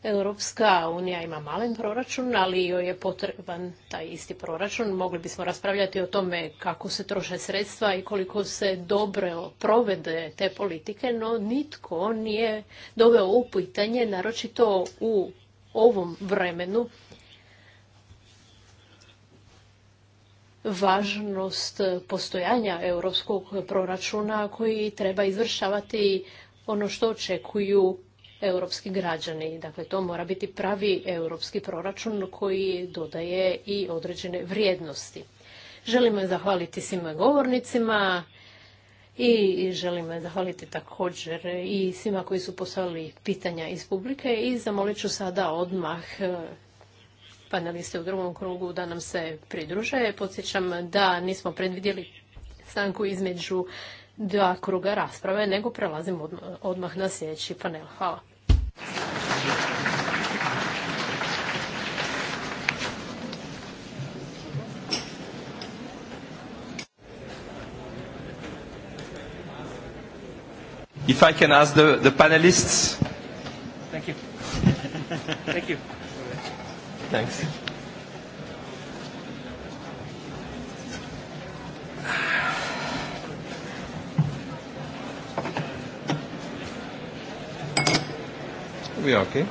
Europska unija ima malen proračun, ali joj je potreban taj isti proračun. Mogli bismo raspravljati o tome kako se troše sredstva i koliko se dobro provede te politike, no nitko nije doveo u pitanje, naročito u ovom vremenu, važnost postojanja europskog proračuna koji treba izvršavati ono što očekuju europski građani. Dakle, to mora biti pravi europski proračun koji dodaje i određene vrijednosti. Želim zahvaliti svima govornicima i želim zahvaliti također i svima koji su postavili pitanja iz publike i zamolit ću sada odmah e, paneliste u drugom krugu da nam se pridruže. Podsjećam da nismo predvidjeli stanku između dva kruga rasprave, nego prelazim odmah na sljedeći panel. Hvala. If I can ask the, the panelists. Thank you. (laughs) Thank you. Thanks. We are okay.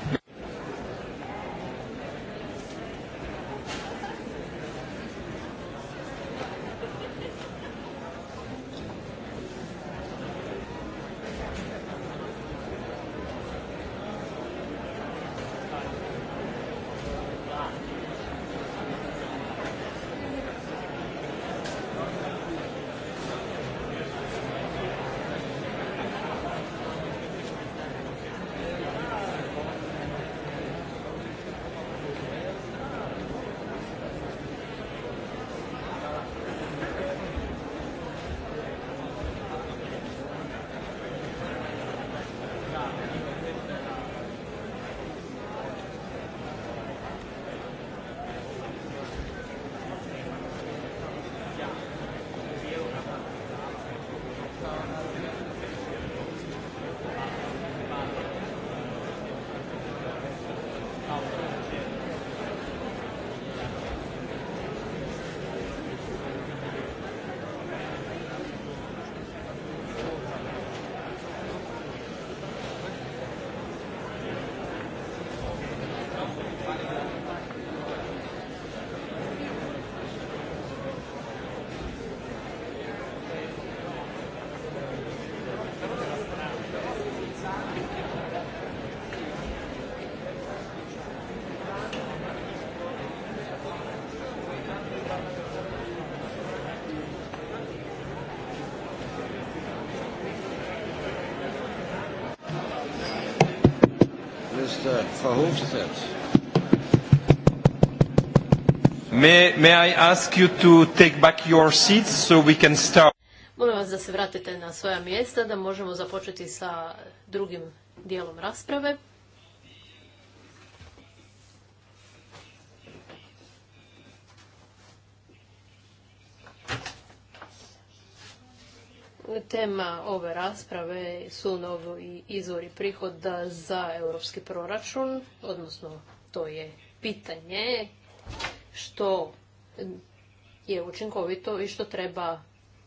Frau May, may I ask you to take back your seats so we can start? Molim vas da se vratite na svoja mjesta da možemo započeti sa drugim dijelom rasprave. Tema ove rasprave su novi izvori prihoda za europski proračun, odnosno to je pitanje što je učinkovito i što treba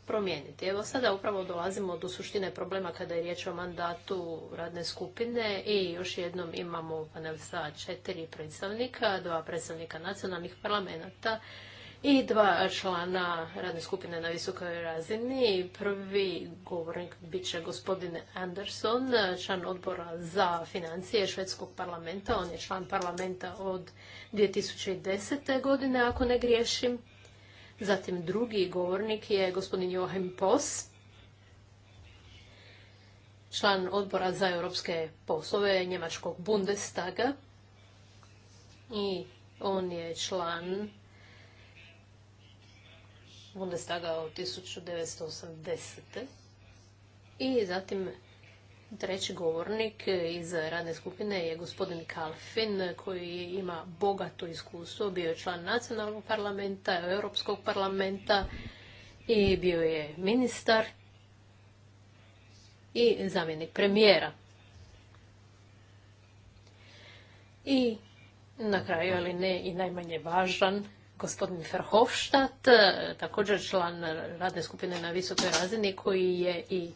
promijeniti. Evo sada upravo dolazimo do suštine problema kada je riječ o mandatu radne skupine i još jednom imamo panel sa četiri predstavnika, dva predstavnika nacionalnih parlamenta i dva člana radne skupine na visokoj razini. Prvi govornik bit će gospodin Anderson, član odbora za financije Švedskog parlamenta. On je član parlamenta od 2010. godine, ako ne griješim. Zatim drugi govornik je gospodin Joachim Poss, član odbora za europske poslove Njemačkog Bundestaga. I on je član Bundestaga u 1980. I zatim treći govornik iz radne skupine je gospodin Kalfin koji ima bogato iskustvo, bio je član nacionalnog parlamenta, Europskog parlamenta i bio je ministar i zamjenik premijera. I na kraju, ali ne i najmanje važan, gospodin Verhofstadt, e, također član radne skupine na visokoj razini koji je i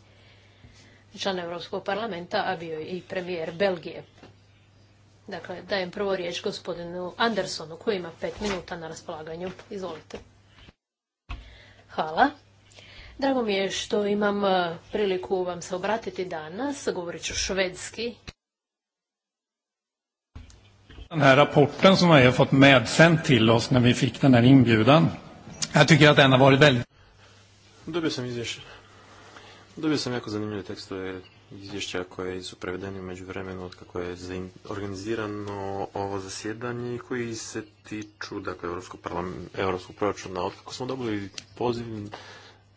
član Europskog parlamenta, a bio i premijer Belgije. Dakle, dajem prvo riječ gospodinu Andersonu koji ima pet minuta na raspolaganju. Izvolite. Hvala. Drago mi je što imam e, priliku vam se obratiti danas. Govorit ću švedski. Den här rapporten som vi har fått medsänd till oss när vi fick den här inbjudan. Jag tycker att den har varit väldigt... Dobio sam izvješće. Dobio sam jako zanimljive tekstove izvješća koje su prevedeni među vremenu od kako je organizirano ovo zasjedanje i koji se tiču dakle, Europskog, Europskog proračuna. Od kako smo dobili poziv,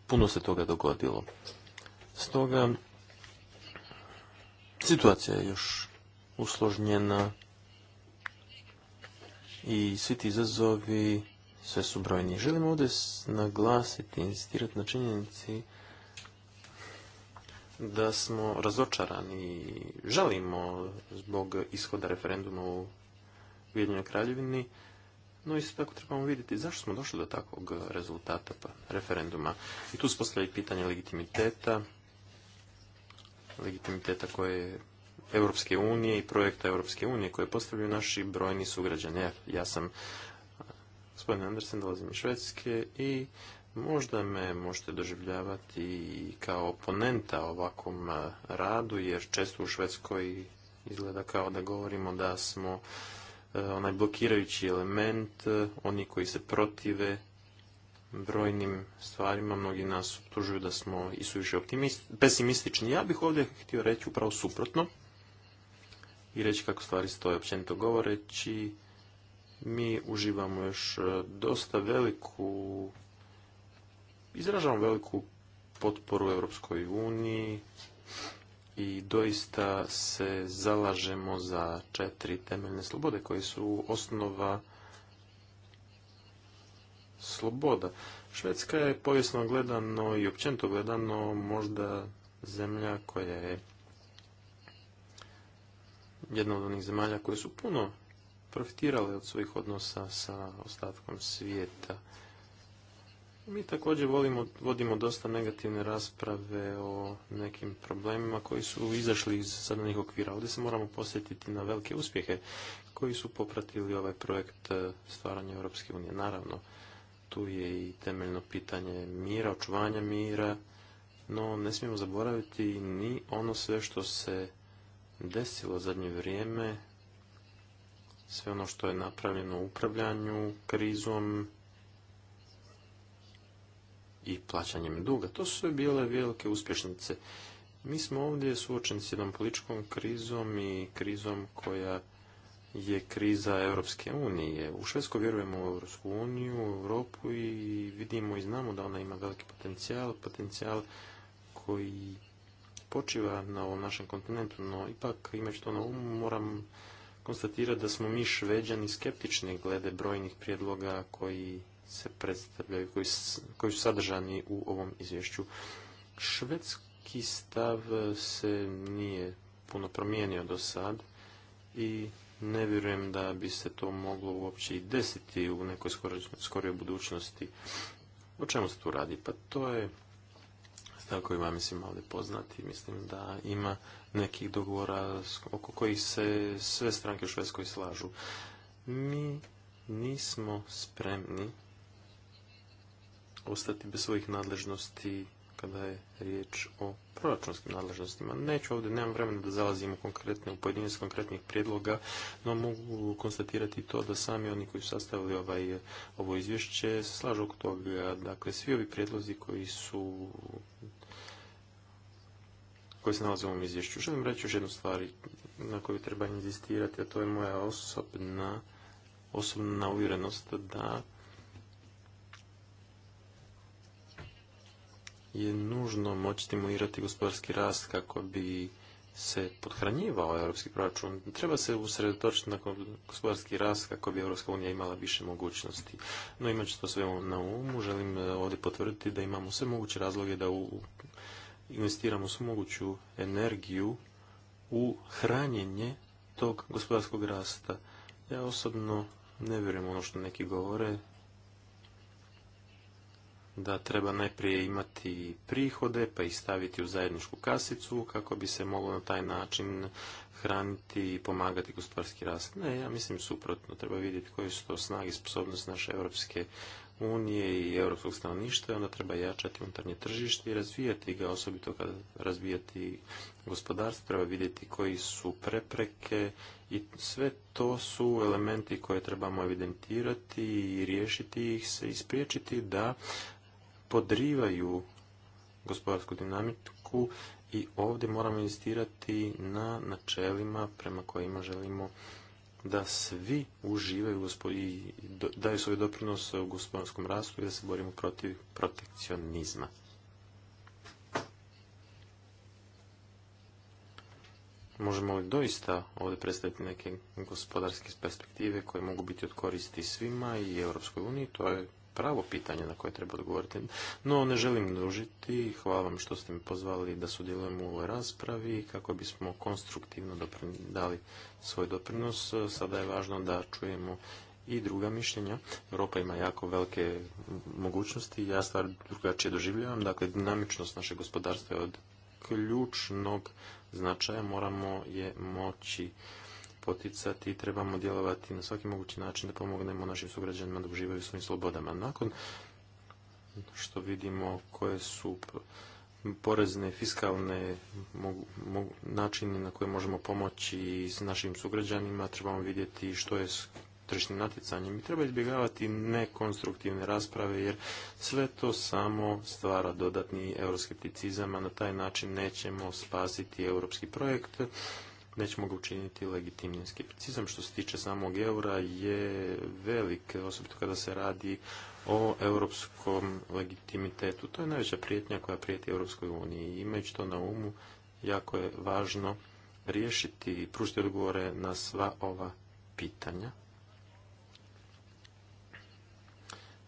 puno se toga dogodilo. Stoga, situacija je još usložnjena i svi ti izazovi sve su brojni. Želim ovdje naglasiti, insistirati na činjenici da smo razočarani i žalimo zbog ishoda referenduma u Ujedinjenoj kraljevini, no isto tako trebamo vidjeti zašto smo došli do takvog rezultata pa, referenduma. I tu se postavlja pitanje legitimiteta, legitimiteta koje Europske unije i projekta Europske unije koje postavljaju naši brojni sugrađani. Ja, ja sam, gospodin Andersen, dolazim iz Švedske i možda me možete doživljavati kao oponenta ovakvom radu, jer često u Švedskoj izgleda kao da govorimo da smo onaj blokirajući element, oni koji se protive brojnim stvarima, mnogi nas optužuju da smo i suviše pesimistični. Ja bih ovdje htio reći upravo suprotno i reći kako stvari stoje. Općenito govoreći, mi uživamo još e, dosta veliku, izražavamo veliku potporu Europskoj uniji i doista se zalažemo za četiri temeljne slobode koje su osnova sloboda. Švedska je povijesno gledano i općenito gledano možda zemlja koja je jedna od onih zemalja koje su puno profitirale od svojih odnosa sa ostatkom svijeta. Mi također vodimo dosta negativne rasprave o nekim problemima koji su izašli iz sadanih okvira. Ovdje se moramo posjetiti na velike uspjehe koji su popratili ovaj projekt e, stvaranja Europske unije. Naravno, tu je i temeljno pitanje mira, očuvanja mira, no ne smijemo zaboraviti ni ono sve što se desilo zadnje vrijeme, sve ono što je napravljeno u upravljanju krizom i plaćanjem duga. To su bile velike uspješnice. Mi smo ovdje suočeni s jednom političkom krizom i krizom koja je kriza Europske unije. U Švedsko vjerujemo u Europsku uniju, u Europu i vidimo i znamo da ona ima veliki potencijal, potencijal koji počiva na ovom našem kontinentu, no ipak imajući to na umu moram konstatirati da smo mi šveđani skeptični glede brojnih prijedloga koji se predstavljaju, koji, su sadržani u ovom izvješću. Švedski stav se nije puno promijenio do sad i ne vjerujem da bi se to moglo uopće i desiti u nekoj skorijoj budućnosti. O čemu se tu radi? Pa to je ima, mislim, ovdje poznati. Mislim da ima nekih dogovora oko kojih se sve stranke u Švedskoj slažu. Mi nismo spremni ostati bez svojih nadležnosti kada je riječ o proračunskim nadležnostima. Neću ovdje, nemam vremena da zalazim u konkretne, u pojedinost konkretnih prijedloga, no mogu konstatirati to da sami oni koji su sastavili ovaj, ovo izvješće se slažu oko toga. Dakle, svi ovi prijedlozi koji su koji se nalazi u ovom izvješću. Želim reći još jednu stvar na koju treba inzistirati, a to je moja osobna, osobna uvjerenost da je nužno moći stimulirati gospodarski rast kako bi se podhranjivao europski proračun. Treba se usredotočiti na gospodarski rast kako bi Europska unija imala više mogućnosti. No ću to sve na umu, želim eh, ovdje potvrditi da imamo sve moguće razloge da u investiramo svu moguću energiju u hranjenje tog gospodarskog rasta. Ja osobno ne vjerujem ono što neki govore, da treba najprije imati prihode pa ih staviti u zajedničku kasicu kako bi se moglo na taj način hraniti i pomagati gospodarski rast. Ne, ja mislim suprotno. Treba vidjeti koje su to snage i sposobnosti naše europske unije i europskog stanovništva, onda treba jačati unutarnje tržište i razvijati ga, osobito kada razvijati gospodarstvo, treba vidjeti koji su prepreke i sve to su elementi koje trebamo evidentirati i riješiti ih se i spriječiti da podrivaju gospodarsku dinamiku i ovdje moramo investirati na načelima prema kojima želimo da svi uživaju i daju svoj doprinos u gospodarskom rastu i da se borimo protiv protekcionizma. Možemo li doista ovdje predstaviti neke gospodarske perspektive koje mogu biti od koristi svima i Europskoj uniji? To je pravo pitanje na koje treba odgovoriti. No, ne želim družiti. Hvala vam što ste me pozvali da sudjelujem u ovoj raspravi kako bismo konstruktivno dali svoj doprinos. Sada je važno da čujemo i druga mišljenja. Europa ima jako velike mogućnosti. Ja stvar drugačije doživljavam. Dakle, dinamičnost našeg gospodarstva je od ključnog značaja. Moramo je moći poticati i trebamo djelovati na svaki mogući način da pomognemo našim sugrađanima da uživaju svojim slobodama. Nakon što vidimo koje su porezne, fiskalne načine na koje možemo pomoći s našim sugrađanima, trebamo vidjeti što je s tržišnim natjecanjem i treba izbjegavati nekonstruktivne rasprave jer sve to samo stvara dodatni euroskepticizam, a na taj način nećemo spasiti europski projekt nećemo ga učiniti legitimnim. Skepticizam što se tiče samog eura je velik, osobito kada se radi o europskom legitimitetu. To je najveća prijetnja koja prijeti Europskoj uniji. Imajući to na umu, jako je važno riješiti i pružiti odgovore na sva ova pitanja.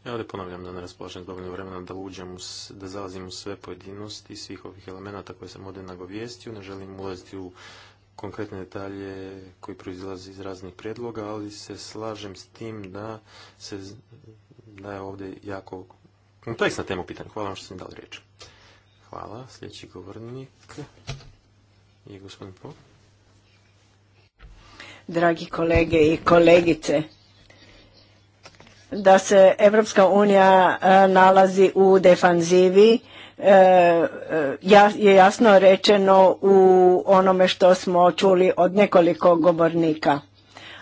Ja ovdje ponavljam da ne raspolažem dovoljno vremena da uđem, da zalazim u sve pojedinosti svih ovih elemenata koje sam ovdje nagovijestio. Ne želim ulaziti u konkretne detalje koji proizlazi iz raznih predloga, ali se slažem s tim da se da je ovdje jako kompleksna tema pitanja. Hvala vam što ste mi dali riječ. Hvala. Sljedeći govornik je gospodin Pop. Dragi kolege i kolegice, da se Evropska unija e, nalazi u defanzivi E, e, je jasno rečeno u onome što smo čuli od nekoliko govornika.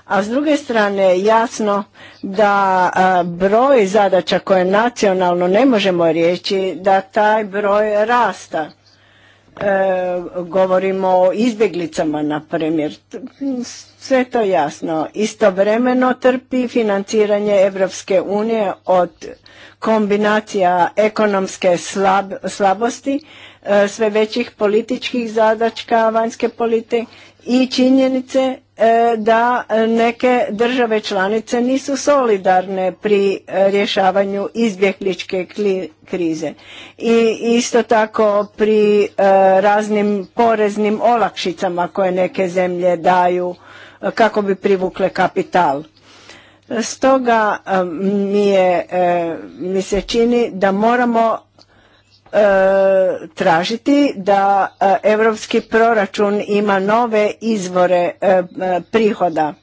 A s druge strane je jasno da e, broj zadaća koje nacionalno ne možemo riječi, da taj broj rasta. E, govorimo o izbjeglicama, na primjer. Sve to jasno. Istovremeno trpi financiranje Evropske unije od kombinacija ekonomske slabosti, e, sve većih političkih zadačka vanjske politike i činjenice E, da neke države članice nisu solidarne pri e, rješavanju izbjegličke krize i isto tako pri e, raznim poreznim olakšicama koje neke zemlje daju kako bi privukle kapital. Stoga mi, je, mi se čini da moramo E, tražiti da europski proračun ima nove izvore e, e, prihoda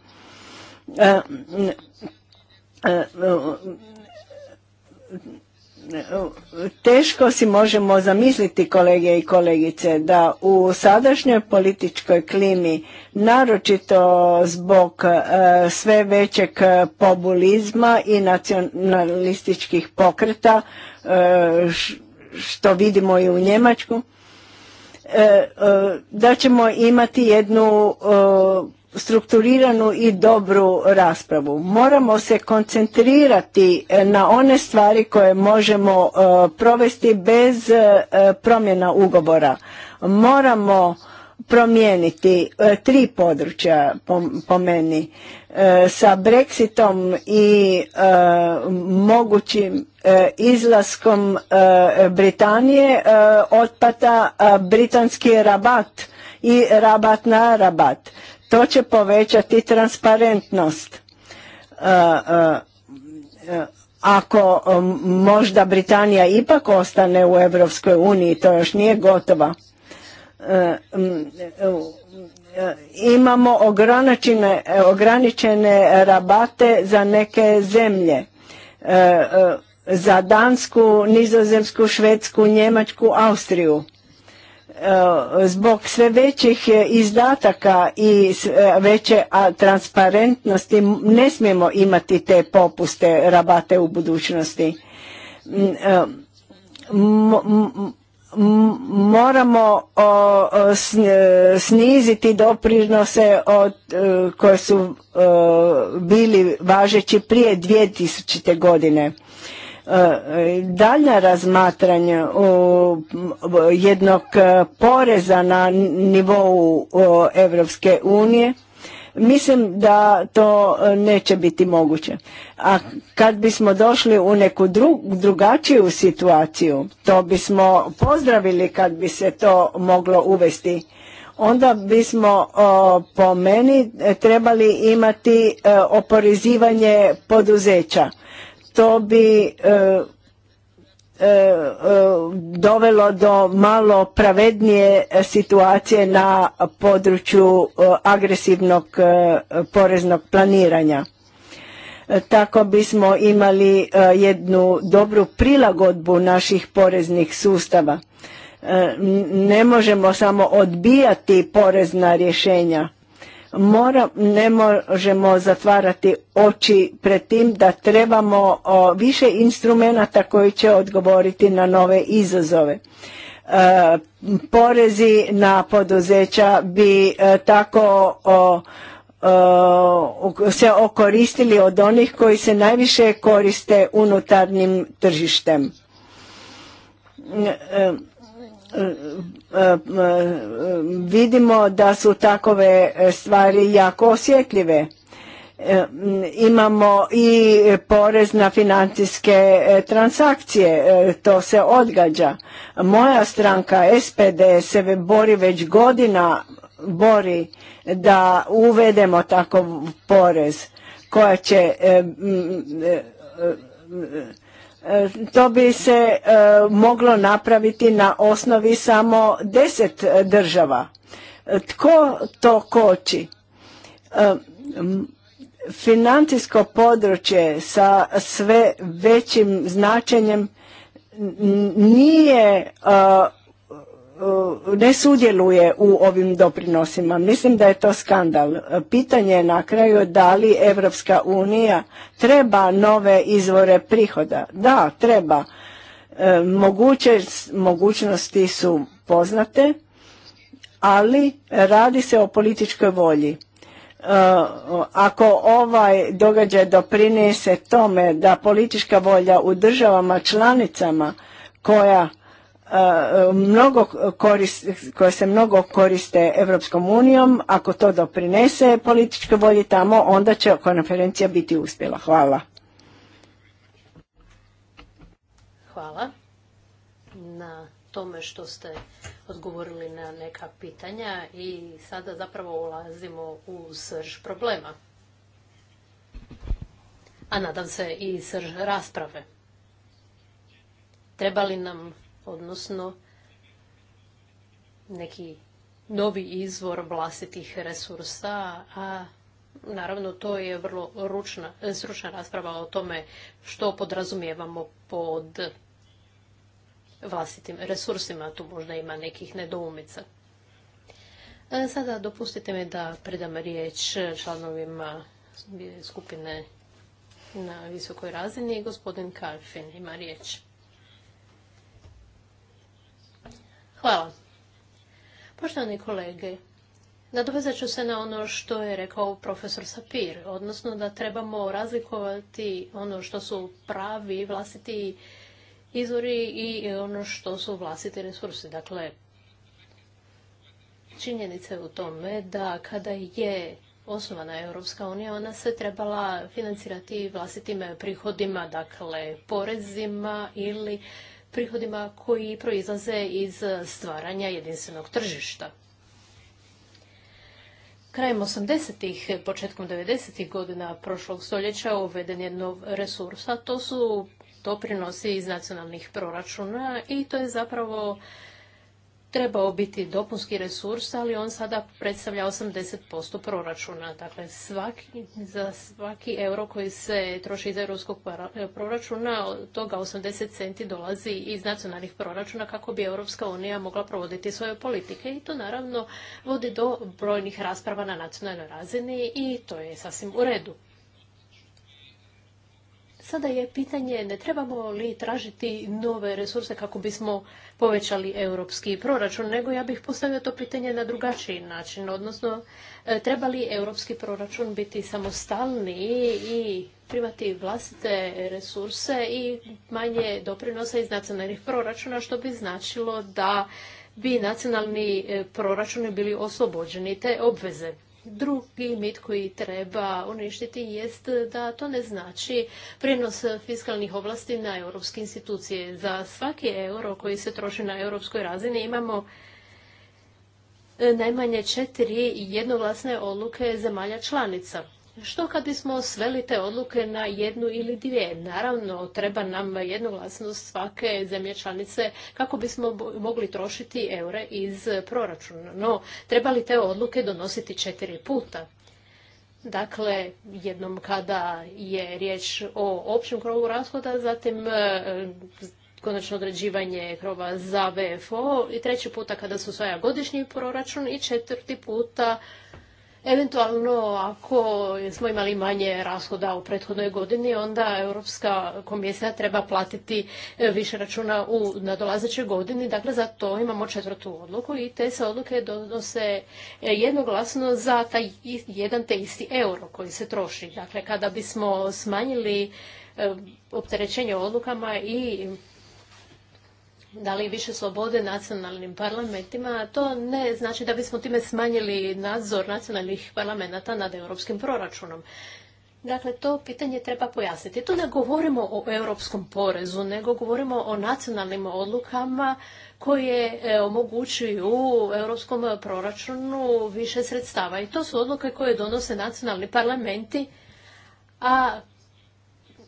teško si možemo zamisliti kolege i kolegice da u sadašnjoj političkoj klimi naročito zbog sve većeg populizma i nacionalističkih pokreta što vidimo i u Njemačku, e, e, da ćemo imati jednu e, strukturiranu i dobru raspravu. Moramo se koncentrirati na one stvari koje možemo provesti bez promjena ugovora. Moramo promijeniti tri područja po, meni E, sa Brexitom i e, mogućim e, izlaskom Britanije otpata britanski rabat i rabat na rabat. To će povećati transparentnost. Ako možda Britanija ipak ostane u Europskoj uniji, to još nije gotovo. E, imamo ograničene, e, ograničene rabate za neke zemlje. E, za Dansku, Nizozemsku, Švedsku, Njemačku, Austriju. Zbog sve većih izdataka i veće transparentnosti ne smijemo imati te popuste, rabate u budućnosti moramo e, sniziti doprinose od e, koje su e, bili važeći prije 2000. godine daljnja razmatranja jednog poreza na nivou Europske unije Mislim da to e, neće biti moguće. A kad bismo došli u neku drugačiju situaciju, to bismo pozdravili kad bi se to moglo uvesti. Onda bismo po meni e, trebali imati oporizivanje oporezivanje poduzeća. To bi e, E, e, dovelo do malo pravednije situacije na području e, agresivnog poreznog planiranja. Tako bismo imali jednu dobru prilagodbu naših poreznih sustava. Ne možemo samo odbijati porezna rješenja Mora, ne možemo zatvarati oči pred tim da trebamo o, više instrumenata koji će odgovoriti na nove izazove. E, porezi na poduzeća bi e, tako o, se okoristili od onih koji se najviše koriste unutarnjim tržištem. E, vidimo da su takove stvari jako osjetljive. E, imamo i porez na financijske e, transakcije, e, to se odgađa. Moja stranka SPD se bori već godina bori da uvedemo takav porez koja će E, to bi se e, moglo napraviti na osnovi samo deset država. E, tko to koči? Financijsko područje sa sve većim značenjem nije E, ne sudjeluje u ovim doprinosima. Mislim da je to skandal. E, pitanje je na kraju da li Evropska unija treba nove izvore prihoda. Da, treba. E, moguće, mogućnosti su poznate, ali radi se o političkoj volji. Ako ovaj događaj doprinese tome da politička volja u državama članicama koja mnogo korist, koje se mnogo koriste Europskom unijom, ako to doprinese političkoj volji tamo, onda će konferencija biti uspjela. Hvala. Hvala na tome što ste odgovorili na neka pitanja i sada zapravo ulazimo u srž problema. A nadam se i srž rasprave. Treba li nam odnosno neki novi izvor vlastitih resursa, a naravno to je vrlo ručna, stručna rasprava o tome što podrazumijevamo pod vlastitim resursima. Tu možda ima nekih nedoumica. E, sada dopustite mi da predam riječ članovima skupine na visokoj razini. Gospodin Kalfin ima riječ. Hvala. Poštovani kolege, nadovezat ću se na ono što je rekao profesor Sapir, odnosno da trebamo razlikovati ono što su pravi vlastiti izvori i ono što su vlastiti resursi. Dakle, činjenica u tome da kada je osnovana Europska unija, ona se trebala financirati vlastitim prihodima, dakle porezima ili prihodima koji proizlaze iz stvaranja jedinstvenog tržišta. Krajem 80-ih, početkom 90 godina prošlog stoljeća uveden je nov resurs, a to su doprinosi iz nacionalnih proračuna i to je zapravo trebao biti dopunski resurs, ali on sada predstavlja 80% proračuna. Dakle, svaki, za svaki euro koji se troši iz europskog e, proračuna, od toga 80 centi dolazi iz nacionalnih proračuna kako bi Europska unija mogla provoditi svoje politike i to naravno vodi do brojnih rasprava na nacionalnoj razini i to je sasvim u redu. Sada je pitanje ne trebamo li tražiti nove resurse kako bismo povećali europski proračun, nego ja bih postavio to pitanje na drugačiji način, odnosno e, treba li europski proračun biti samostalniji i primati vlastite resurse i manje doprinosa iz nacionalnih proračuna, što bi značilo da bi nacionalni e, proračuni bili oslobođeni te obveze. Drugi mit koji treba uništiti jest da to ne znači prijenos fiskalnih ovlasti na europske institucije. Za svaki euro koji se troši na europskoj razini imamo e, najmanje četiri jednoglasne odluke zemalja članica. Što kad bismo sveli te odluke na jednu ili dvije? Naravno, treba nam jednoglasnost svake zemlje članice kako bismo mogli trošiti eure iz proračuna. No, treba li te odluke donositi četiri puta? Dakle, jednom kada je riječ o općem krovu rashoda, zatim e, konačno određivanje krova za VFO i treći puta kada se usvaja godišnji proračun i četvrti puta Eventualno, ako smo imali manje rashoda u prethodnoj godini, onda Europska komisija treba platiti e, više računa u nadolazećoj godini. Dakle, za to imamo četvrtu odluku i te se odluke donose e, jednoglasno za taj jedan te isti euro koji se troši. Dakle, kada bismo smanjili e, opterećenje odlukama i dali više slobode nacionalnim parlamentima, to ne znači da bismo time smanjili nadzor nacionalnih parlamenta nad europskim proračunom. Dakle, to pitanje treba pojasniti. Tu ne govorimo o europskom porezu, nego govorimo o nacionalnim odlukama koje e, omogućuju europskom proračunu više sredstava. I to su odluke koje donose nacionalni parlamenti, a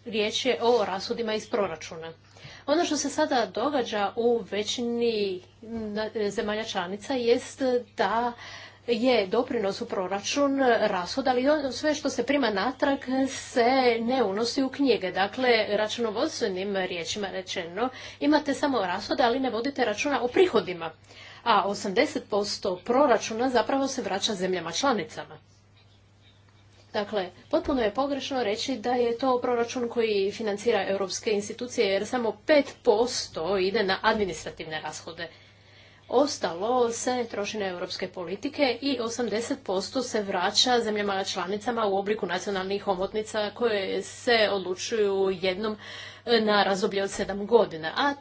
riječ je o rashodima iz proračuna. Ono što se sada događa u većini zemalja članica jest da je doprinos u proračun rashod, ali sve što se prima natrag se ne unosi u knjige. Dakle, računovodstvenim riječima rečeno, imate samo rashode, ali ne vodite računa o prihodima. A 80% proračuna zapravo se vraća zemljama članicama. Dakle, potpuno je pogrešno reći da je to proračun koji financira europske institucije jer samo 5% ide na administrativne rashode. Ostalo se troši na europske politike i 80% se vraća zemljama članicama u obliku nacionalnih omotnica koje se odlučuju jednom e, na razdoblje od 7 godina. A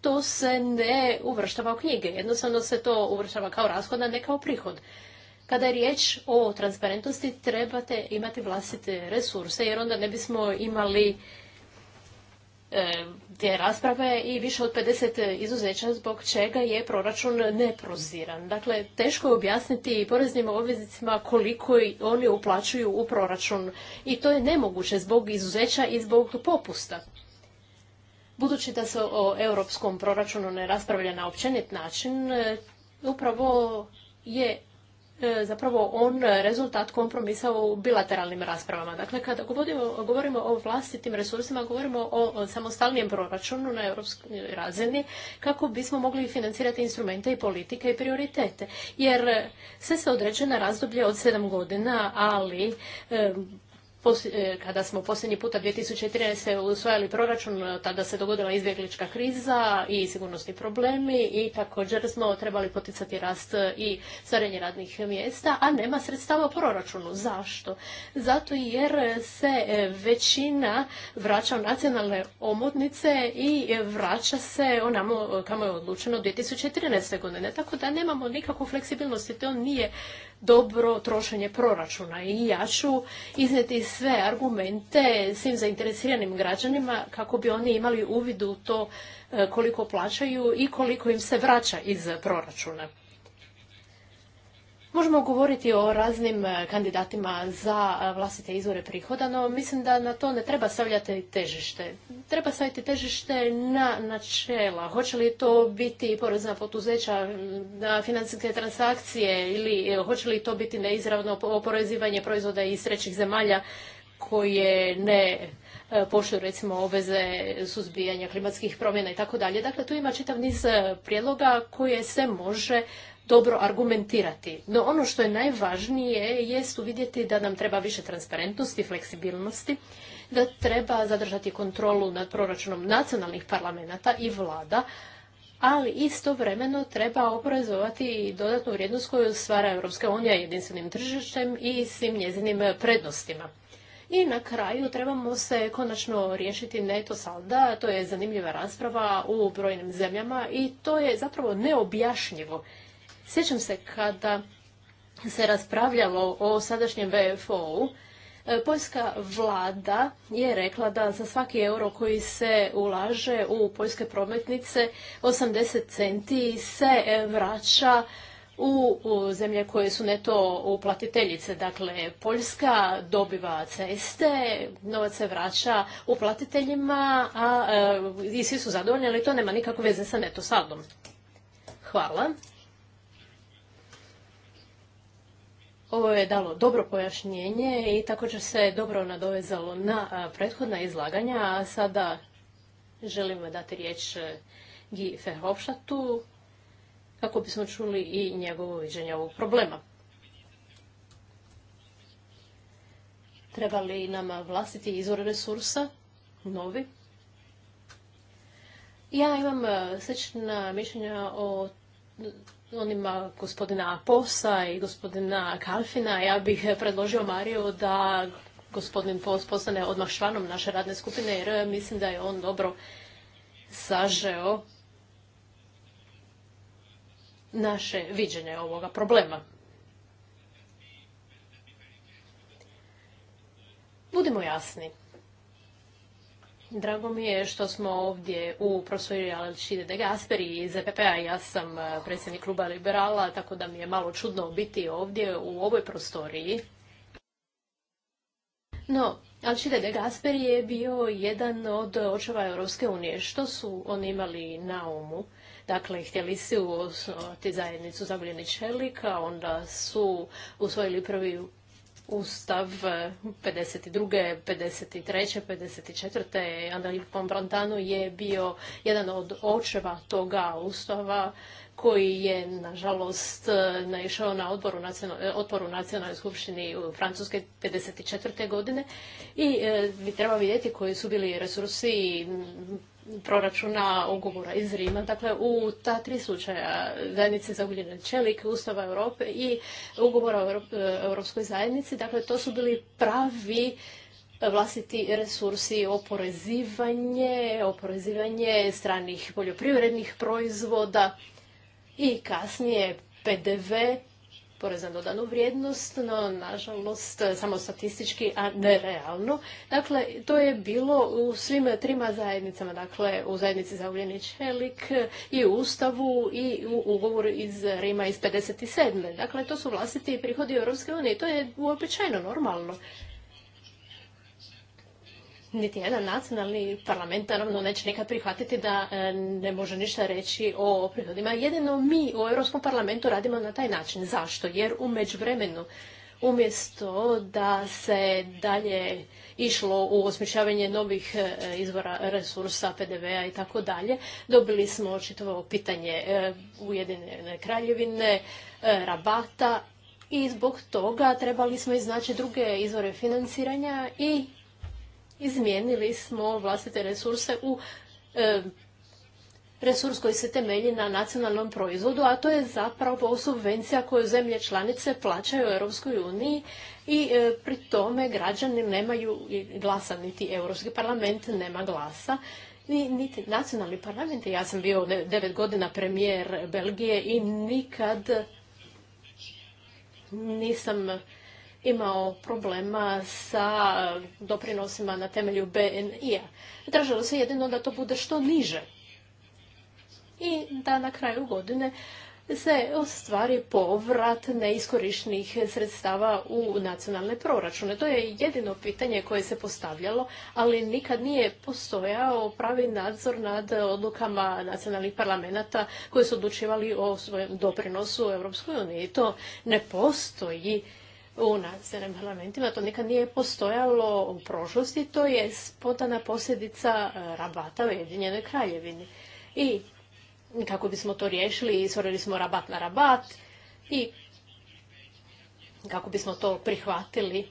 to se ne uvrštava u knjige. Jednostavno se to uvrštava kao rashod, a ne kao prihod. Kada je riječ o transparentnosti, trebate imati vlastite resurse, jer onda ne bismo imali e, te rasprave i više od 50 izuzeća zbog čega je proračun neproziran. Dakle, teško je objasniti poreznim obveznicima koliko oni uplaćuju u proračun i to je nemoguće zbog izuzeća i zbog popusta. Budući da se o europskom proračunu ne raspravlja na općenit način, e, upravo je E, zapravo on rezultat kompromisa u bilateralnim raspravama. Dakle, kada govorimo, o vlastitim resursima, govorimo o samostalnijem proračunu na europskoj razini kako bismo mogli financirati instrumente i politike i prioritete. Jer e, sve se određuje na razdoblje od sedam godina, ali e, E, kada smo posljednji puta 2013. usvojali proračun, e, tada se dogodila izbjeglička kriza i sigurnosni problemi i također smo trebali poticati rast e, i stvaranje radnih mjesta, a nema sredstava u proračunu. Zašto? Zato jer se većina vraća u nacionalne omotnice i vraća se onamo kamo je odlučeno 2013. godine. Tako da nemamo nikakvu fleksibilnost i to nije dobro trošenje proračuna. I ja ću iznijeti sve argumente svim zainteresiranim građanima kako bi oni imali uvid u to e, koliko plaćaju i koliko im se vraća iz proračuna. Možemo govoriti o raznim e, kandidatima za e, vlastite izvore prihoda, no mislim da na to ne treba stavljati težište. Treba staviti težište na načela. Hoće li to biti porezna poduzeća na financijske transakcije ili e, hoće li to biti neizravno oporezivanje proizvoda iz trećih zemalja koje ne poštuju recimo obveze suzbijanja klimatskih promjena i tako dalje. Dakle, tu ima čitav niz prijedloga koje se može dobro argumentirati. No ono što je najvažnije jest uvidjeti da nam treba više transparentnosti, fleksibilnosti, da treba zadržati kontrolu nad proračunom nacionalnih parlamenta i vlada, ali istovremeno treba oporezovati dodatnu vrijednost koju stvara Europska unija jedinstvenim tržištem i svim njezinim prednostima. I na kraju trebamo se konačno riješiti neto salda, to je zanimljiva rasprava u brojnim zemljama i to je zapravo neobjašnjivo. Sjećam se kada se raspravljalo o sadašnjem VFO-u, e, Poljska vlada je rekla da za svaki euro koji se ulaže u poljske prometnice 80 centi se e, vraća u, zemlje koje su neto uplatiteljice. Dakle, Poljska dobiva ceste, novac se vraća uplatiteljima a, e, i svi su zadovoljni, ali to nema nikakve veze sa neto saldom. Hvala. Ovo je dalo dobro pojašnjenje i također se dobro nadovezalo na prethodna izlaganja, a sada želim dati riječ e, Gi kako bismo čuli i njegovo viđenje ovog problema. Treba li nama vlastiti izvor resursa, novi? Ja imam e, slična mišljenja o onima gospodina Posa i gospodina Kalfina, ja bih predložio Mariju da gospodin Pos postane odmah članom naše radne skupine jer mislim da je on dobro sažeo naše viđenje ovoga problema. Budimo jasni. Drago mi je što smo ovdje u prostoriji Alčide de Gasperi iz EPP-a. Ja sam eh, predsjednik kluba liberala, tako da mi je malo čudno biti ovdje u ovoj prostoriji. No, Alčide de Gasperi je bio jedan od očeva Europske unije. Što su oni imali na umu? Dakle, htjeli su osnovati zajednicu zaguljeni čelika, onda su usvojili prvi Ustav 52. 53. 54. Andrej Pombrantano je bio jedan od očeva toga Ustava koji je, nažalost, naišao na odboru otporu nacionalnoj skupštini u Francuske 54. godine i e, treba vidjeti koji su bili resursi proračuna ugovora iz Rima. Dakle, u ta tri slučaja zajednice za ugljene čelik, Ustava Europe i ugovora o e, Europskoj zajednici, dakle, to su bili pravi vlastiti resursi, oporezivanje, oporezivanje stranih poljoprivrednih proizvoda i kasnije PDV porez na dodanu vrijednost, no nažalost samo statistički, a ne realno. Dakle, to je bilo u svim trima zajednicama, dakle u zajednici za ugljeni i u Ustavu i u ugovoru iz Rima iz 57. Dakle, to su vlastiti prihodi Europske unije i to je uobičajeno, normalno niti jedan nacionalni parlament naravno neće nikad prihvatiti da e, ne može ništa reći o prihodima. Jedino mi u Europskom parlamentu radimo na taj način. Zašto? Jer u međuvremenu umjesto da se dalje išlo u osmišljavanje novih e, izvora resursa, PDV-a i tako dalje, dobili smo očitovo pitanje e, Ujedinjene kraljevine, rabata i zbog toga trebali smo iznaći druge izvore financiranja i izmijenili smo vlastite resurse u e, resurs koji se temelji na nacionalnom proizvodu, a to je zapravo subvencija koju zemlje članice plaćaju Europskoj uniji i e, pri tome građani nemaju glasa, niti Europski parlament nema glasa, ni, niti nacionalni parlament. Ja sam bio devet godina premijer Belgije i nikad nisam imao problema sa doprinosima na temelju BNI-a. Držalo se jedino da to bude što niže i da na kraju godine se ostvari povrat neiskorišnih sredstava u nacionalne proračune. To je jedino pitanje koje se postavljalo, ali nikad nije postojao pravi nadzor nad odlukama nacionalnih parlamenta koji su odlučivali o svojem doprinosu u Europskoj uniji. To ne postoji u nacionalnim parlamentima. To nikad nije postojalo u prošlosti. To je spontana posljedica e, rabata u Jedinjenoj kraljevini. I kako bismo to riješili, stvorili smo rabat na rabat i kako bismo to prihvatili,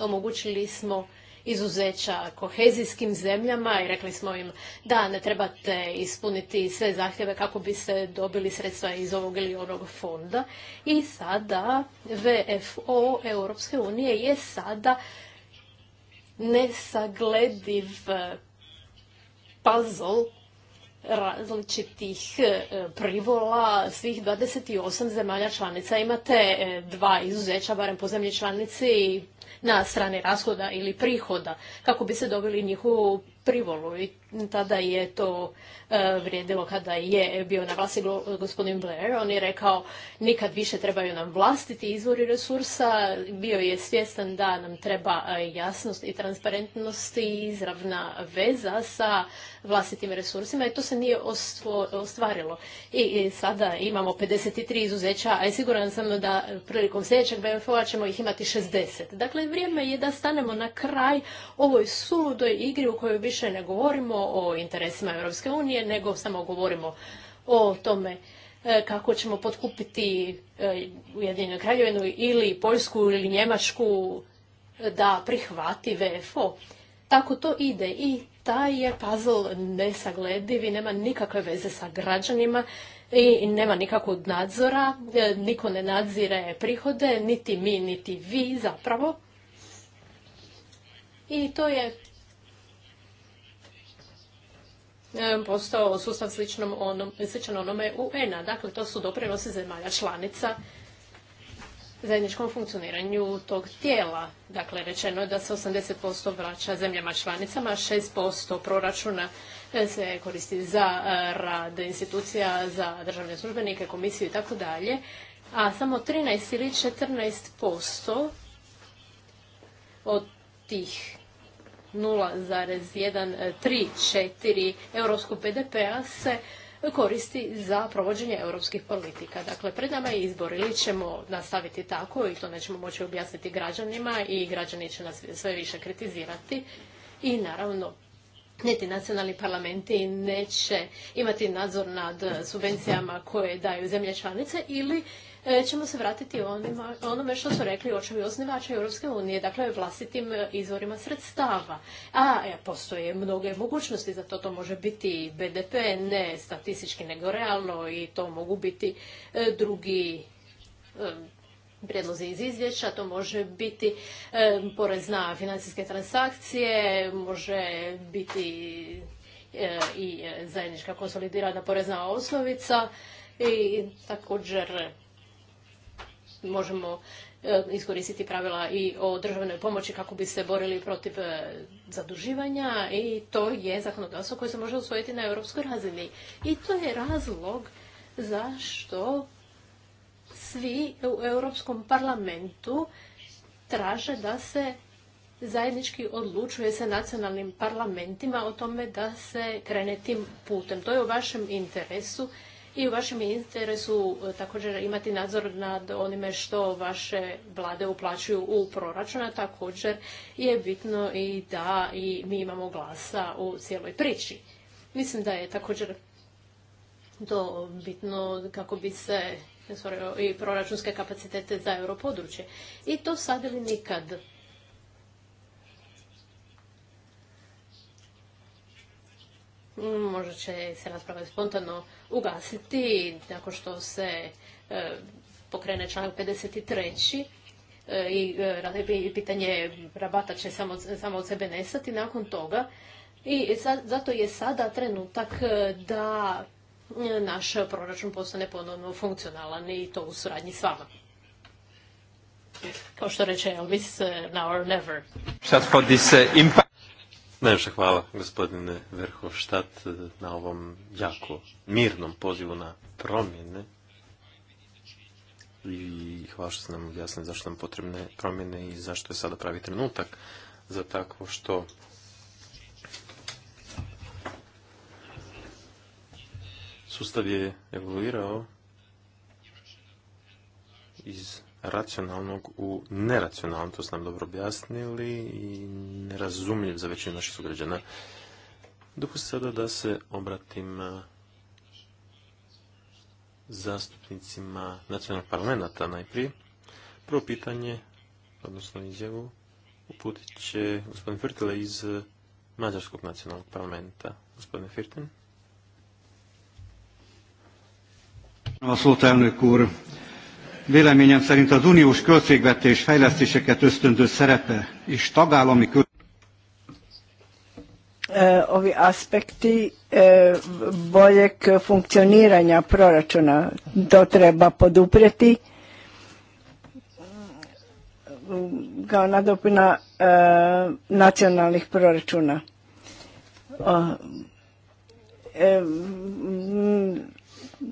omogućili smo izuzeća kohezijskim zemljama i rekli smo im da ne trebate ispuniti sve zahtjeve kako bi se dobili sredstva iz ovog ili onog fonda. I sada VFO Europske unije je sada nesaglediv puzzle različitih e, privola svih 28 zemalja članica. Imate e, dva izuzeća, barem po zemlji članici, na strani rashoda ili prihoda, kako bi se dobili njihovu privolu. I tada je to e, vrijedilo kada je bio na vlasti gospodin Blair. On je rekao nikad više trebaju nam vlastiti izvori resursa. Bio je svjestan da nam treba e, jasnost i transparentnost i izravna veza sa vlastitim resursima i to se nije ostvarilo. I sada imamo 53 izuzeća, a siguran sam da prilikom sljedećeg bmf a ćemo ih imati 60. Dakle, vrijeme je da stanemo na kraj ovoj suludoj igri u kojoj više ne govorimo o interesima Europske unije, nego samo govorimo o tome e, kako ćemo potkupiti e, Ujedinjenu kraljevinu ili Poljsku ili Njemačku da prihvati VFO. Tako to ide i taj je puzzle nesaglediv i nema nikakve veze sa građanima i nema nikakvog nadzora, e, niko ne nadzire prihode, niti mi, niti vi zapravo. I to je E, postao sustav sličnom sličan onome UN-a. Dakle, to su doprinosi zemalja članica zajedničkom funkcioniranju tog tijela. Dakle, rečeno je da se 80% vraća zemljama članicama, 6% proračuna e, se koristi za e, rad institucija, za državne službenike, komisiju i tako dalje, a samo 13 ili 14% od tih 0,134 europskog bdp p-a se koristi za provođenje europskih politika. Dakle, pred nama je izbor ili ćemo nastaviti tako i to nećemo moći objasniti građanima i građani će nas sve više kritizirati i naravno niti nacionalni parlamenti neće imati nadzor nad subvencijama koje daju zemlje članice ili E, ćemo se vratiti onome što su rekli očevi osnivača Europske unije, dakle vlastitim e, izvorima sredstava. A e, postoje mnoge mogućnosti za to, može biti BDP, ne statistički nego realno i to mogu biti drugi prijedlozi iz izvješća, to može biti porez na financijske transakcije, može biti i zajednička konsolidirana porezna osnovica i također možemo e, iskoristiti pravila i o državnoj pomoći kako bi se borili protiv e, zaduživanja i to je zakonodavstvo koje se može usvojiti na europskoj razini. I to je razlog zašto svi u Europskom parlamentu traže da se zajednički odlučuje se nacionalnim parlamentima o tome da se krene tim putem. To je u vašem interesu i u vašem interesu e, također imati nadzor nad onime što vaše vlade uplaćuju u proračun, također je bitno i da i mi imamo glasa u cijeloj priči. Mislim da je također to bitno kako bi se i proračunske kapacitete za europodručje. I to sad ili nikad. Možda će se rasprava spontano ugasiti nakon što se e, pokrene članak 53. E, i e, pitanje rabata će samo, samo od sebe nestati nakon toga. I zato je sada trenutak e, da naš proračun postane ponovno funkcionalan i to u suradnji s vama. Kao što reče Elvis, now or never. Najviše hvala gospodine Verhofstadt na ovom jako mirnom pozivu na promjene i hvala što ste nam objasnili zašto nam potrebne promjene i zašto je sada pravi trenutak za takvo što sustav je evoluirao iz racionalnog u neracionalno, to ste nam dobro objasnili i nerazumljiv za većinu naših sugrađana. Duh sada da se obratim zastupnicima nacionalnog parlamenta najprije. Prvo pitanje, odnosno izjavu, uputit će gospodin Firtile iz Mađarskog nacionalnog parlamenta. Gospodine Firtin. Hvala kur véleményem szerint az uniós költségvetés fejlesztéseket ösztöndő szerepe és tagállami ovi aspekti boljeg funkcioniranja proračuna to treba poduprijeti kao nadopuna nacionalnih proračuna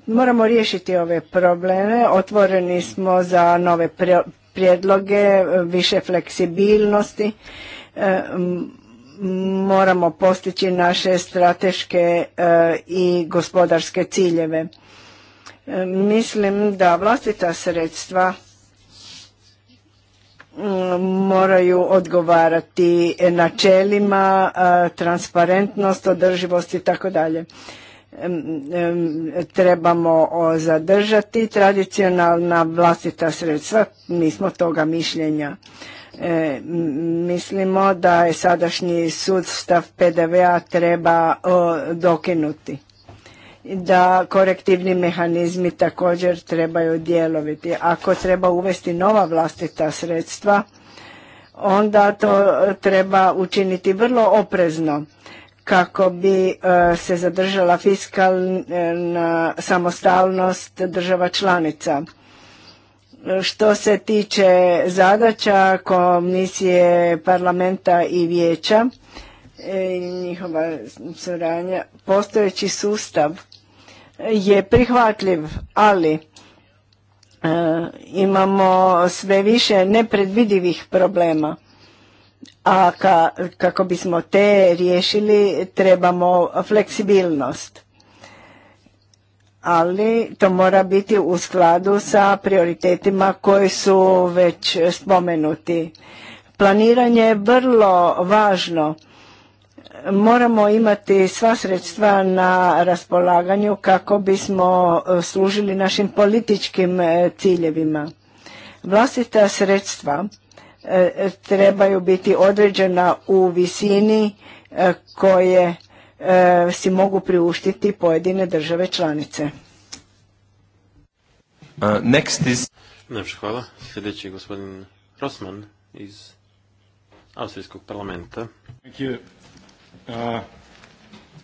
Moramo riješiti ove probleme, otvoreni smo za nove prijedloge, više fleksibilnosti, e, moramo postići naše strateške e, i gospodarske ciljeve. E, mislim da vlastita sredstva moraju odgovarati načelima, transparentnost, održivost i tako dalje trebamo zadržati tradicionalna vlastita sredstva, mi smo toga mišljenja. E, mislimo da je sadašnji sudstav PDV-a treba dokinuti. Da korektivni mehanizmi također trebaju dijeloviti. Ako treba uvesti nova vlastita sredstva, onda to treba učiniti vrlo oprezno kako bi e, se zadržala fiskalna samostalnost država članica. Što se tiče zadaća komisije parlamenta i vijeća i e, njihova suradnja, postojeći sustav je prihvatljiv, ali e, imamo sve više nepredvidivih problema a kako bismo te riješili trebamo fleksibilnost. Ali to mora biti u skladu sa prioritetima koji su već spomenuti. Planiranje je vrlo važno. Moramo imati sva sredstva na raspolaganju kako bismo služili našim političkim ciljevima. Vlastita sredstva E, trebaju biti određena u visini e, koje e, si mogu priuštiti pojedine države članice. Uh, next is... hvala. Sljedeći je gospodin Rosman iz Austrijskog parlamenta. Thank you. Uh,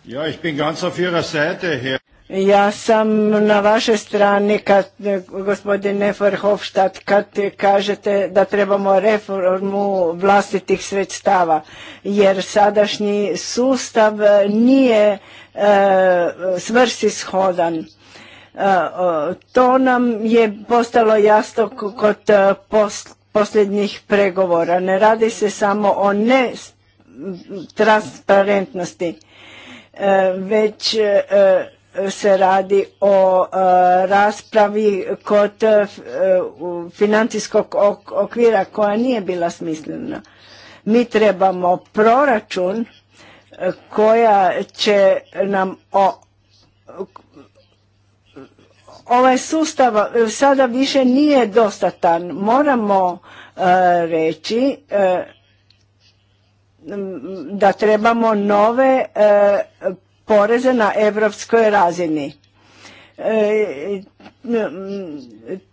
ja, ich bin ganz auf Ihrer Seite, Herr. Ja sam na vaše strani, kad, e, gospodine Verhofstadt, kad kažete da trebamo reformu vlastitih sredstava, jer sadašnji sustav nije e, svrsishodan. E, to nam je postalo jasno kod e, posljednjih pregovora. Ne radi se samo o ne transparentnosti, već se radi o e, raspravi kod e, financijskog okvira koja nije bila smislena. Mi trebamo proračun e, koja će nam ovaj sustav sada više nije dostatan. Moramo reći da trebamo nove poreze na europskoj razini. E,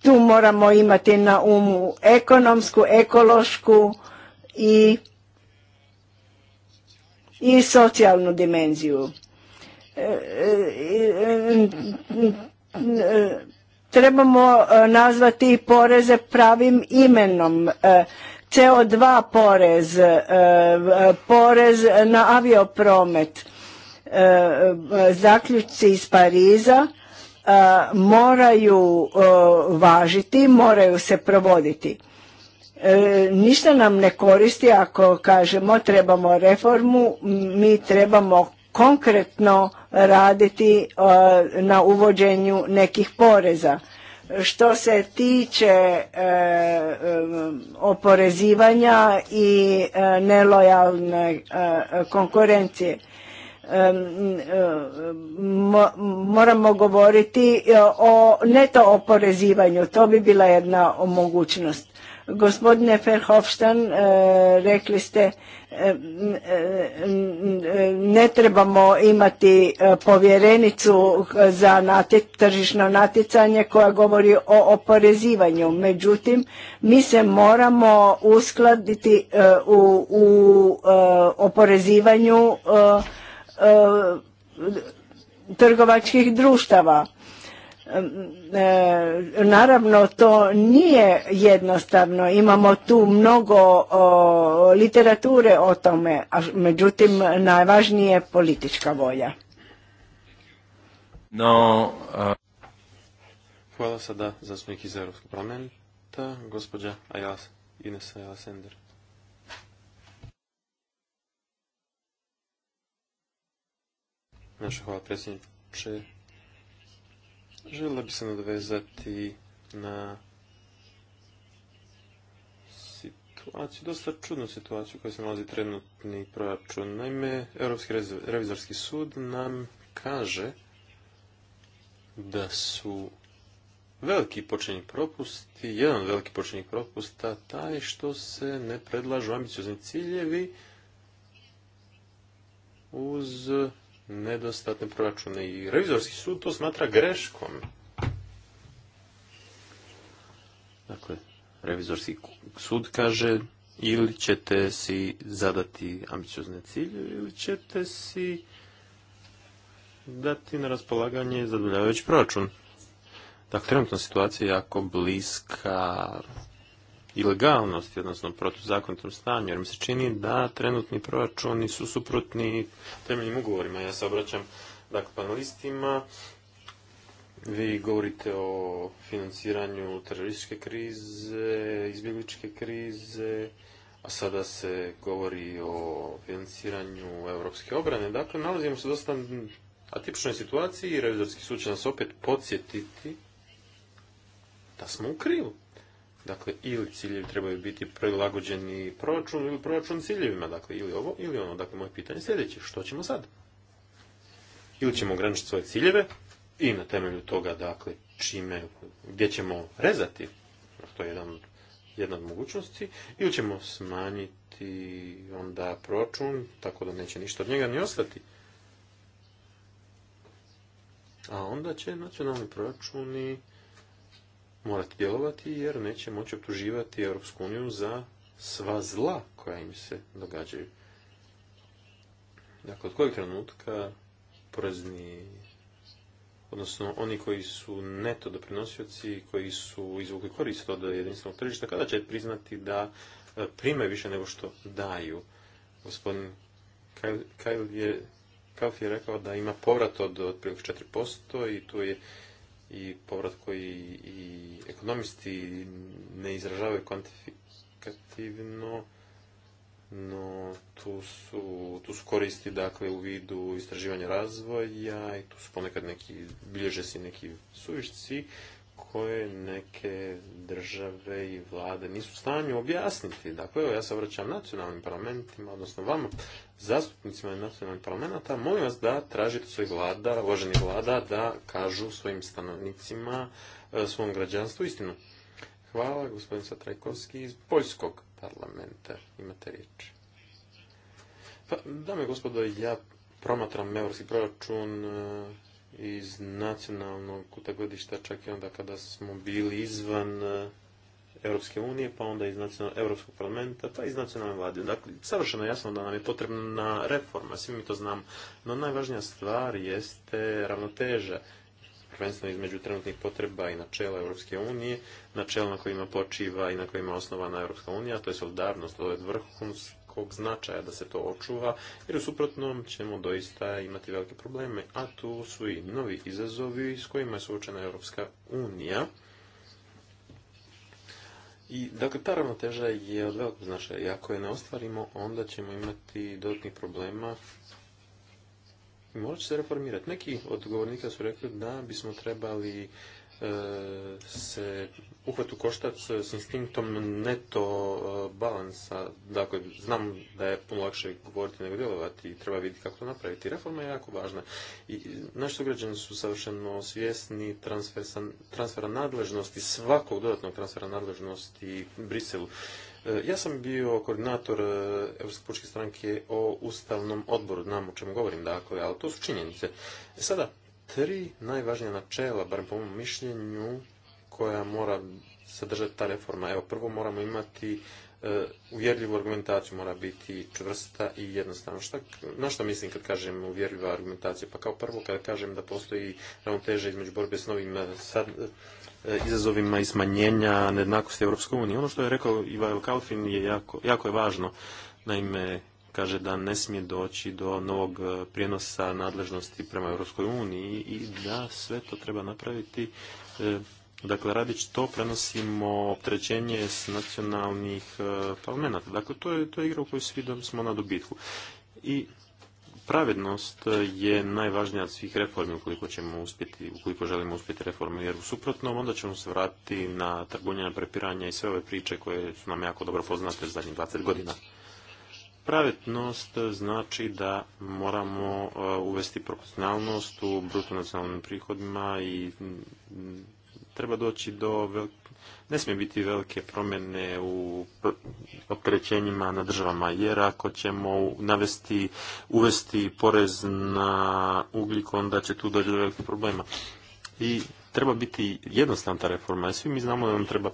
tu moramo imati na umu ekonomsku, ekološku i, i socijalnu dimenziju. E, e, trebamo nazvati poreze pravim imenom. CO2 porez, porez na aviopromet E, zaključci iz Pariza e, moraju e, važiti, moraju se provoditi. Ništa nam ne koristi ako kažemo trebamo reformu, mi trebamo konkretno raditi na uvođenju nekih poreza. Što se tiče oporezivanja i nelojalne konkurencije, moramo govoriti e, o neto oporezivanju. To bi bila jedna mogućnost. Gospodine Ferhofštan, e, rekli ste e, ne trebamo imati povjerenicu za tržišno natjecanje koja govori o oporezivanju. Međutim, mi se moramo uskladiti u, u oporezivanju E, trgovačkih društava. E, naravno, to nije jednostavno. Imamo tu mnogo literature o tome, a međutim najvažnije je politička volja. No, Hvala sada zastupnik iz Europskog parlamenta, gospođa Ajas, Ines Naša hvala predsjedniče. Želila bi se nadvezati na situaciju, dosta čudnu situaciju u kojoj se nalazi trenutni proračun. Naime, Europski revizorski sud nam kaže da su veliki počinjeni propusti, jedan od veliki počinjenih propusta, taj što se ne predlažu ambiciozni ciljevi uz nedostatne proračune. I revizorski sud to smatra greškom. Dakle, revizorski sud kaže ili ćete si zadati ambiciozne cilje ili ćete si dati na raspolaganje zadovoljavajući proračun. Dakle, trenutna situacija je jako bliska ilegalnosti, odnosno protuzakonitom stanju, jer mi se čini da trenutni proračuni su suprotni temeljnim ugovorima. Ja se obraćam dakle, panelistima, vi govorite o financiranju terorističke krize, izbjegličke krize, a sada se govori o financiranju europske obrane. Dakle, nalazimo se dosta atipičnoj situaciji i revizorski sud će nas opet podsjetiti da smo u krivu. Dakle, ili ciljevi trebaju biti prilagođeni proračun ili proračun ciljevima, dakle, ili ovo ili ono. Dakle, moje pitanje je sljedeće, što ćemo sad? Ili ćemo ograničiti svoje ciljeve i na temelju toga, dakle, čime, gdje ćemo rezati, to je jedan, jedna od mogućnosti, ili ćemo smanjiti onda proračun, tako da neće ništa od njega ni ostati. A onda će nacionalni proračuni morati djelovati jer neće moći optuživati Europsku uniju za sva zla koja im se događaju. Dakle, od kojeg trenutka porezni, odnosno oni koji su neto doprinosioci, koji su izvukli korist od jedinstvenog tržišta, kada će priznati da e, prime više nego što daju? Gospodin Kajl je, je rekao da ima povrat od otprilike 4% i tu je i povrat koji i ekonomisti ne izražavaju kvantifikativno, no tu su, tu su koristi dakle u vidu istraživanja razvoja i tu su ponekad neki, bilježe se neki suvišci koje neke države i vlade nisu u stanju objasniti. Dakle, evo ja se obraćam nacionalnim parlamentima, odnosno vama, zastupnicima nacionalnih parlamenta, molim vas da tražite svojih vlada, uvaženih vlada, da kažu svojim stanovnicima, e, svom građanstvu istinu. Hvala, gospodin Satrajkovski iz Poljskog parlamenta. Imate riječ. Pa, dame i gospodo, ja promatram evropski proračun e, iz nacionalnog kuta čak i onda kada smo bili izvan e, Europske unije, pa onda iz Europskog parlamenta, pa iz nacionalne vlade. Dakle, savršeno jasno da nam je potrebna reforma, svi mi to znamo. No najvažnija stvar jeste ravnoteža, prvenstveno između trenutnih potreba i načela Europske unije, načela na kojima počiva i na kojima je osnovana Europska unija, to je solidarnost, to je vrhunst velikog značaja da se to očuva, jer u suprotnom ćemo doista imati velike probleme, a tu su i novi izazovi s kojima je suočena Europska unija. I, dakle, ta ravnoteža je od velikog značaja i ako je ne ostvarimo, onda ćemo imati dodatnih problema i morat će se reformirati. Neki od govornika su rekli da bismo trebali E, se uhvat u koštac s instinktom neto e, balansa. Dakle, znam da je puno lakše govoriti nego djelovati i treba vidjeti kako to napraviti. Reforma je jako važna. I naši sugrađani su savršeno svjesni transfera nadležnosti, svakog dodatnog transfera nadležnosti Briselu. E, ja sam bio koordinator Europske pučke stranke o ustavnom odboru, znam o čemu govorim, dakle, ali to su činjenice. Sada, tri najvažnija načela, bar po mom mišljenju, koja mora sadržati ta reforma. Evo, prvo moramo imati e, uvjerljivu argumentaciju, mora biti čvrsta i jednostavna. na što mislim kad kažem uvjerljiva argumentacija? Pa kao prvo kada kažem da postoji ravnoteža između borbe s novim e, e, izazovima i smanjenja nejednakosti Europske unije. Ono što je rekao Ivajl Kalfin je jako, jako je važno. Naime, kaže da ne smije doći do novog e, prijenosa nadležnosti prema Europskoj uniji i da sve to treba napraviti. E, dakle, radići to prenosimo opterećenje s nacionalnih e, parlamenta. Dakle, to je, to igra u kojoj svi smo na dobitku. I pravednost je najvažnija od svih reformi ukoliko ćemo uspjeti, ukoliko želimo uspjeti reforme jer u suprotnom onda ćemo se vratiti na na prepiranja i sve ove priče koje su nam jako dobro poznate zadnjih 20 godina. Pravetnost znači da moramo e, uvesti proporcionalnost u nacionalnim prihodima i mm, treba doći do ne smije biti velike promjene u opterećenjima na državama, jer ako ćemo navesti, uvesti porez na ugljik, onda će tu doći do velikih problema. I treba biti jednostavna ta reforma. Svi mi znamo da nam treba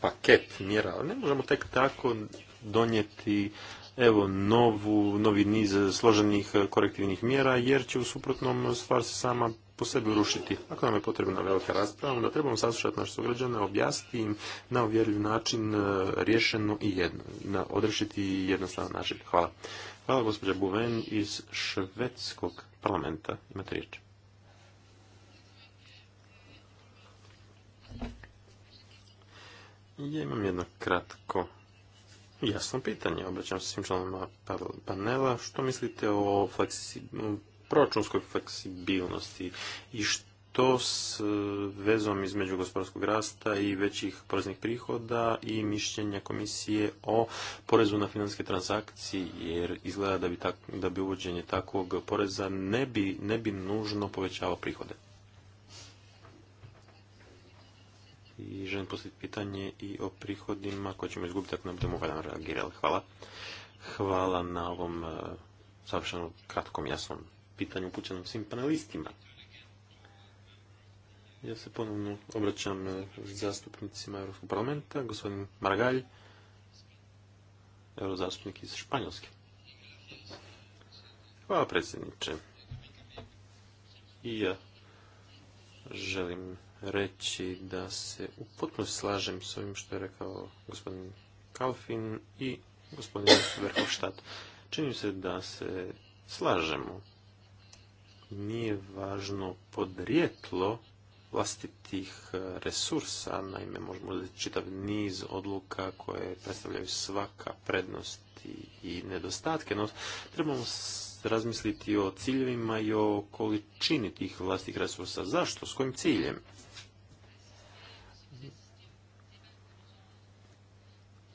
paket mjera, ali ne možemo tek tako donijeti evo novu, novi niz složenih e, korektivnih mjera jer će u suprotnom stvar se sama po sebi rušiti. Ako nam je potrebna velika rasprava, onda trebamo saslušati naše sugrađane, objasniti im na uvjerljiv način e, rješeno i jedno, na odrešiti jednostavan način. Hvala. Hvala gospođa Buven iz švedskog parlamenta. Imate riječ. Ja imam jedno kratko Jasno pitanje, obraćam se svim članima panela. Što mislite o proračunskoj fleksibilnosti i što s vezom između gospodarskog rasta i većih poreznih prihoda i mišljenja komisije o porezu na finanske transakcije, jer izgleda da bi, da bi uvođenje takvog poreza ne bi, ne bi nužno povećalo prihode? i želim postaviti pitanje i o prihodima koje ćemo izgubiti ako ne budemo valjano reagirali. Hvala. Hvala na ovom e, savršeno kratkom jasnom pitanju upućenom svim panelistima. Ja se ponovno obraćam e, zastupnicima Europskog parlamenta, gospodin Margalj, eurozastupnik iz Španjolske. Hvala predsjedniče. I ja želim reći da se u potpunosti slažem s ovim što je rekao gospodin Kalfin i gospodin Verhofstadt. Čini se da se slažemo. Nije važno podrijetlo vlastitih e, resursa, naime možemo je čitav niz odluka koje predstavljaju svaka prednost i nedostatke, no trebamo razmisliti o ciljevima i o količini tih vlastitih resursa. Zašto? S kojim ciljem?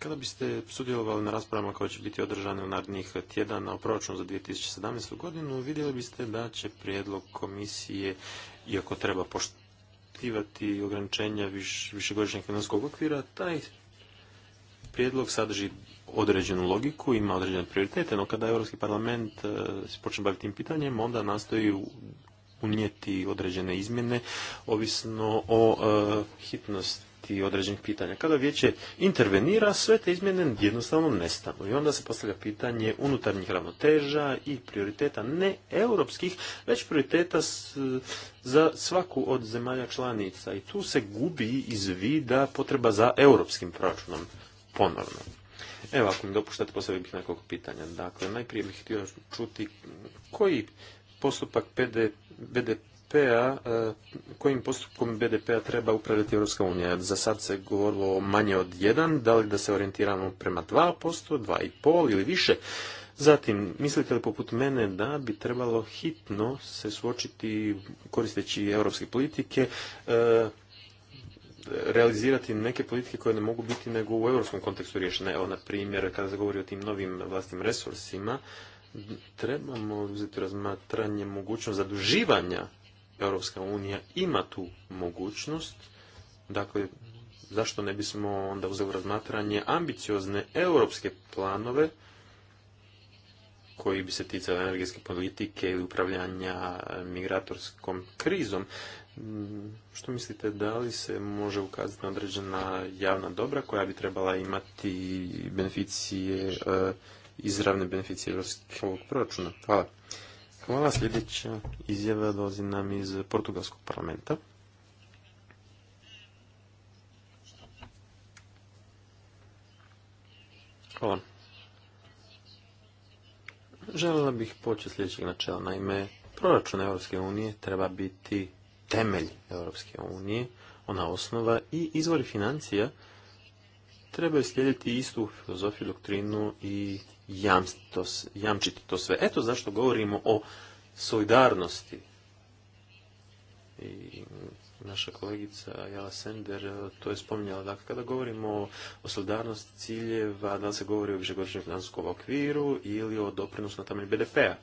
Kada biste sudjelovali na raspravama koje će biti održane u narednih tjedana o proračunu za 2017. godinu, vidjeli biste da će prijedlog komisije, iako treba poštivati ograničenja višegodišnjeg finanskog okvira, taj prijedlog sadrži određenu logiku, ima određene prioritete, no kada Europski parlament e, se počne baviti tim pitanjem, onda nastoji unijeti određene izmjene, ovisno o e, hitnosti i određenih pitanja. Kada vijeće intervenira, sve te izmjene jednostavno nestanu. I onda se postavlja pitanje unutarnjih ravnoteža i prioriteta ne europskih, već prioriteta za svaku od zemalja članica. I tu se gubi iz vida potreba za europskim proračunom ponovno. Evo, ako mi dopuštate, postavio bih nekoliko pitanja. Dakle, najprije bih htio čuti koji postupak PD, BDP BDP-a, e, kojim postupkom BDP-a treba upravljati Europska unija? Za sad se govorilo manje od 1, da li da se orijentiramo prema 2%, 2,5 ili više? Zatim, mislite li poput mene da bi trebalo hitno se suočiti koristeći europske politike, e, realizirati neke politike koje ne mogu biti nego u europskom kontekstu riješene. Evo, na primjer, kada se govori o tim novim vlastnim resursima, trebamo uzeti razmatranje mogućnost zaduživanja Europska unija ima tu mogućnost, dakle, zašto ne bismo onda uzeli razmatranje ambiciozne europske planove koji bi se ticali energetske politike ili upravljanja e, migratorskom krizom. Mm, što mislite, da li se može ukazati na određena javna dobra koja bi trebala imati beneficije, e, izravne beneficije europskog proračuna? Hvala. Hvala. Sljedeća izjava dolazi nam iz Portugalskog parlamenta. Hvala. Željela bih početi sljedećeg načela. Naime, proračun Europske unije treba biti temelj Europske unije, ona osnova i izvori financija trebaju slijediti istu filozofiju, doktrinu i jamčiti to sve. Eto zašto govorimo o solidarnosti. I naša kolegica Jala Sender e, to je spominjala. Dakle, kada govorimo o solidarnosti ciljeva, da li se govori o višegodišnjem financijskom okviru ili o doprinosu na temelju BDP-a?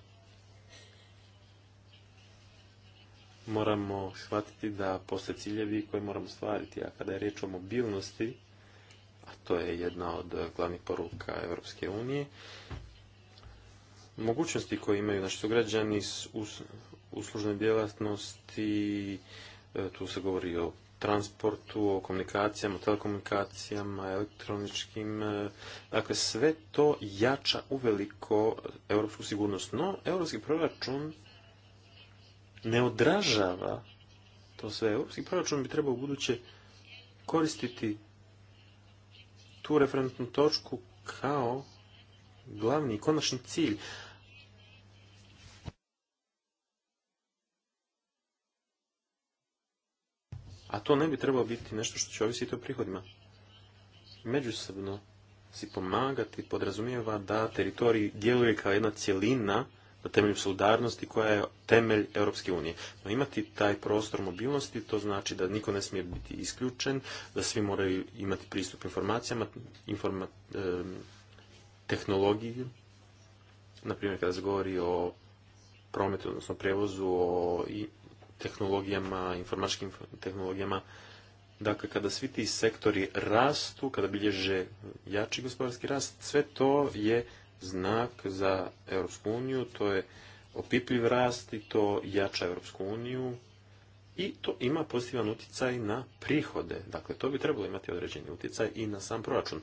Moramo shvatiti da postoje ciljevi koje moramo stvariti, a kada je riječ o mobilnosti, a to je jedna od e, glavnih poruka Europske unije. Mogućnosti koje imaju naši sugrađani uslužne djelatnosti, e, tu se govori o transportu, o komunikacijama, o telekomunikacijama, elektroničkim, e, dakle sve to jača uveliko europsku sigurnost. No, europski proračun ne odražava to sve. Europski proračun bi trebao u buduće koristiti tu referentnu točku kao glavni i konačni cilj. A to ne bi trebalo biti nešto što će ovisiti o prihodima. Međusobno si pomagati podrazumijeva da teritorij djeluje kao jedna cjelina na temelju solidarnosti koja je temelj Europske unije. No imati taj prostor mobilnosti to znači da niko ne smije biti isključen, da svi moraju imati pristup informacijama, tehnologiji, na primjer kada se govori o prometu, odnosno prevozu, o i tehnologijama, informačkim tehnologijama, Dakle, kada svi ti sektori rastu, kada bilježe jači gospodarski rast, sve to je znak za Europsku uniju, to je opipljiv rast i to jača Europsku uniju i to ima pozitivan utjecaj na prihode. Dakle, to bi trebalo imati određeni utjecaj i na sam proračun.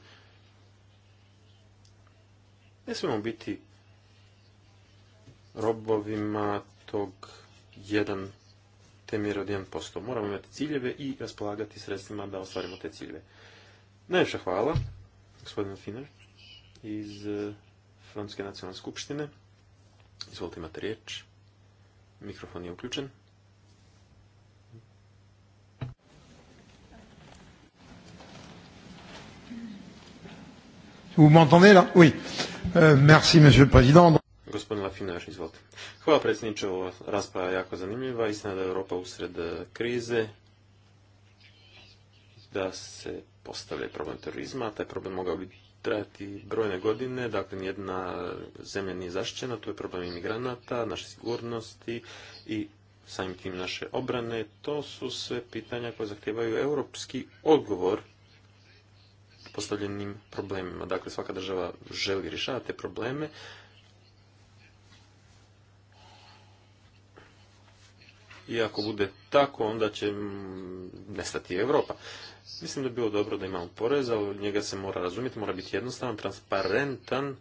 Ne smijemo biti robovima tog jedan temir mjere od posto. Moramo imati ciljeve i raspolagati sredstvima da ostvarimo te ciljeve. Najviše hvala, gospodin Finer, iz Francuske nacionalne skupštine. Izvolite, imate riječ. Mikrofon je uključen. Vous m'entendez là Oui. Euh, merci, Monsieur le Président. Gospodin izvolite. Hvala predsjedniče, ova rasprava je jako zanimljiva. Istina da je Europa usred e, krize, da se postavlja problem terorizma. Taj problem mogao biti trajati brojne godine, dakle nijedna zemlja nije zaštićena, to je problem imigranata, naše sigurnosti i samim tim naše obrane. To su sve pitanja koje zahtijevaju europski odgovor postavljenim problemima. Dakle, svaka država želi rješavati te probleme, i ako bude tako, onda će nestati Europa. Mislim da bi bilo dobro da imamo porez, ali njega se mora razumjeti, mora biti jednostavan, transparentan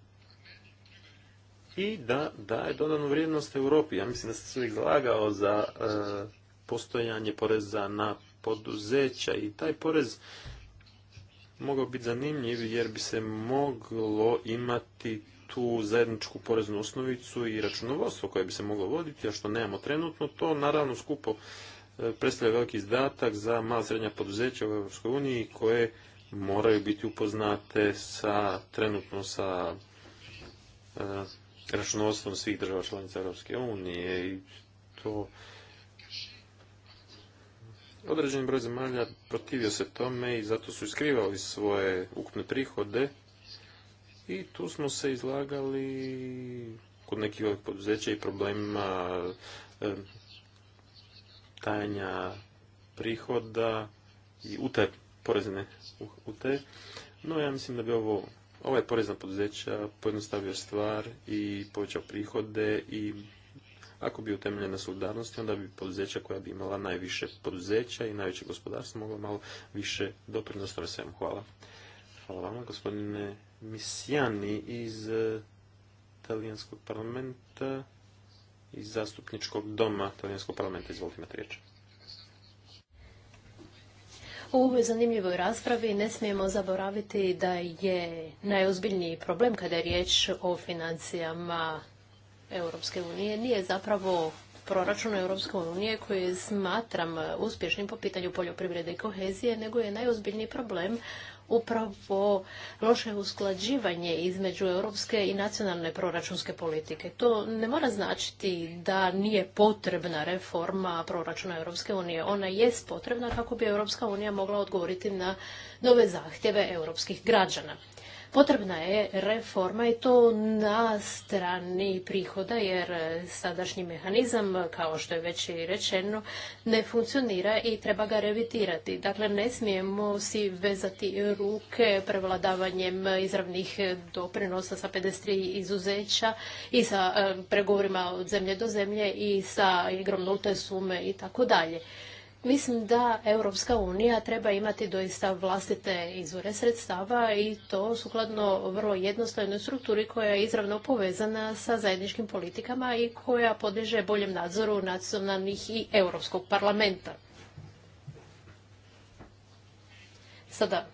i da daje dodanu vrijednost Europi. Ja mislim da se uvijek zalagao za e, postojanje poreza na poduzeća i taj porez mogao biti zanimljiv jer bi se moglo imati tu zajedničku poreznu osnovicu i računovodstvo koje bi se moglo voditi, a što nemamo trenutno, to naravno skupo predstavlja veliki izdatak za mala srednja poduzeća u Europskoj uniji koje moraju biti upoznate sa trenutno sa e, svih država članica Europske unije i to određeni broj zemalja protivio se tome i zato su iskrivali svoje ukupne prihode i tu smo se izlagali kod nekih ovih poduzeća i problema e, tajanja prihoda i ute, porezne ute. No ja mislim da bi ovo, ovaj porezna poduzeća pojednostavio stvar i povećao prihode i ako bi na solidarnosti, onda bi poduzeća koja bi imala najviše poduzeća i najveće gospodarstvo mogla malo više doprinos na svemu. Hvala. Hvala vama, gospodine Misijani iz eh, Talijanskog parlamenta iz zastupničkog doma Talijanskog parlamenta. Izvolite riječ. U ovoj zanimljivoj raspravi ne smijemo zaboraviti da je najozbiljniji problem kada je riječ o financijama Europske unije nije zapravo proračun Europske unije koji smatram uspješnim po pitanju poljoprivrede i kohezije, nego je najozbiljniji problem upravo loše usklađivanje između europske i nacionalne proračunske politike. To ne mora značiti da nije potrebna reforma proračuna Europske unije. Ona jest potrebna kako bi Europska unija mogla odgovoriti na nove zahtjeve europskih građana. Potrebna je reforma i to na strani prihoda jer sadašnji mehanizam, kao što je već i rečeno, ne funkcionira i treba ga revitirati. Dakle, ne smijemo si vezati ruke prevladavanjem izravnih doprinosa sa 53 izuzeća i sa eh, pregovorima od zemlje do zemlje i sa igrom nulte sume i tako dalje. Mislim da Europska unija treba imati doista vlastite izvore sredstava i to sukladno vrlo jednostavnoj strukturi koja je izravno povezana sa zajedničkim politikama i koja podiže boljem nadzoru nacionalnih i Europskog parlamenta. Sada,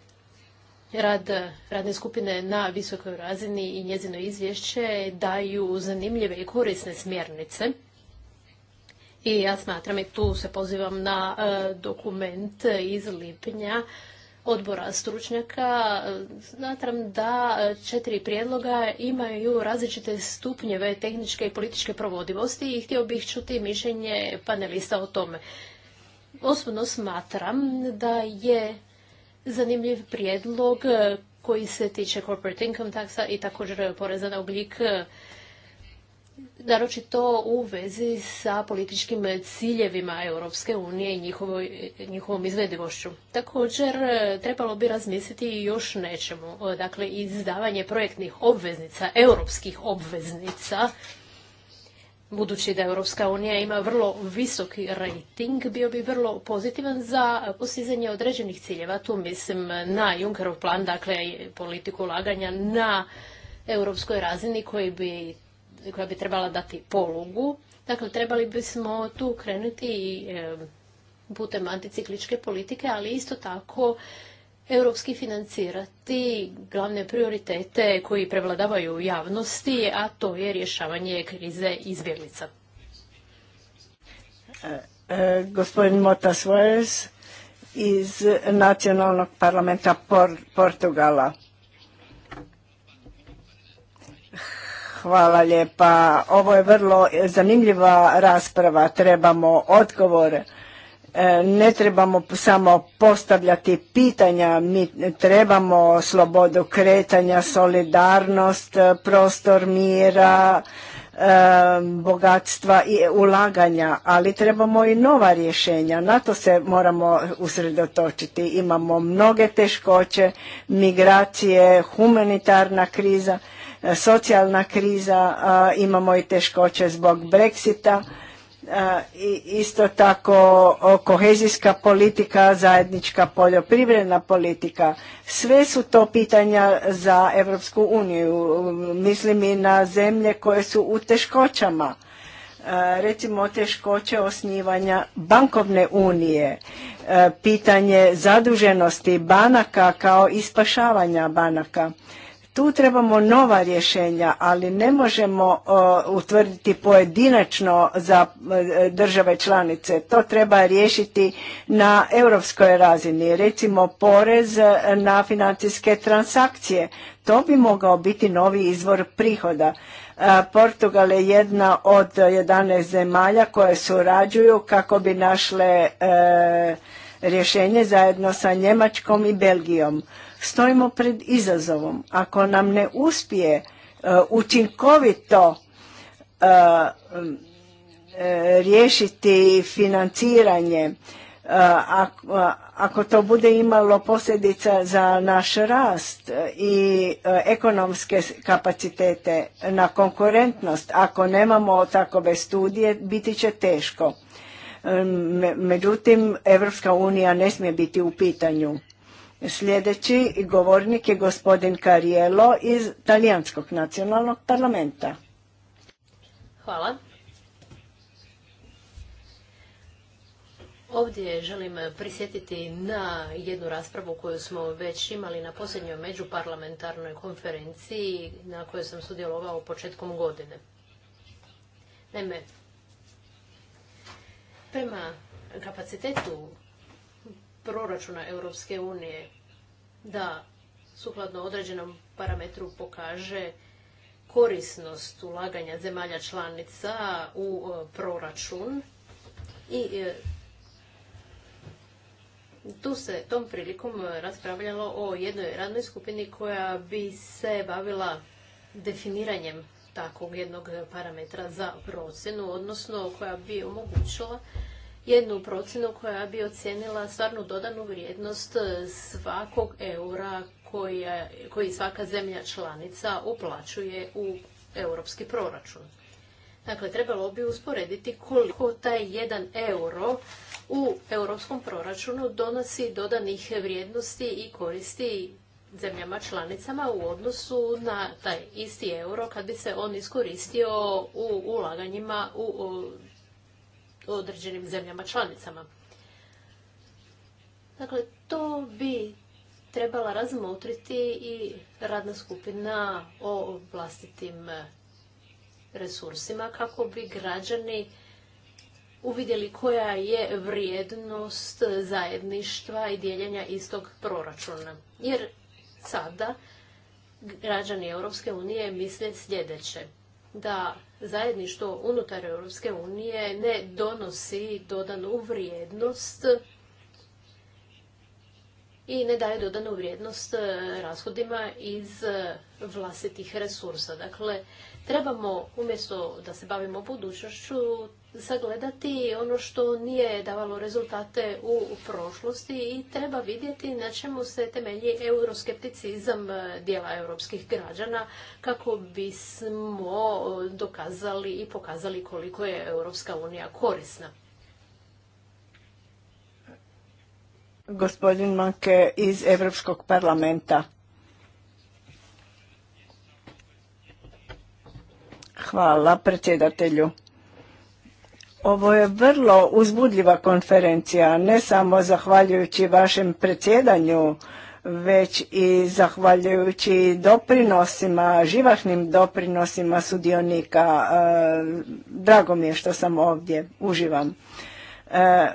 rad radne skupine na visokoj razini i njezino izvješće daju zanimljive i korisne smjernice i ja smatram i tu se pozivam na e, dokument iz lipnja odbora stručnjaka. Smatram da četiri prijedloga imaju različite stupnjeve tehničke i političke provodivosti i htio bih čuti mišljenje panelista o tome. Osobno smatram da je zanimljiv prijedlog koji se tiče corporate income taxa i također poreza na oblik naročito u vezi sa političkim ciljevima Europske unije i njihovom izvedivošću. Također, e, trebalo bi razmisliti i još nečemu. E, dakle, izdavanje projektnih obveznica, europskih obveznica, budući da Europska unija ima vrlo visoki rating, bio bi vrlo pozitivan za postizanje određenih ciljeva. Tu mislim na Junckerov plan, dakle politiku ulaganja na europskoj razini koji bi koja bi trebala dati polugu. Dakle, trebali bismo tu krenuti i e, putem anticikličke politike, ali isto tako europski financirati glavne prioritete koji prevladavaju u javnosti, a to je rješavanje krize izbjeglica. E, e, gospodin Mota Svojez iz Nacionalnog parlamenta Portugala. Hvala lijepa. Ovo je vrlo zanimljiva rasprava. Trebamo odgovore. Ne trebamo samo postavljati pitanja, mi trebamo slobodu kretanja, solidarnost, prostor mira, e, bogatstva i ulaganja, ali trebamo i nova rješenja. Na to se moramo usredotočiti. Imamo mnoge teškoće, migracije, humanitarna kriza socijalna kriza, imamo i teškoće zbog Brexita i isto tako kohezijska politika, zajednička poljoprivredna politika. Sve su to pitanja za Europsku uniju. Mislim i na zemlje koje su u teškoćama. Recimo teškoće osnivanja bankovne unije, pitanje zaduženosti banaka kao ispašavanja banaka. Tu trebamo nova rješenja, ali ne možemo utvrditi pojedinačno za e, države članice. To treba riješiti na europskoj razini, recimo porez na financijske transakcije. To bi mogao biti novi izvor prihoda. E, Portugal je jedna od 11 zemalja koje surađuju kako bi našle e, rješenje zajedno sa Njemačkom i Belgijom. Stojimo pred izazovom. Ako nam ne uspije e, učinkovito e, e, riješiti financiranje, ako to bude imalo posljedica za naš rast i ekonomske kapacitete na konkurentnost, ako nemamo takove studije, biti će teško. Međutim, Evropska unija ne smije biti u pitanju. Sljedeći govornik je gospodin Cariello iz Talijanskog nacionalnog parlamenta. Hvala. Ovdje želim prisjetiti na jednu raspravu koju smo već imali na posljednjoj međuparlamentarnoj konferenciji na kojoj sam sudjelovao početkom godine. Naime, prema kapacitetu proračuna Europske unije da sukladno određenom parametru pokaže korisnost ulaganja zemalja članica u e, proračun i e, tu se tom prilikom raspravljalo o jednoj radnoj skupini koja bi se bavila definiranjem takvog jednog parametra za procjenu, odnosno koja bi omogućila jednu procjenu koja bi ocijenila stvarnu dodanu vrijednost e, svakog eura koji svaka zemlja članica uplaćuje u europski proračun. Dakle, trebalo bi usporediti koliko taj jedan euro u europskom proračunu donosi dodanih vrijednosti i koristi zemljama članicama u odnosu na taj isti euro kad bi se on iskoristio u ulaganjima u u određenim zemljama članicama. Dakle, to bi trebala razmotriti i radna skupina o vlastitim resursima kako bi građani uvidjeli koja je vrijednost zajedništva i dijeljenja istog proračuna. Jer sada građani Europske unije misle sljedeće, da zajedništvo unutar Europske unije ne donosi dodanu vrijednost i ne daje dodanu vrijednost eh, rashodima iz eh, vlastitih resursa. Dakle, trebamo umjesto da se bavimo budućnošću sagledati ono što nije davalo rezultate u prošlosti i treba vidjeti na čemu se temelji euroskepticizam dijela europskih građana kako bismo dokazali i pokazali koliko je Europska unija korisna. Gospodin Manke iz Europskog parlamenta. Hvala predsjedatelju. Ovo je vrlo uzbudljiva konferencija, ne samo zahvaljujući vašem predsjedanju, već i zahvaljujući doprinosima, živahnim doprinosima sudionika. E, drago mi je što sam ovdje, uživam. E,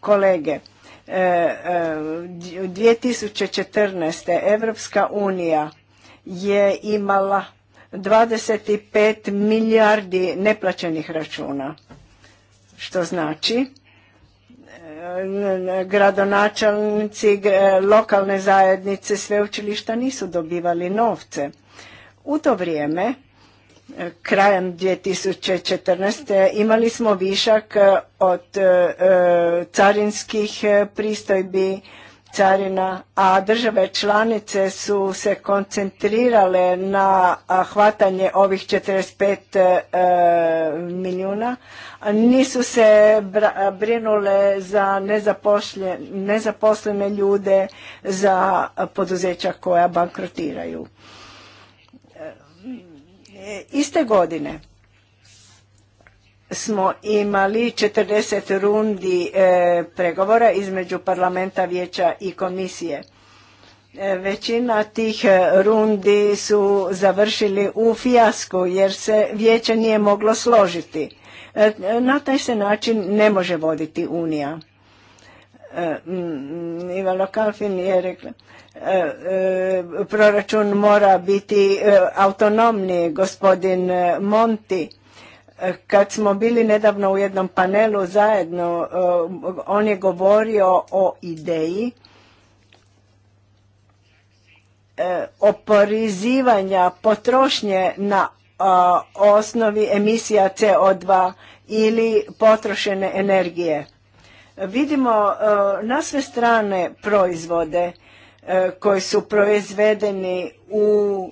kolege, 2014. E, Evropska unija je imala 25 milijardi neplaćenih računa. Što znači e, gradonačelnici, lokalne zajednice, sveučilišta nisu dobivali novce. U to vrijeme, e, krajem 2014. imali smo višak e, od carinskih pristojbi, carina, a države članice su se koncentrirale na hvatanje ovih 45 e, milijuna, nisu se brinule za nezaposlene ljude, za poduzeća koja bankrotiraju. E, iste godine smo imali 40 rundi e, pregovora između parlamenta, vijeća i komisije. E, većina tih e, rundi su završili u fijasku jer se vijeće nije moglo složiti. Na taj se način ne može voditi Unija. Mm, mm, Ivalo je rekla proračun mora biti autonomni gospodin Monti kad smo bili nedavno u jednom panelu zajedno, eh, on je govorio o ideji eh, oporizivanja potrošnje na eh, osnovi emisija CO2 ili potrošene energije. Vidimo na sve strane proizvode E, koji su proizvedeni u,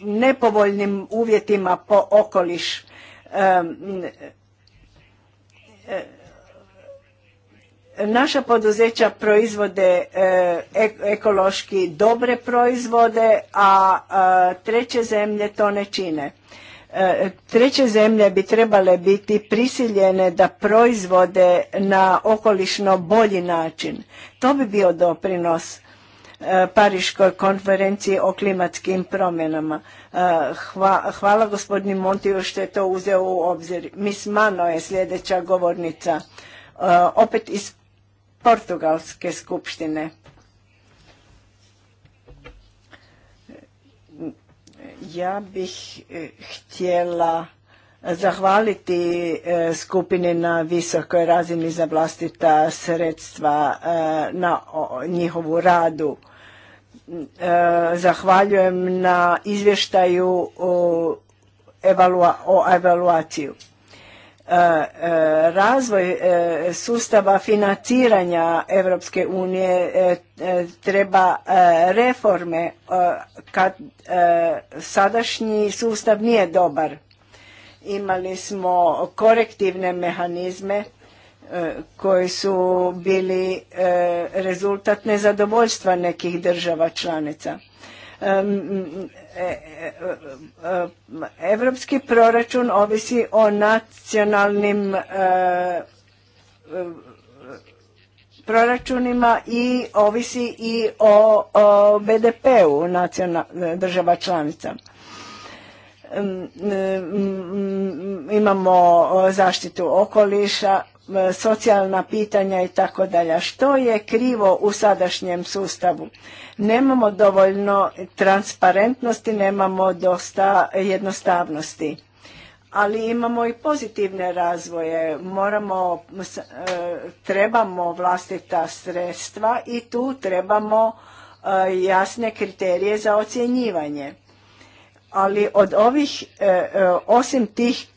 nepovoljnim uvjetima po okoliš e, e, naša poduzeća proizvode ekološki dobre proizvode a treće zemlje to ne čine E, treće zemlje bi trebale biti prisiljene da proizvode na okolišno bolji način. To bi bio doprinos e, Pariškoj konferenciji o klimatskim promjenama. E, hvala gospodinu Montiju što je to uzeo u obzir. Miss Mano je sljedeća govornica, opet iz Portugalske skupštine. Ja bih e, htjela zahvaliti e, skupini na visokoj razini za vlastita sredstva e, na njihovu radu. Zahvaljujem na izvještaju o evaluaciju. E, e, razvoj e, sustava financiranja Europske unije treba reforme kad sadašnji sustav nije dobar. Imali smo korektivne mehanizme koji su bili rezultat nezadovoljstva nekih država članica. E, e, e, evropski proračun ovisi o nacionalnim proračunima i ovisi i o, BDP-u država članica. Imamo zaštitu okoliša, socijalna pitanja i tako dalje. Što je krivo u sadašnjem sustavu? Nemamo dovoljno transparentnosti, nemamo dosta jednostavnosti. Ali imamo i pozitivne razvoje. Moramo, e, trebamo vlastita sredstva i tu trebamo e, jasne kriterije za ocjenjivanje ali od ovih, e, osim tih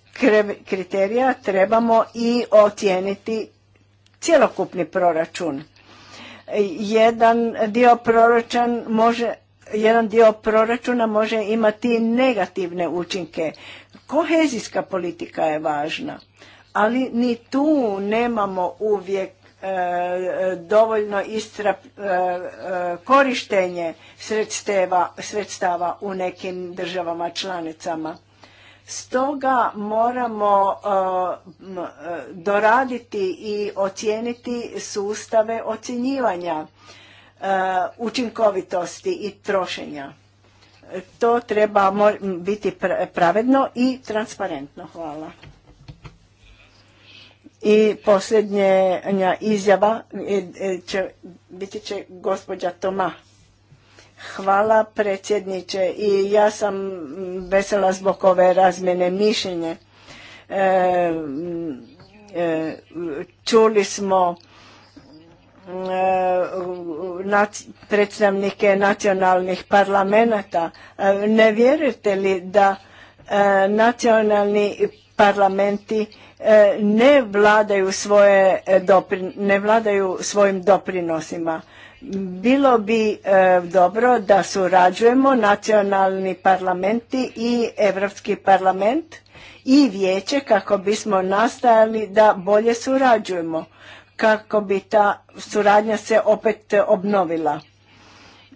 kriterija trebamo i ocijeniti cjelokupni proračun. Jedan dio proračun može jedan dio proračuna može imati negativne učinke. Kohezijska politika je važna, ali ni tu nemamo uvijek e, dovoljno istra, e, e, korištenje sredstava u nekim državama članicama Stoga moramo uh, uh, doraditi i ocijeniti sustave ocjenjivanja uh, učinkovitosti i trošenja. To treba biti pravedno i transparentno. Hvala. I posljednja izjava e, e, biti će gospođa Toma. Hvala predsjedniče i ja sam vesela zbog ove razmjene mišljenje. E, čuli smo e, predstavnike nacionalnih parlamenta. E, ne vjerujete li da nacionalni parlamenti ne vladaju ne vladaju svojim doprinosima? Bilo bi e, dobro da surađujemo nacionalni parlamenti i Europski parlament i vijeće kako bismo nastajali da bolje surađujemo, kako bi ta suradnja se opet obnovila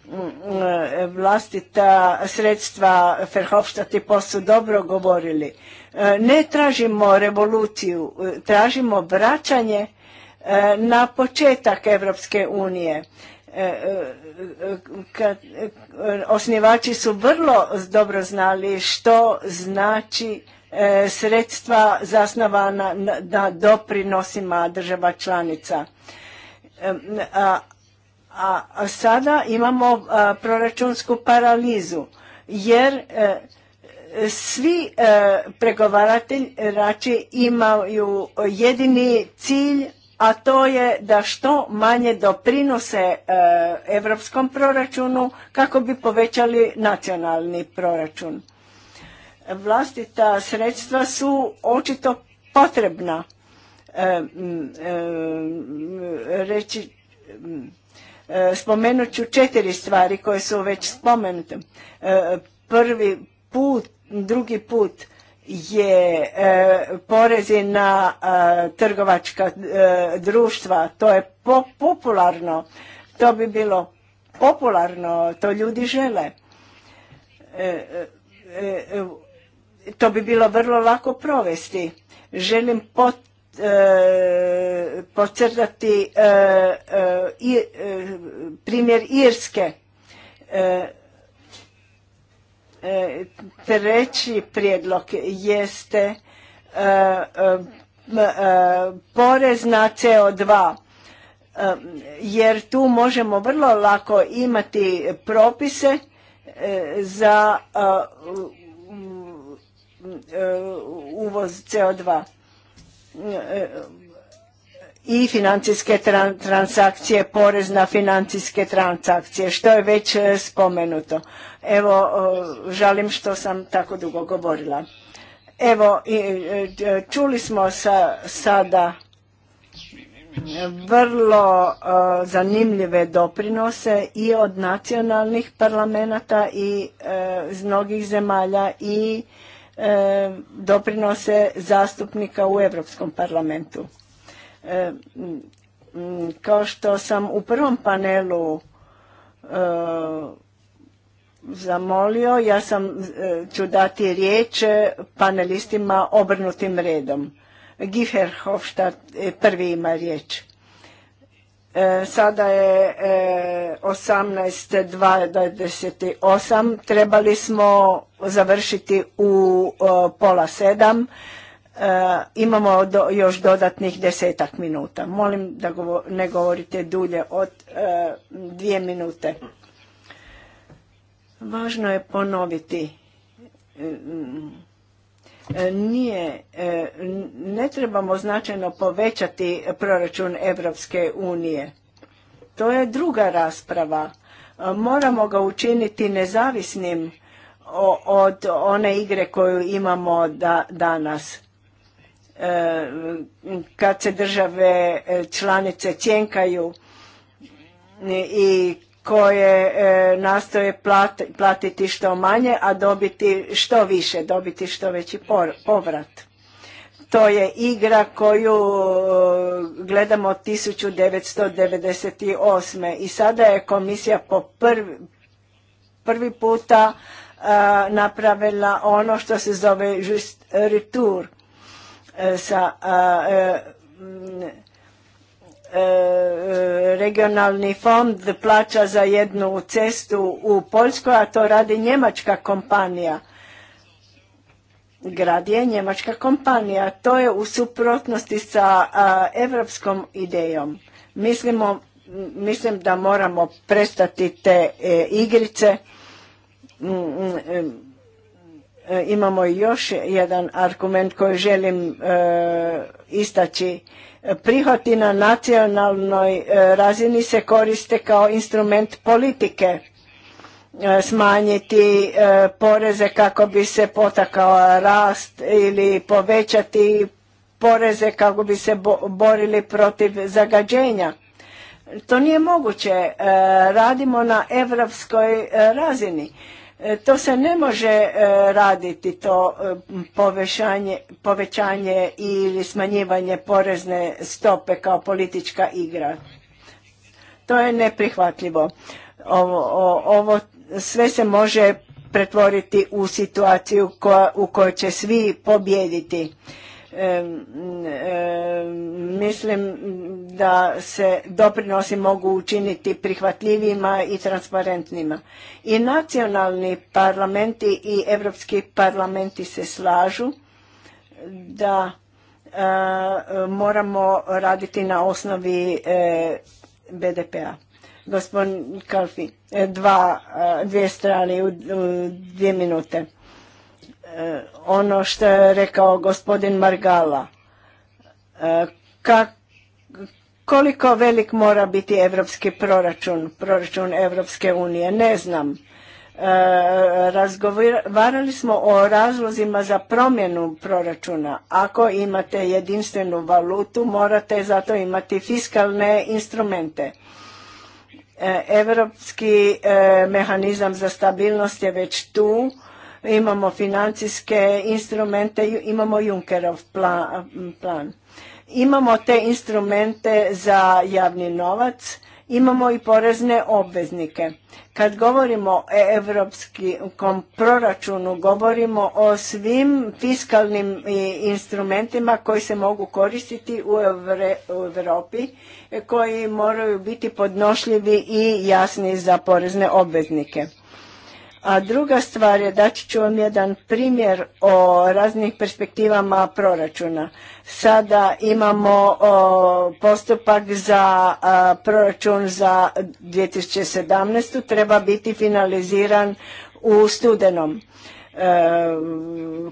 mm, e, vlastita sredstva Ferhofstadt i poslu dobro govorili. E, ne tražimo revoluciju, tražimo vraćanje na početak Evropske unije. E, e, e, osnivači su vrlo dobro znali što znači sredstva zasnovana na, doprinosima država članica. a, sada imamo proračunsku paralizu jer svi pregovaratelji imaju jedini cilj a to je da što manje doprinose e, evropskom proračunu kako bi povećali nacionalni proračun. Vlastita sredstva su očito potrebna. E, e reći, e, spomenut ću četiri stvari koje su već spomenute. E, prvi put, drugi put, je e, porezi na e, trgovačka e, društva, to je popularno, to bi bilo popularno, to ljudi žele. To bi bilo vrlo lako provesti. Želim pot, primjer Irske. E, treći prijedlog jeste e, e, porez na CO2 jer tu možemo vrlo lako imati propise za uvoz CO2 i financijske transakcije, porez na financijske transakcije, što je već spomenuto. Evo, žalim što sam tako dugo govorila. Evo, e, e, čuli smo sada vrlo zanimljive doprinose i od nacionalnih parlamenta i e, iz mnogih zemalja i doprinose zastupnika u Europskom parlamentu. Kao što sam u prvom panelu zamolio, ja sam, e, ću dati riječ panelistima obrnutim redom. Gifer Hofstadt e, prvi ima riječ. E, sada je 18.28, trebali smo završiti u pola sedam, imamo još dodatnih desetak minuta. Molim da ne govorite dulje od dvije minute. Važno je ponoviti, e, e, nije, e, ne trebamo značajno povećati proračun Evropske unije. To je druga rasprava. Moramo ga učiniti nezavisnim od one igre koju imamo da, danas. Kad se države članice cjenkaju i koje e, nastoje platiti što manje, a dobiti što više, dobiti što veći povrat. To je igra koju e, gledamo 1998. I sada je komisija po prvi, prvi puta e, napravila ono što se zove just retour sa E, regionalni fond plaća za jednu cestu u Poljskoj, a to radi njemačka kompanija. Grad je njemačka kompanija. To je u suprotnosti sa evropskom idejom. Mislimo, mislim da moramo prestati te e, igrice. Mm, mm, e, imamo još jedan argument koji želim istaći prihvati na nacionalnoj e, razini se koriste kao instrument politike e, smanjiti e, poreze kako bi se potakao rast ili povećati poreze kako bi se borili protiv zagađenja. To nije moguće. Radimo na evropskoj razini. E, to se ne može e, raditi, to e, povećanje ili smanjivanje porezne stope kao politička igra. To je neprihvatljivo. Ovo, sve se može pretvoriti u situaciju u kojoj će svi pobjediti mislim da se doprinosi mogu učiniti prihvatljivima i transparentnima. I nacionalni parlamenti i europski parlamenti se slažu da e, moramo raditi na osnovi e, BDP-a. Gospodin Kalfi, e, dvije strane u dvije minute. Eh, ono što je rekao gospodin Margala. Eh, koliko velik mora biti evropski proračun, proračun Evropske unije, ne znam. Eh, razgovarali smo o razlozima za promjenu proračuna. Ako imate jedinstvenu valutu, morate zato imati fiskalne instrumente. Europski mehanizam za stabilnost je već tu imamo financijske instrumente, imamo Junkerov plan. Imamo te instrumente za javni novac, imamo i porezne obveznike. Kad govorimo o evropskom proračunu, govorimo o svim fiskalnim instrumentima koji se mogu koristiti u Europi, koji moraju biti podnošljivi i jasni za porezne obveznike. A druga stvar je, daći ću vam jedan primjer o raznih perspektivama proračuna. Sada imamo postupak za proračun za 2017. treba biti finaliziran u studenom. E,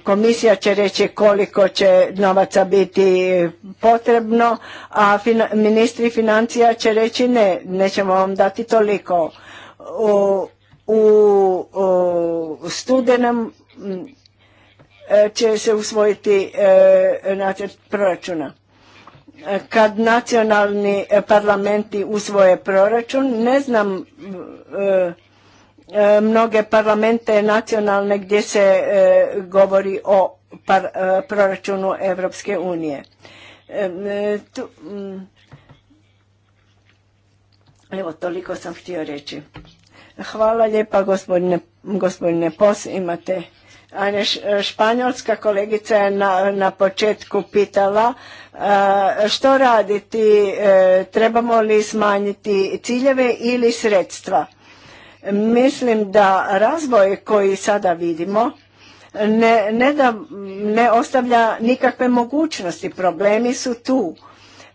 komisija će reći koliko će novaca biti potrebno, a ministri financija će reći ne, nećemo vam dati toliko. U, u studenom e, će se usvojiti e, nacrt proračuna. Kad nacionalni parlamenti usvoje proračun, ne znam e, mnoge parlamente nacionalne gdje se govori o proračunu Evropske unije. evo, toliko sam htio reći. Hvala lijepa gospodine, gospodine Pos, imate. A španjolska kolegica je na, početku pitala što raditi, e, trebamo li smanjiti ciljeve ili sredstva. Mislim da razvoj koji sada vidimo ne, da, ne ostavlja nikakve mogućnosti, problemi su tu.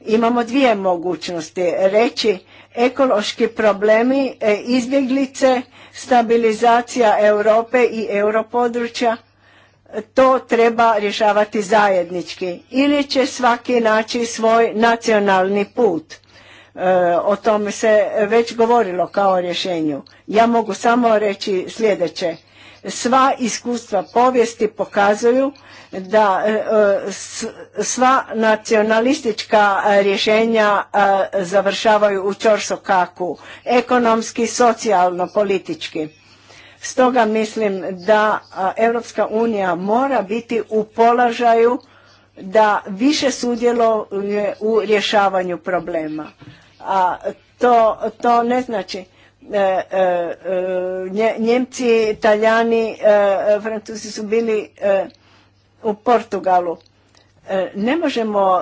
Imamo dvije mogućnosti, reći ekološki problemi, e, izbjeglice, stabilizacija Europe i europodručja, to treba rješavati zajednički. Ili će svaki naći svoj nacionalni put. E, o tome se već govorilo kao rješenju. Ja mogu samo reći sljedeće. Sva iskustva povijesti pokazuju da e, e, sva nacionalistička rješenja e, završavaju u čorsokaku, ekonomski, socijalno, politički. Stoga mislim da Europska unija mora biti u položaju da više sudjeluje u rješavanju problema. A to, to ne znači E, e, e, Njemci, Italijani, Francuzi su bili u Portugalu. Ne možemo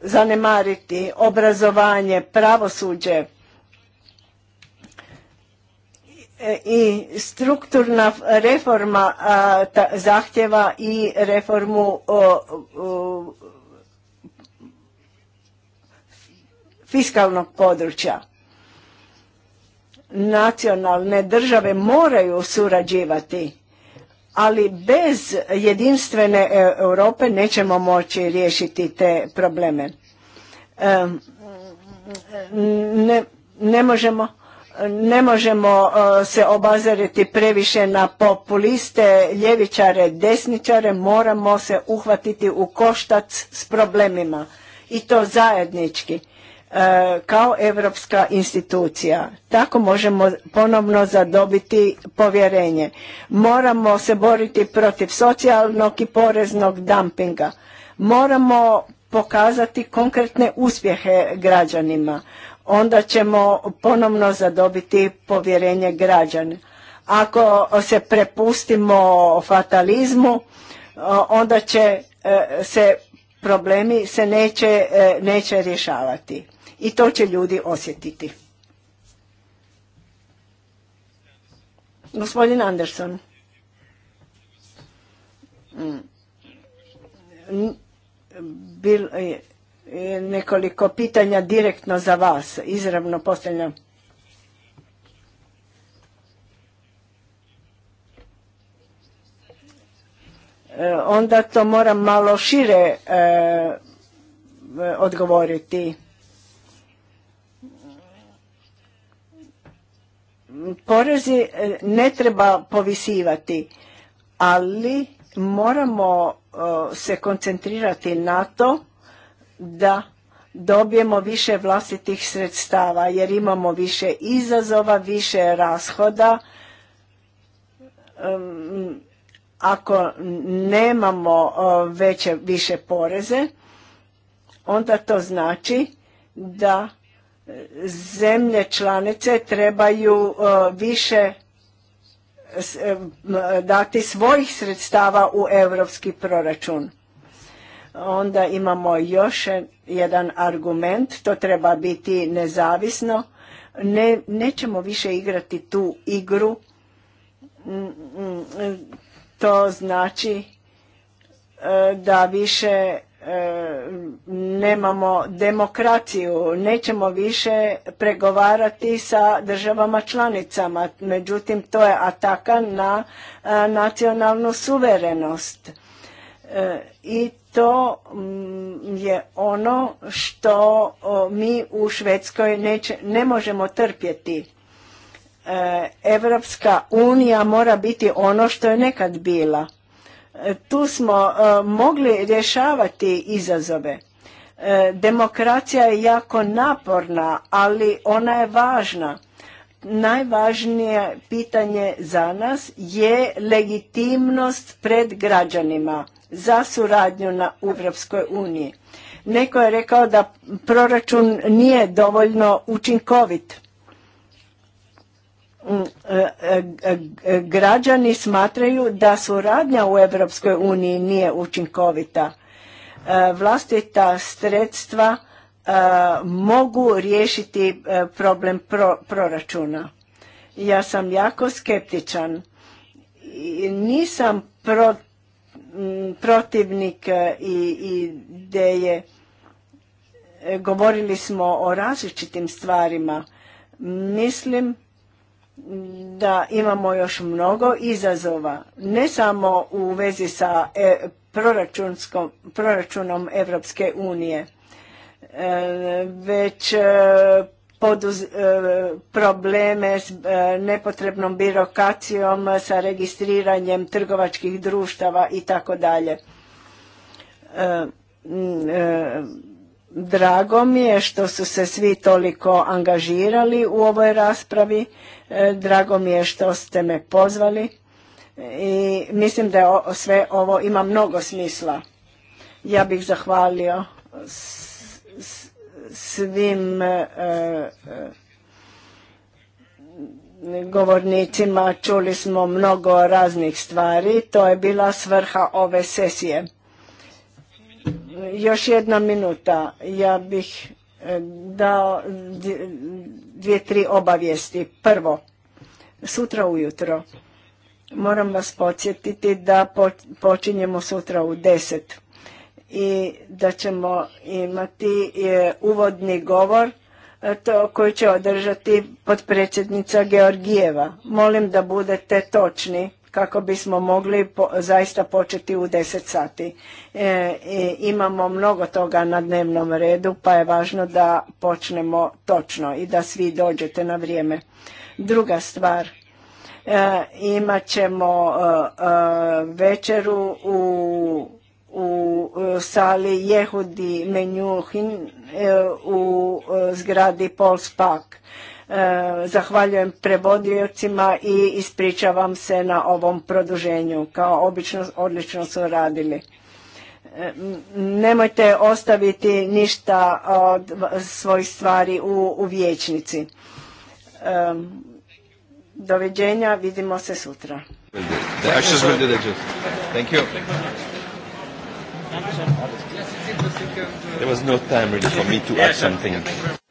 zanemariti obrazovanje, pravosuđe i strukturna reforma zahtjeva i reformu fiskalnog područja nacionalne države moraju surađivati, ali bez jedinstvene e, Europe nećemo moći riješiti te probleme. E, ne, ne možemo ne možemo e, se obazariti previše na populiste, ljevičare, desničare, moramo se uhvatiti u koštac s problemima i to zajednički. E, kao europska institucija. Tako možemo ponovno zadobiti povjerenje. Moramo se boriti protiv socijalnog i poreznog dumpinga. Moramo pokazati konkretne uspjehe građanima. Onda ćemo ponovno zadobiti povjerenje građana. Ako se prepustimo fatalizmu, e, onda će e, se problemi se neće, neće rješavati i to će ljudi osjetiti. Gospodin Anderson. Mm. nekoliko pitanja direktno za vas, izravno postavljam. E, onda to moram malo šire e, odgovoriti. Porezi e, ne treba povisivati, ali moramo e, se koncentrirati na to da dobijemo više vlastitih sredstava jer imamo više izazova, više rashoda. Ako nemamo e, veće, više poreze, onda to znači da zemlje članice trebaju e, više e, dati svojih sredstava u europski proračun. Onda imamo još jedan argument, to treba biti nezavisno. Ne, nećemo više igrati tu igru. Mm, mm, to znači e, da više nemamo demokraciju, nećemo više pregovarati sa državama članicama. Međutim, to je ataka na e, nacionalnu suverenost. E, I to mm, je ono što mi u Švedskoj ne možemo trpjeti. E, Evropska unija mora biti ono što je nekad bila tu smo e, mogli rješavati izazove. E, demokracija je jako naporna, ali ona je važna. Najvažnije pitanje za nas je legitimnost pred građanima za suradnju na Europskoj uniji. Neko je rekao da proračun nije dovoljno učinkovit. Mm, e, e, e, građani smatraju da suradnja u Europskoj uniji nije učinkovita. Vlastita sredstva mogu riješiti problem proračuna. Ja sam jako skeptičan. Nisam protivnik i ideje. Govorili smo o različitim stvarima. Mislim da imamo još mnogo izazova, ne samo u vezi sa e, proračunom Evropske unije, e, već e, probleme s nepotrebnom birokacijom sa registriranjem trgovačkih društava i tako dalje Drago mi je što su se svi toliko angažirali u ovoj raspravi. E, drago mi je što ste me pozvali i mislim da sve ovo ima mnogo smisla. Ja bih zahvalio svim e, e, govornicima. Čuli smo mnogo raznih stvari. To je bila svrha ove sesije još jedna minuta. Ja bih eh, dao dvije, tri obavijesti. Prvo, sutra ujutro. Moram vas podsjetiti da počinjemo sutra u deset i da ćemo imati eh, uvodni govor eh, to koji će održati potpredsjednica Georgijeva. Molim da budete točni kako bismo mogli zaista početi u 10 sati. E, imamo mnogo toga na dnevnom redu pa je važno da počnemo točno i da svi dođete na vrijeme. Druga stvar, e, imat ćemo e, e, večeru u u sali Jehudi Menjuhin u zgradi Polspak E, zahvaljujem prevodiocima i ispričavam se na ovom produženju. Kao obično, odlično su radili. E, nemojte ostaviti ništa od svojih stvari u, vijećnici. vječnici. Doviđenja, vidimo se sutra. There was no time really for me to add something.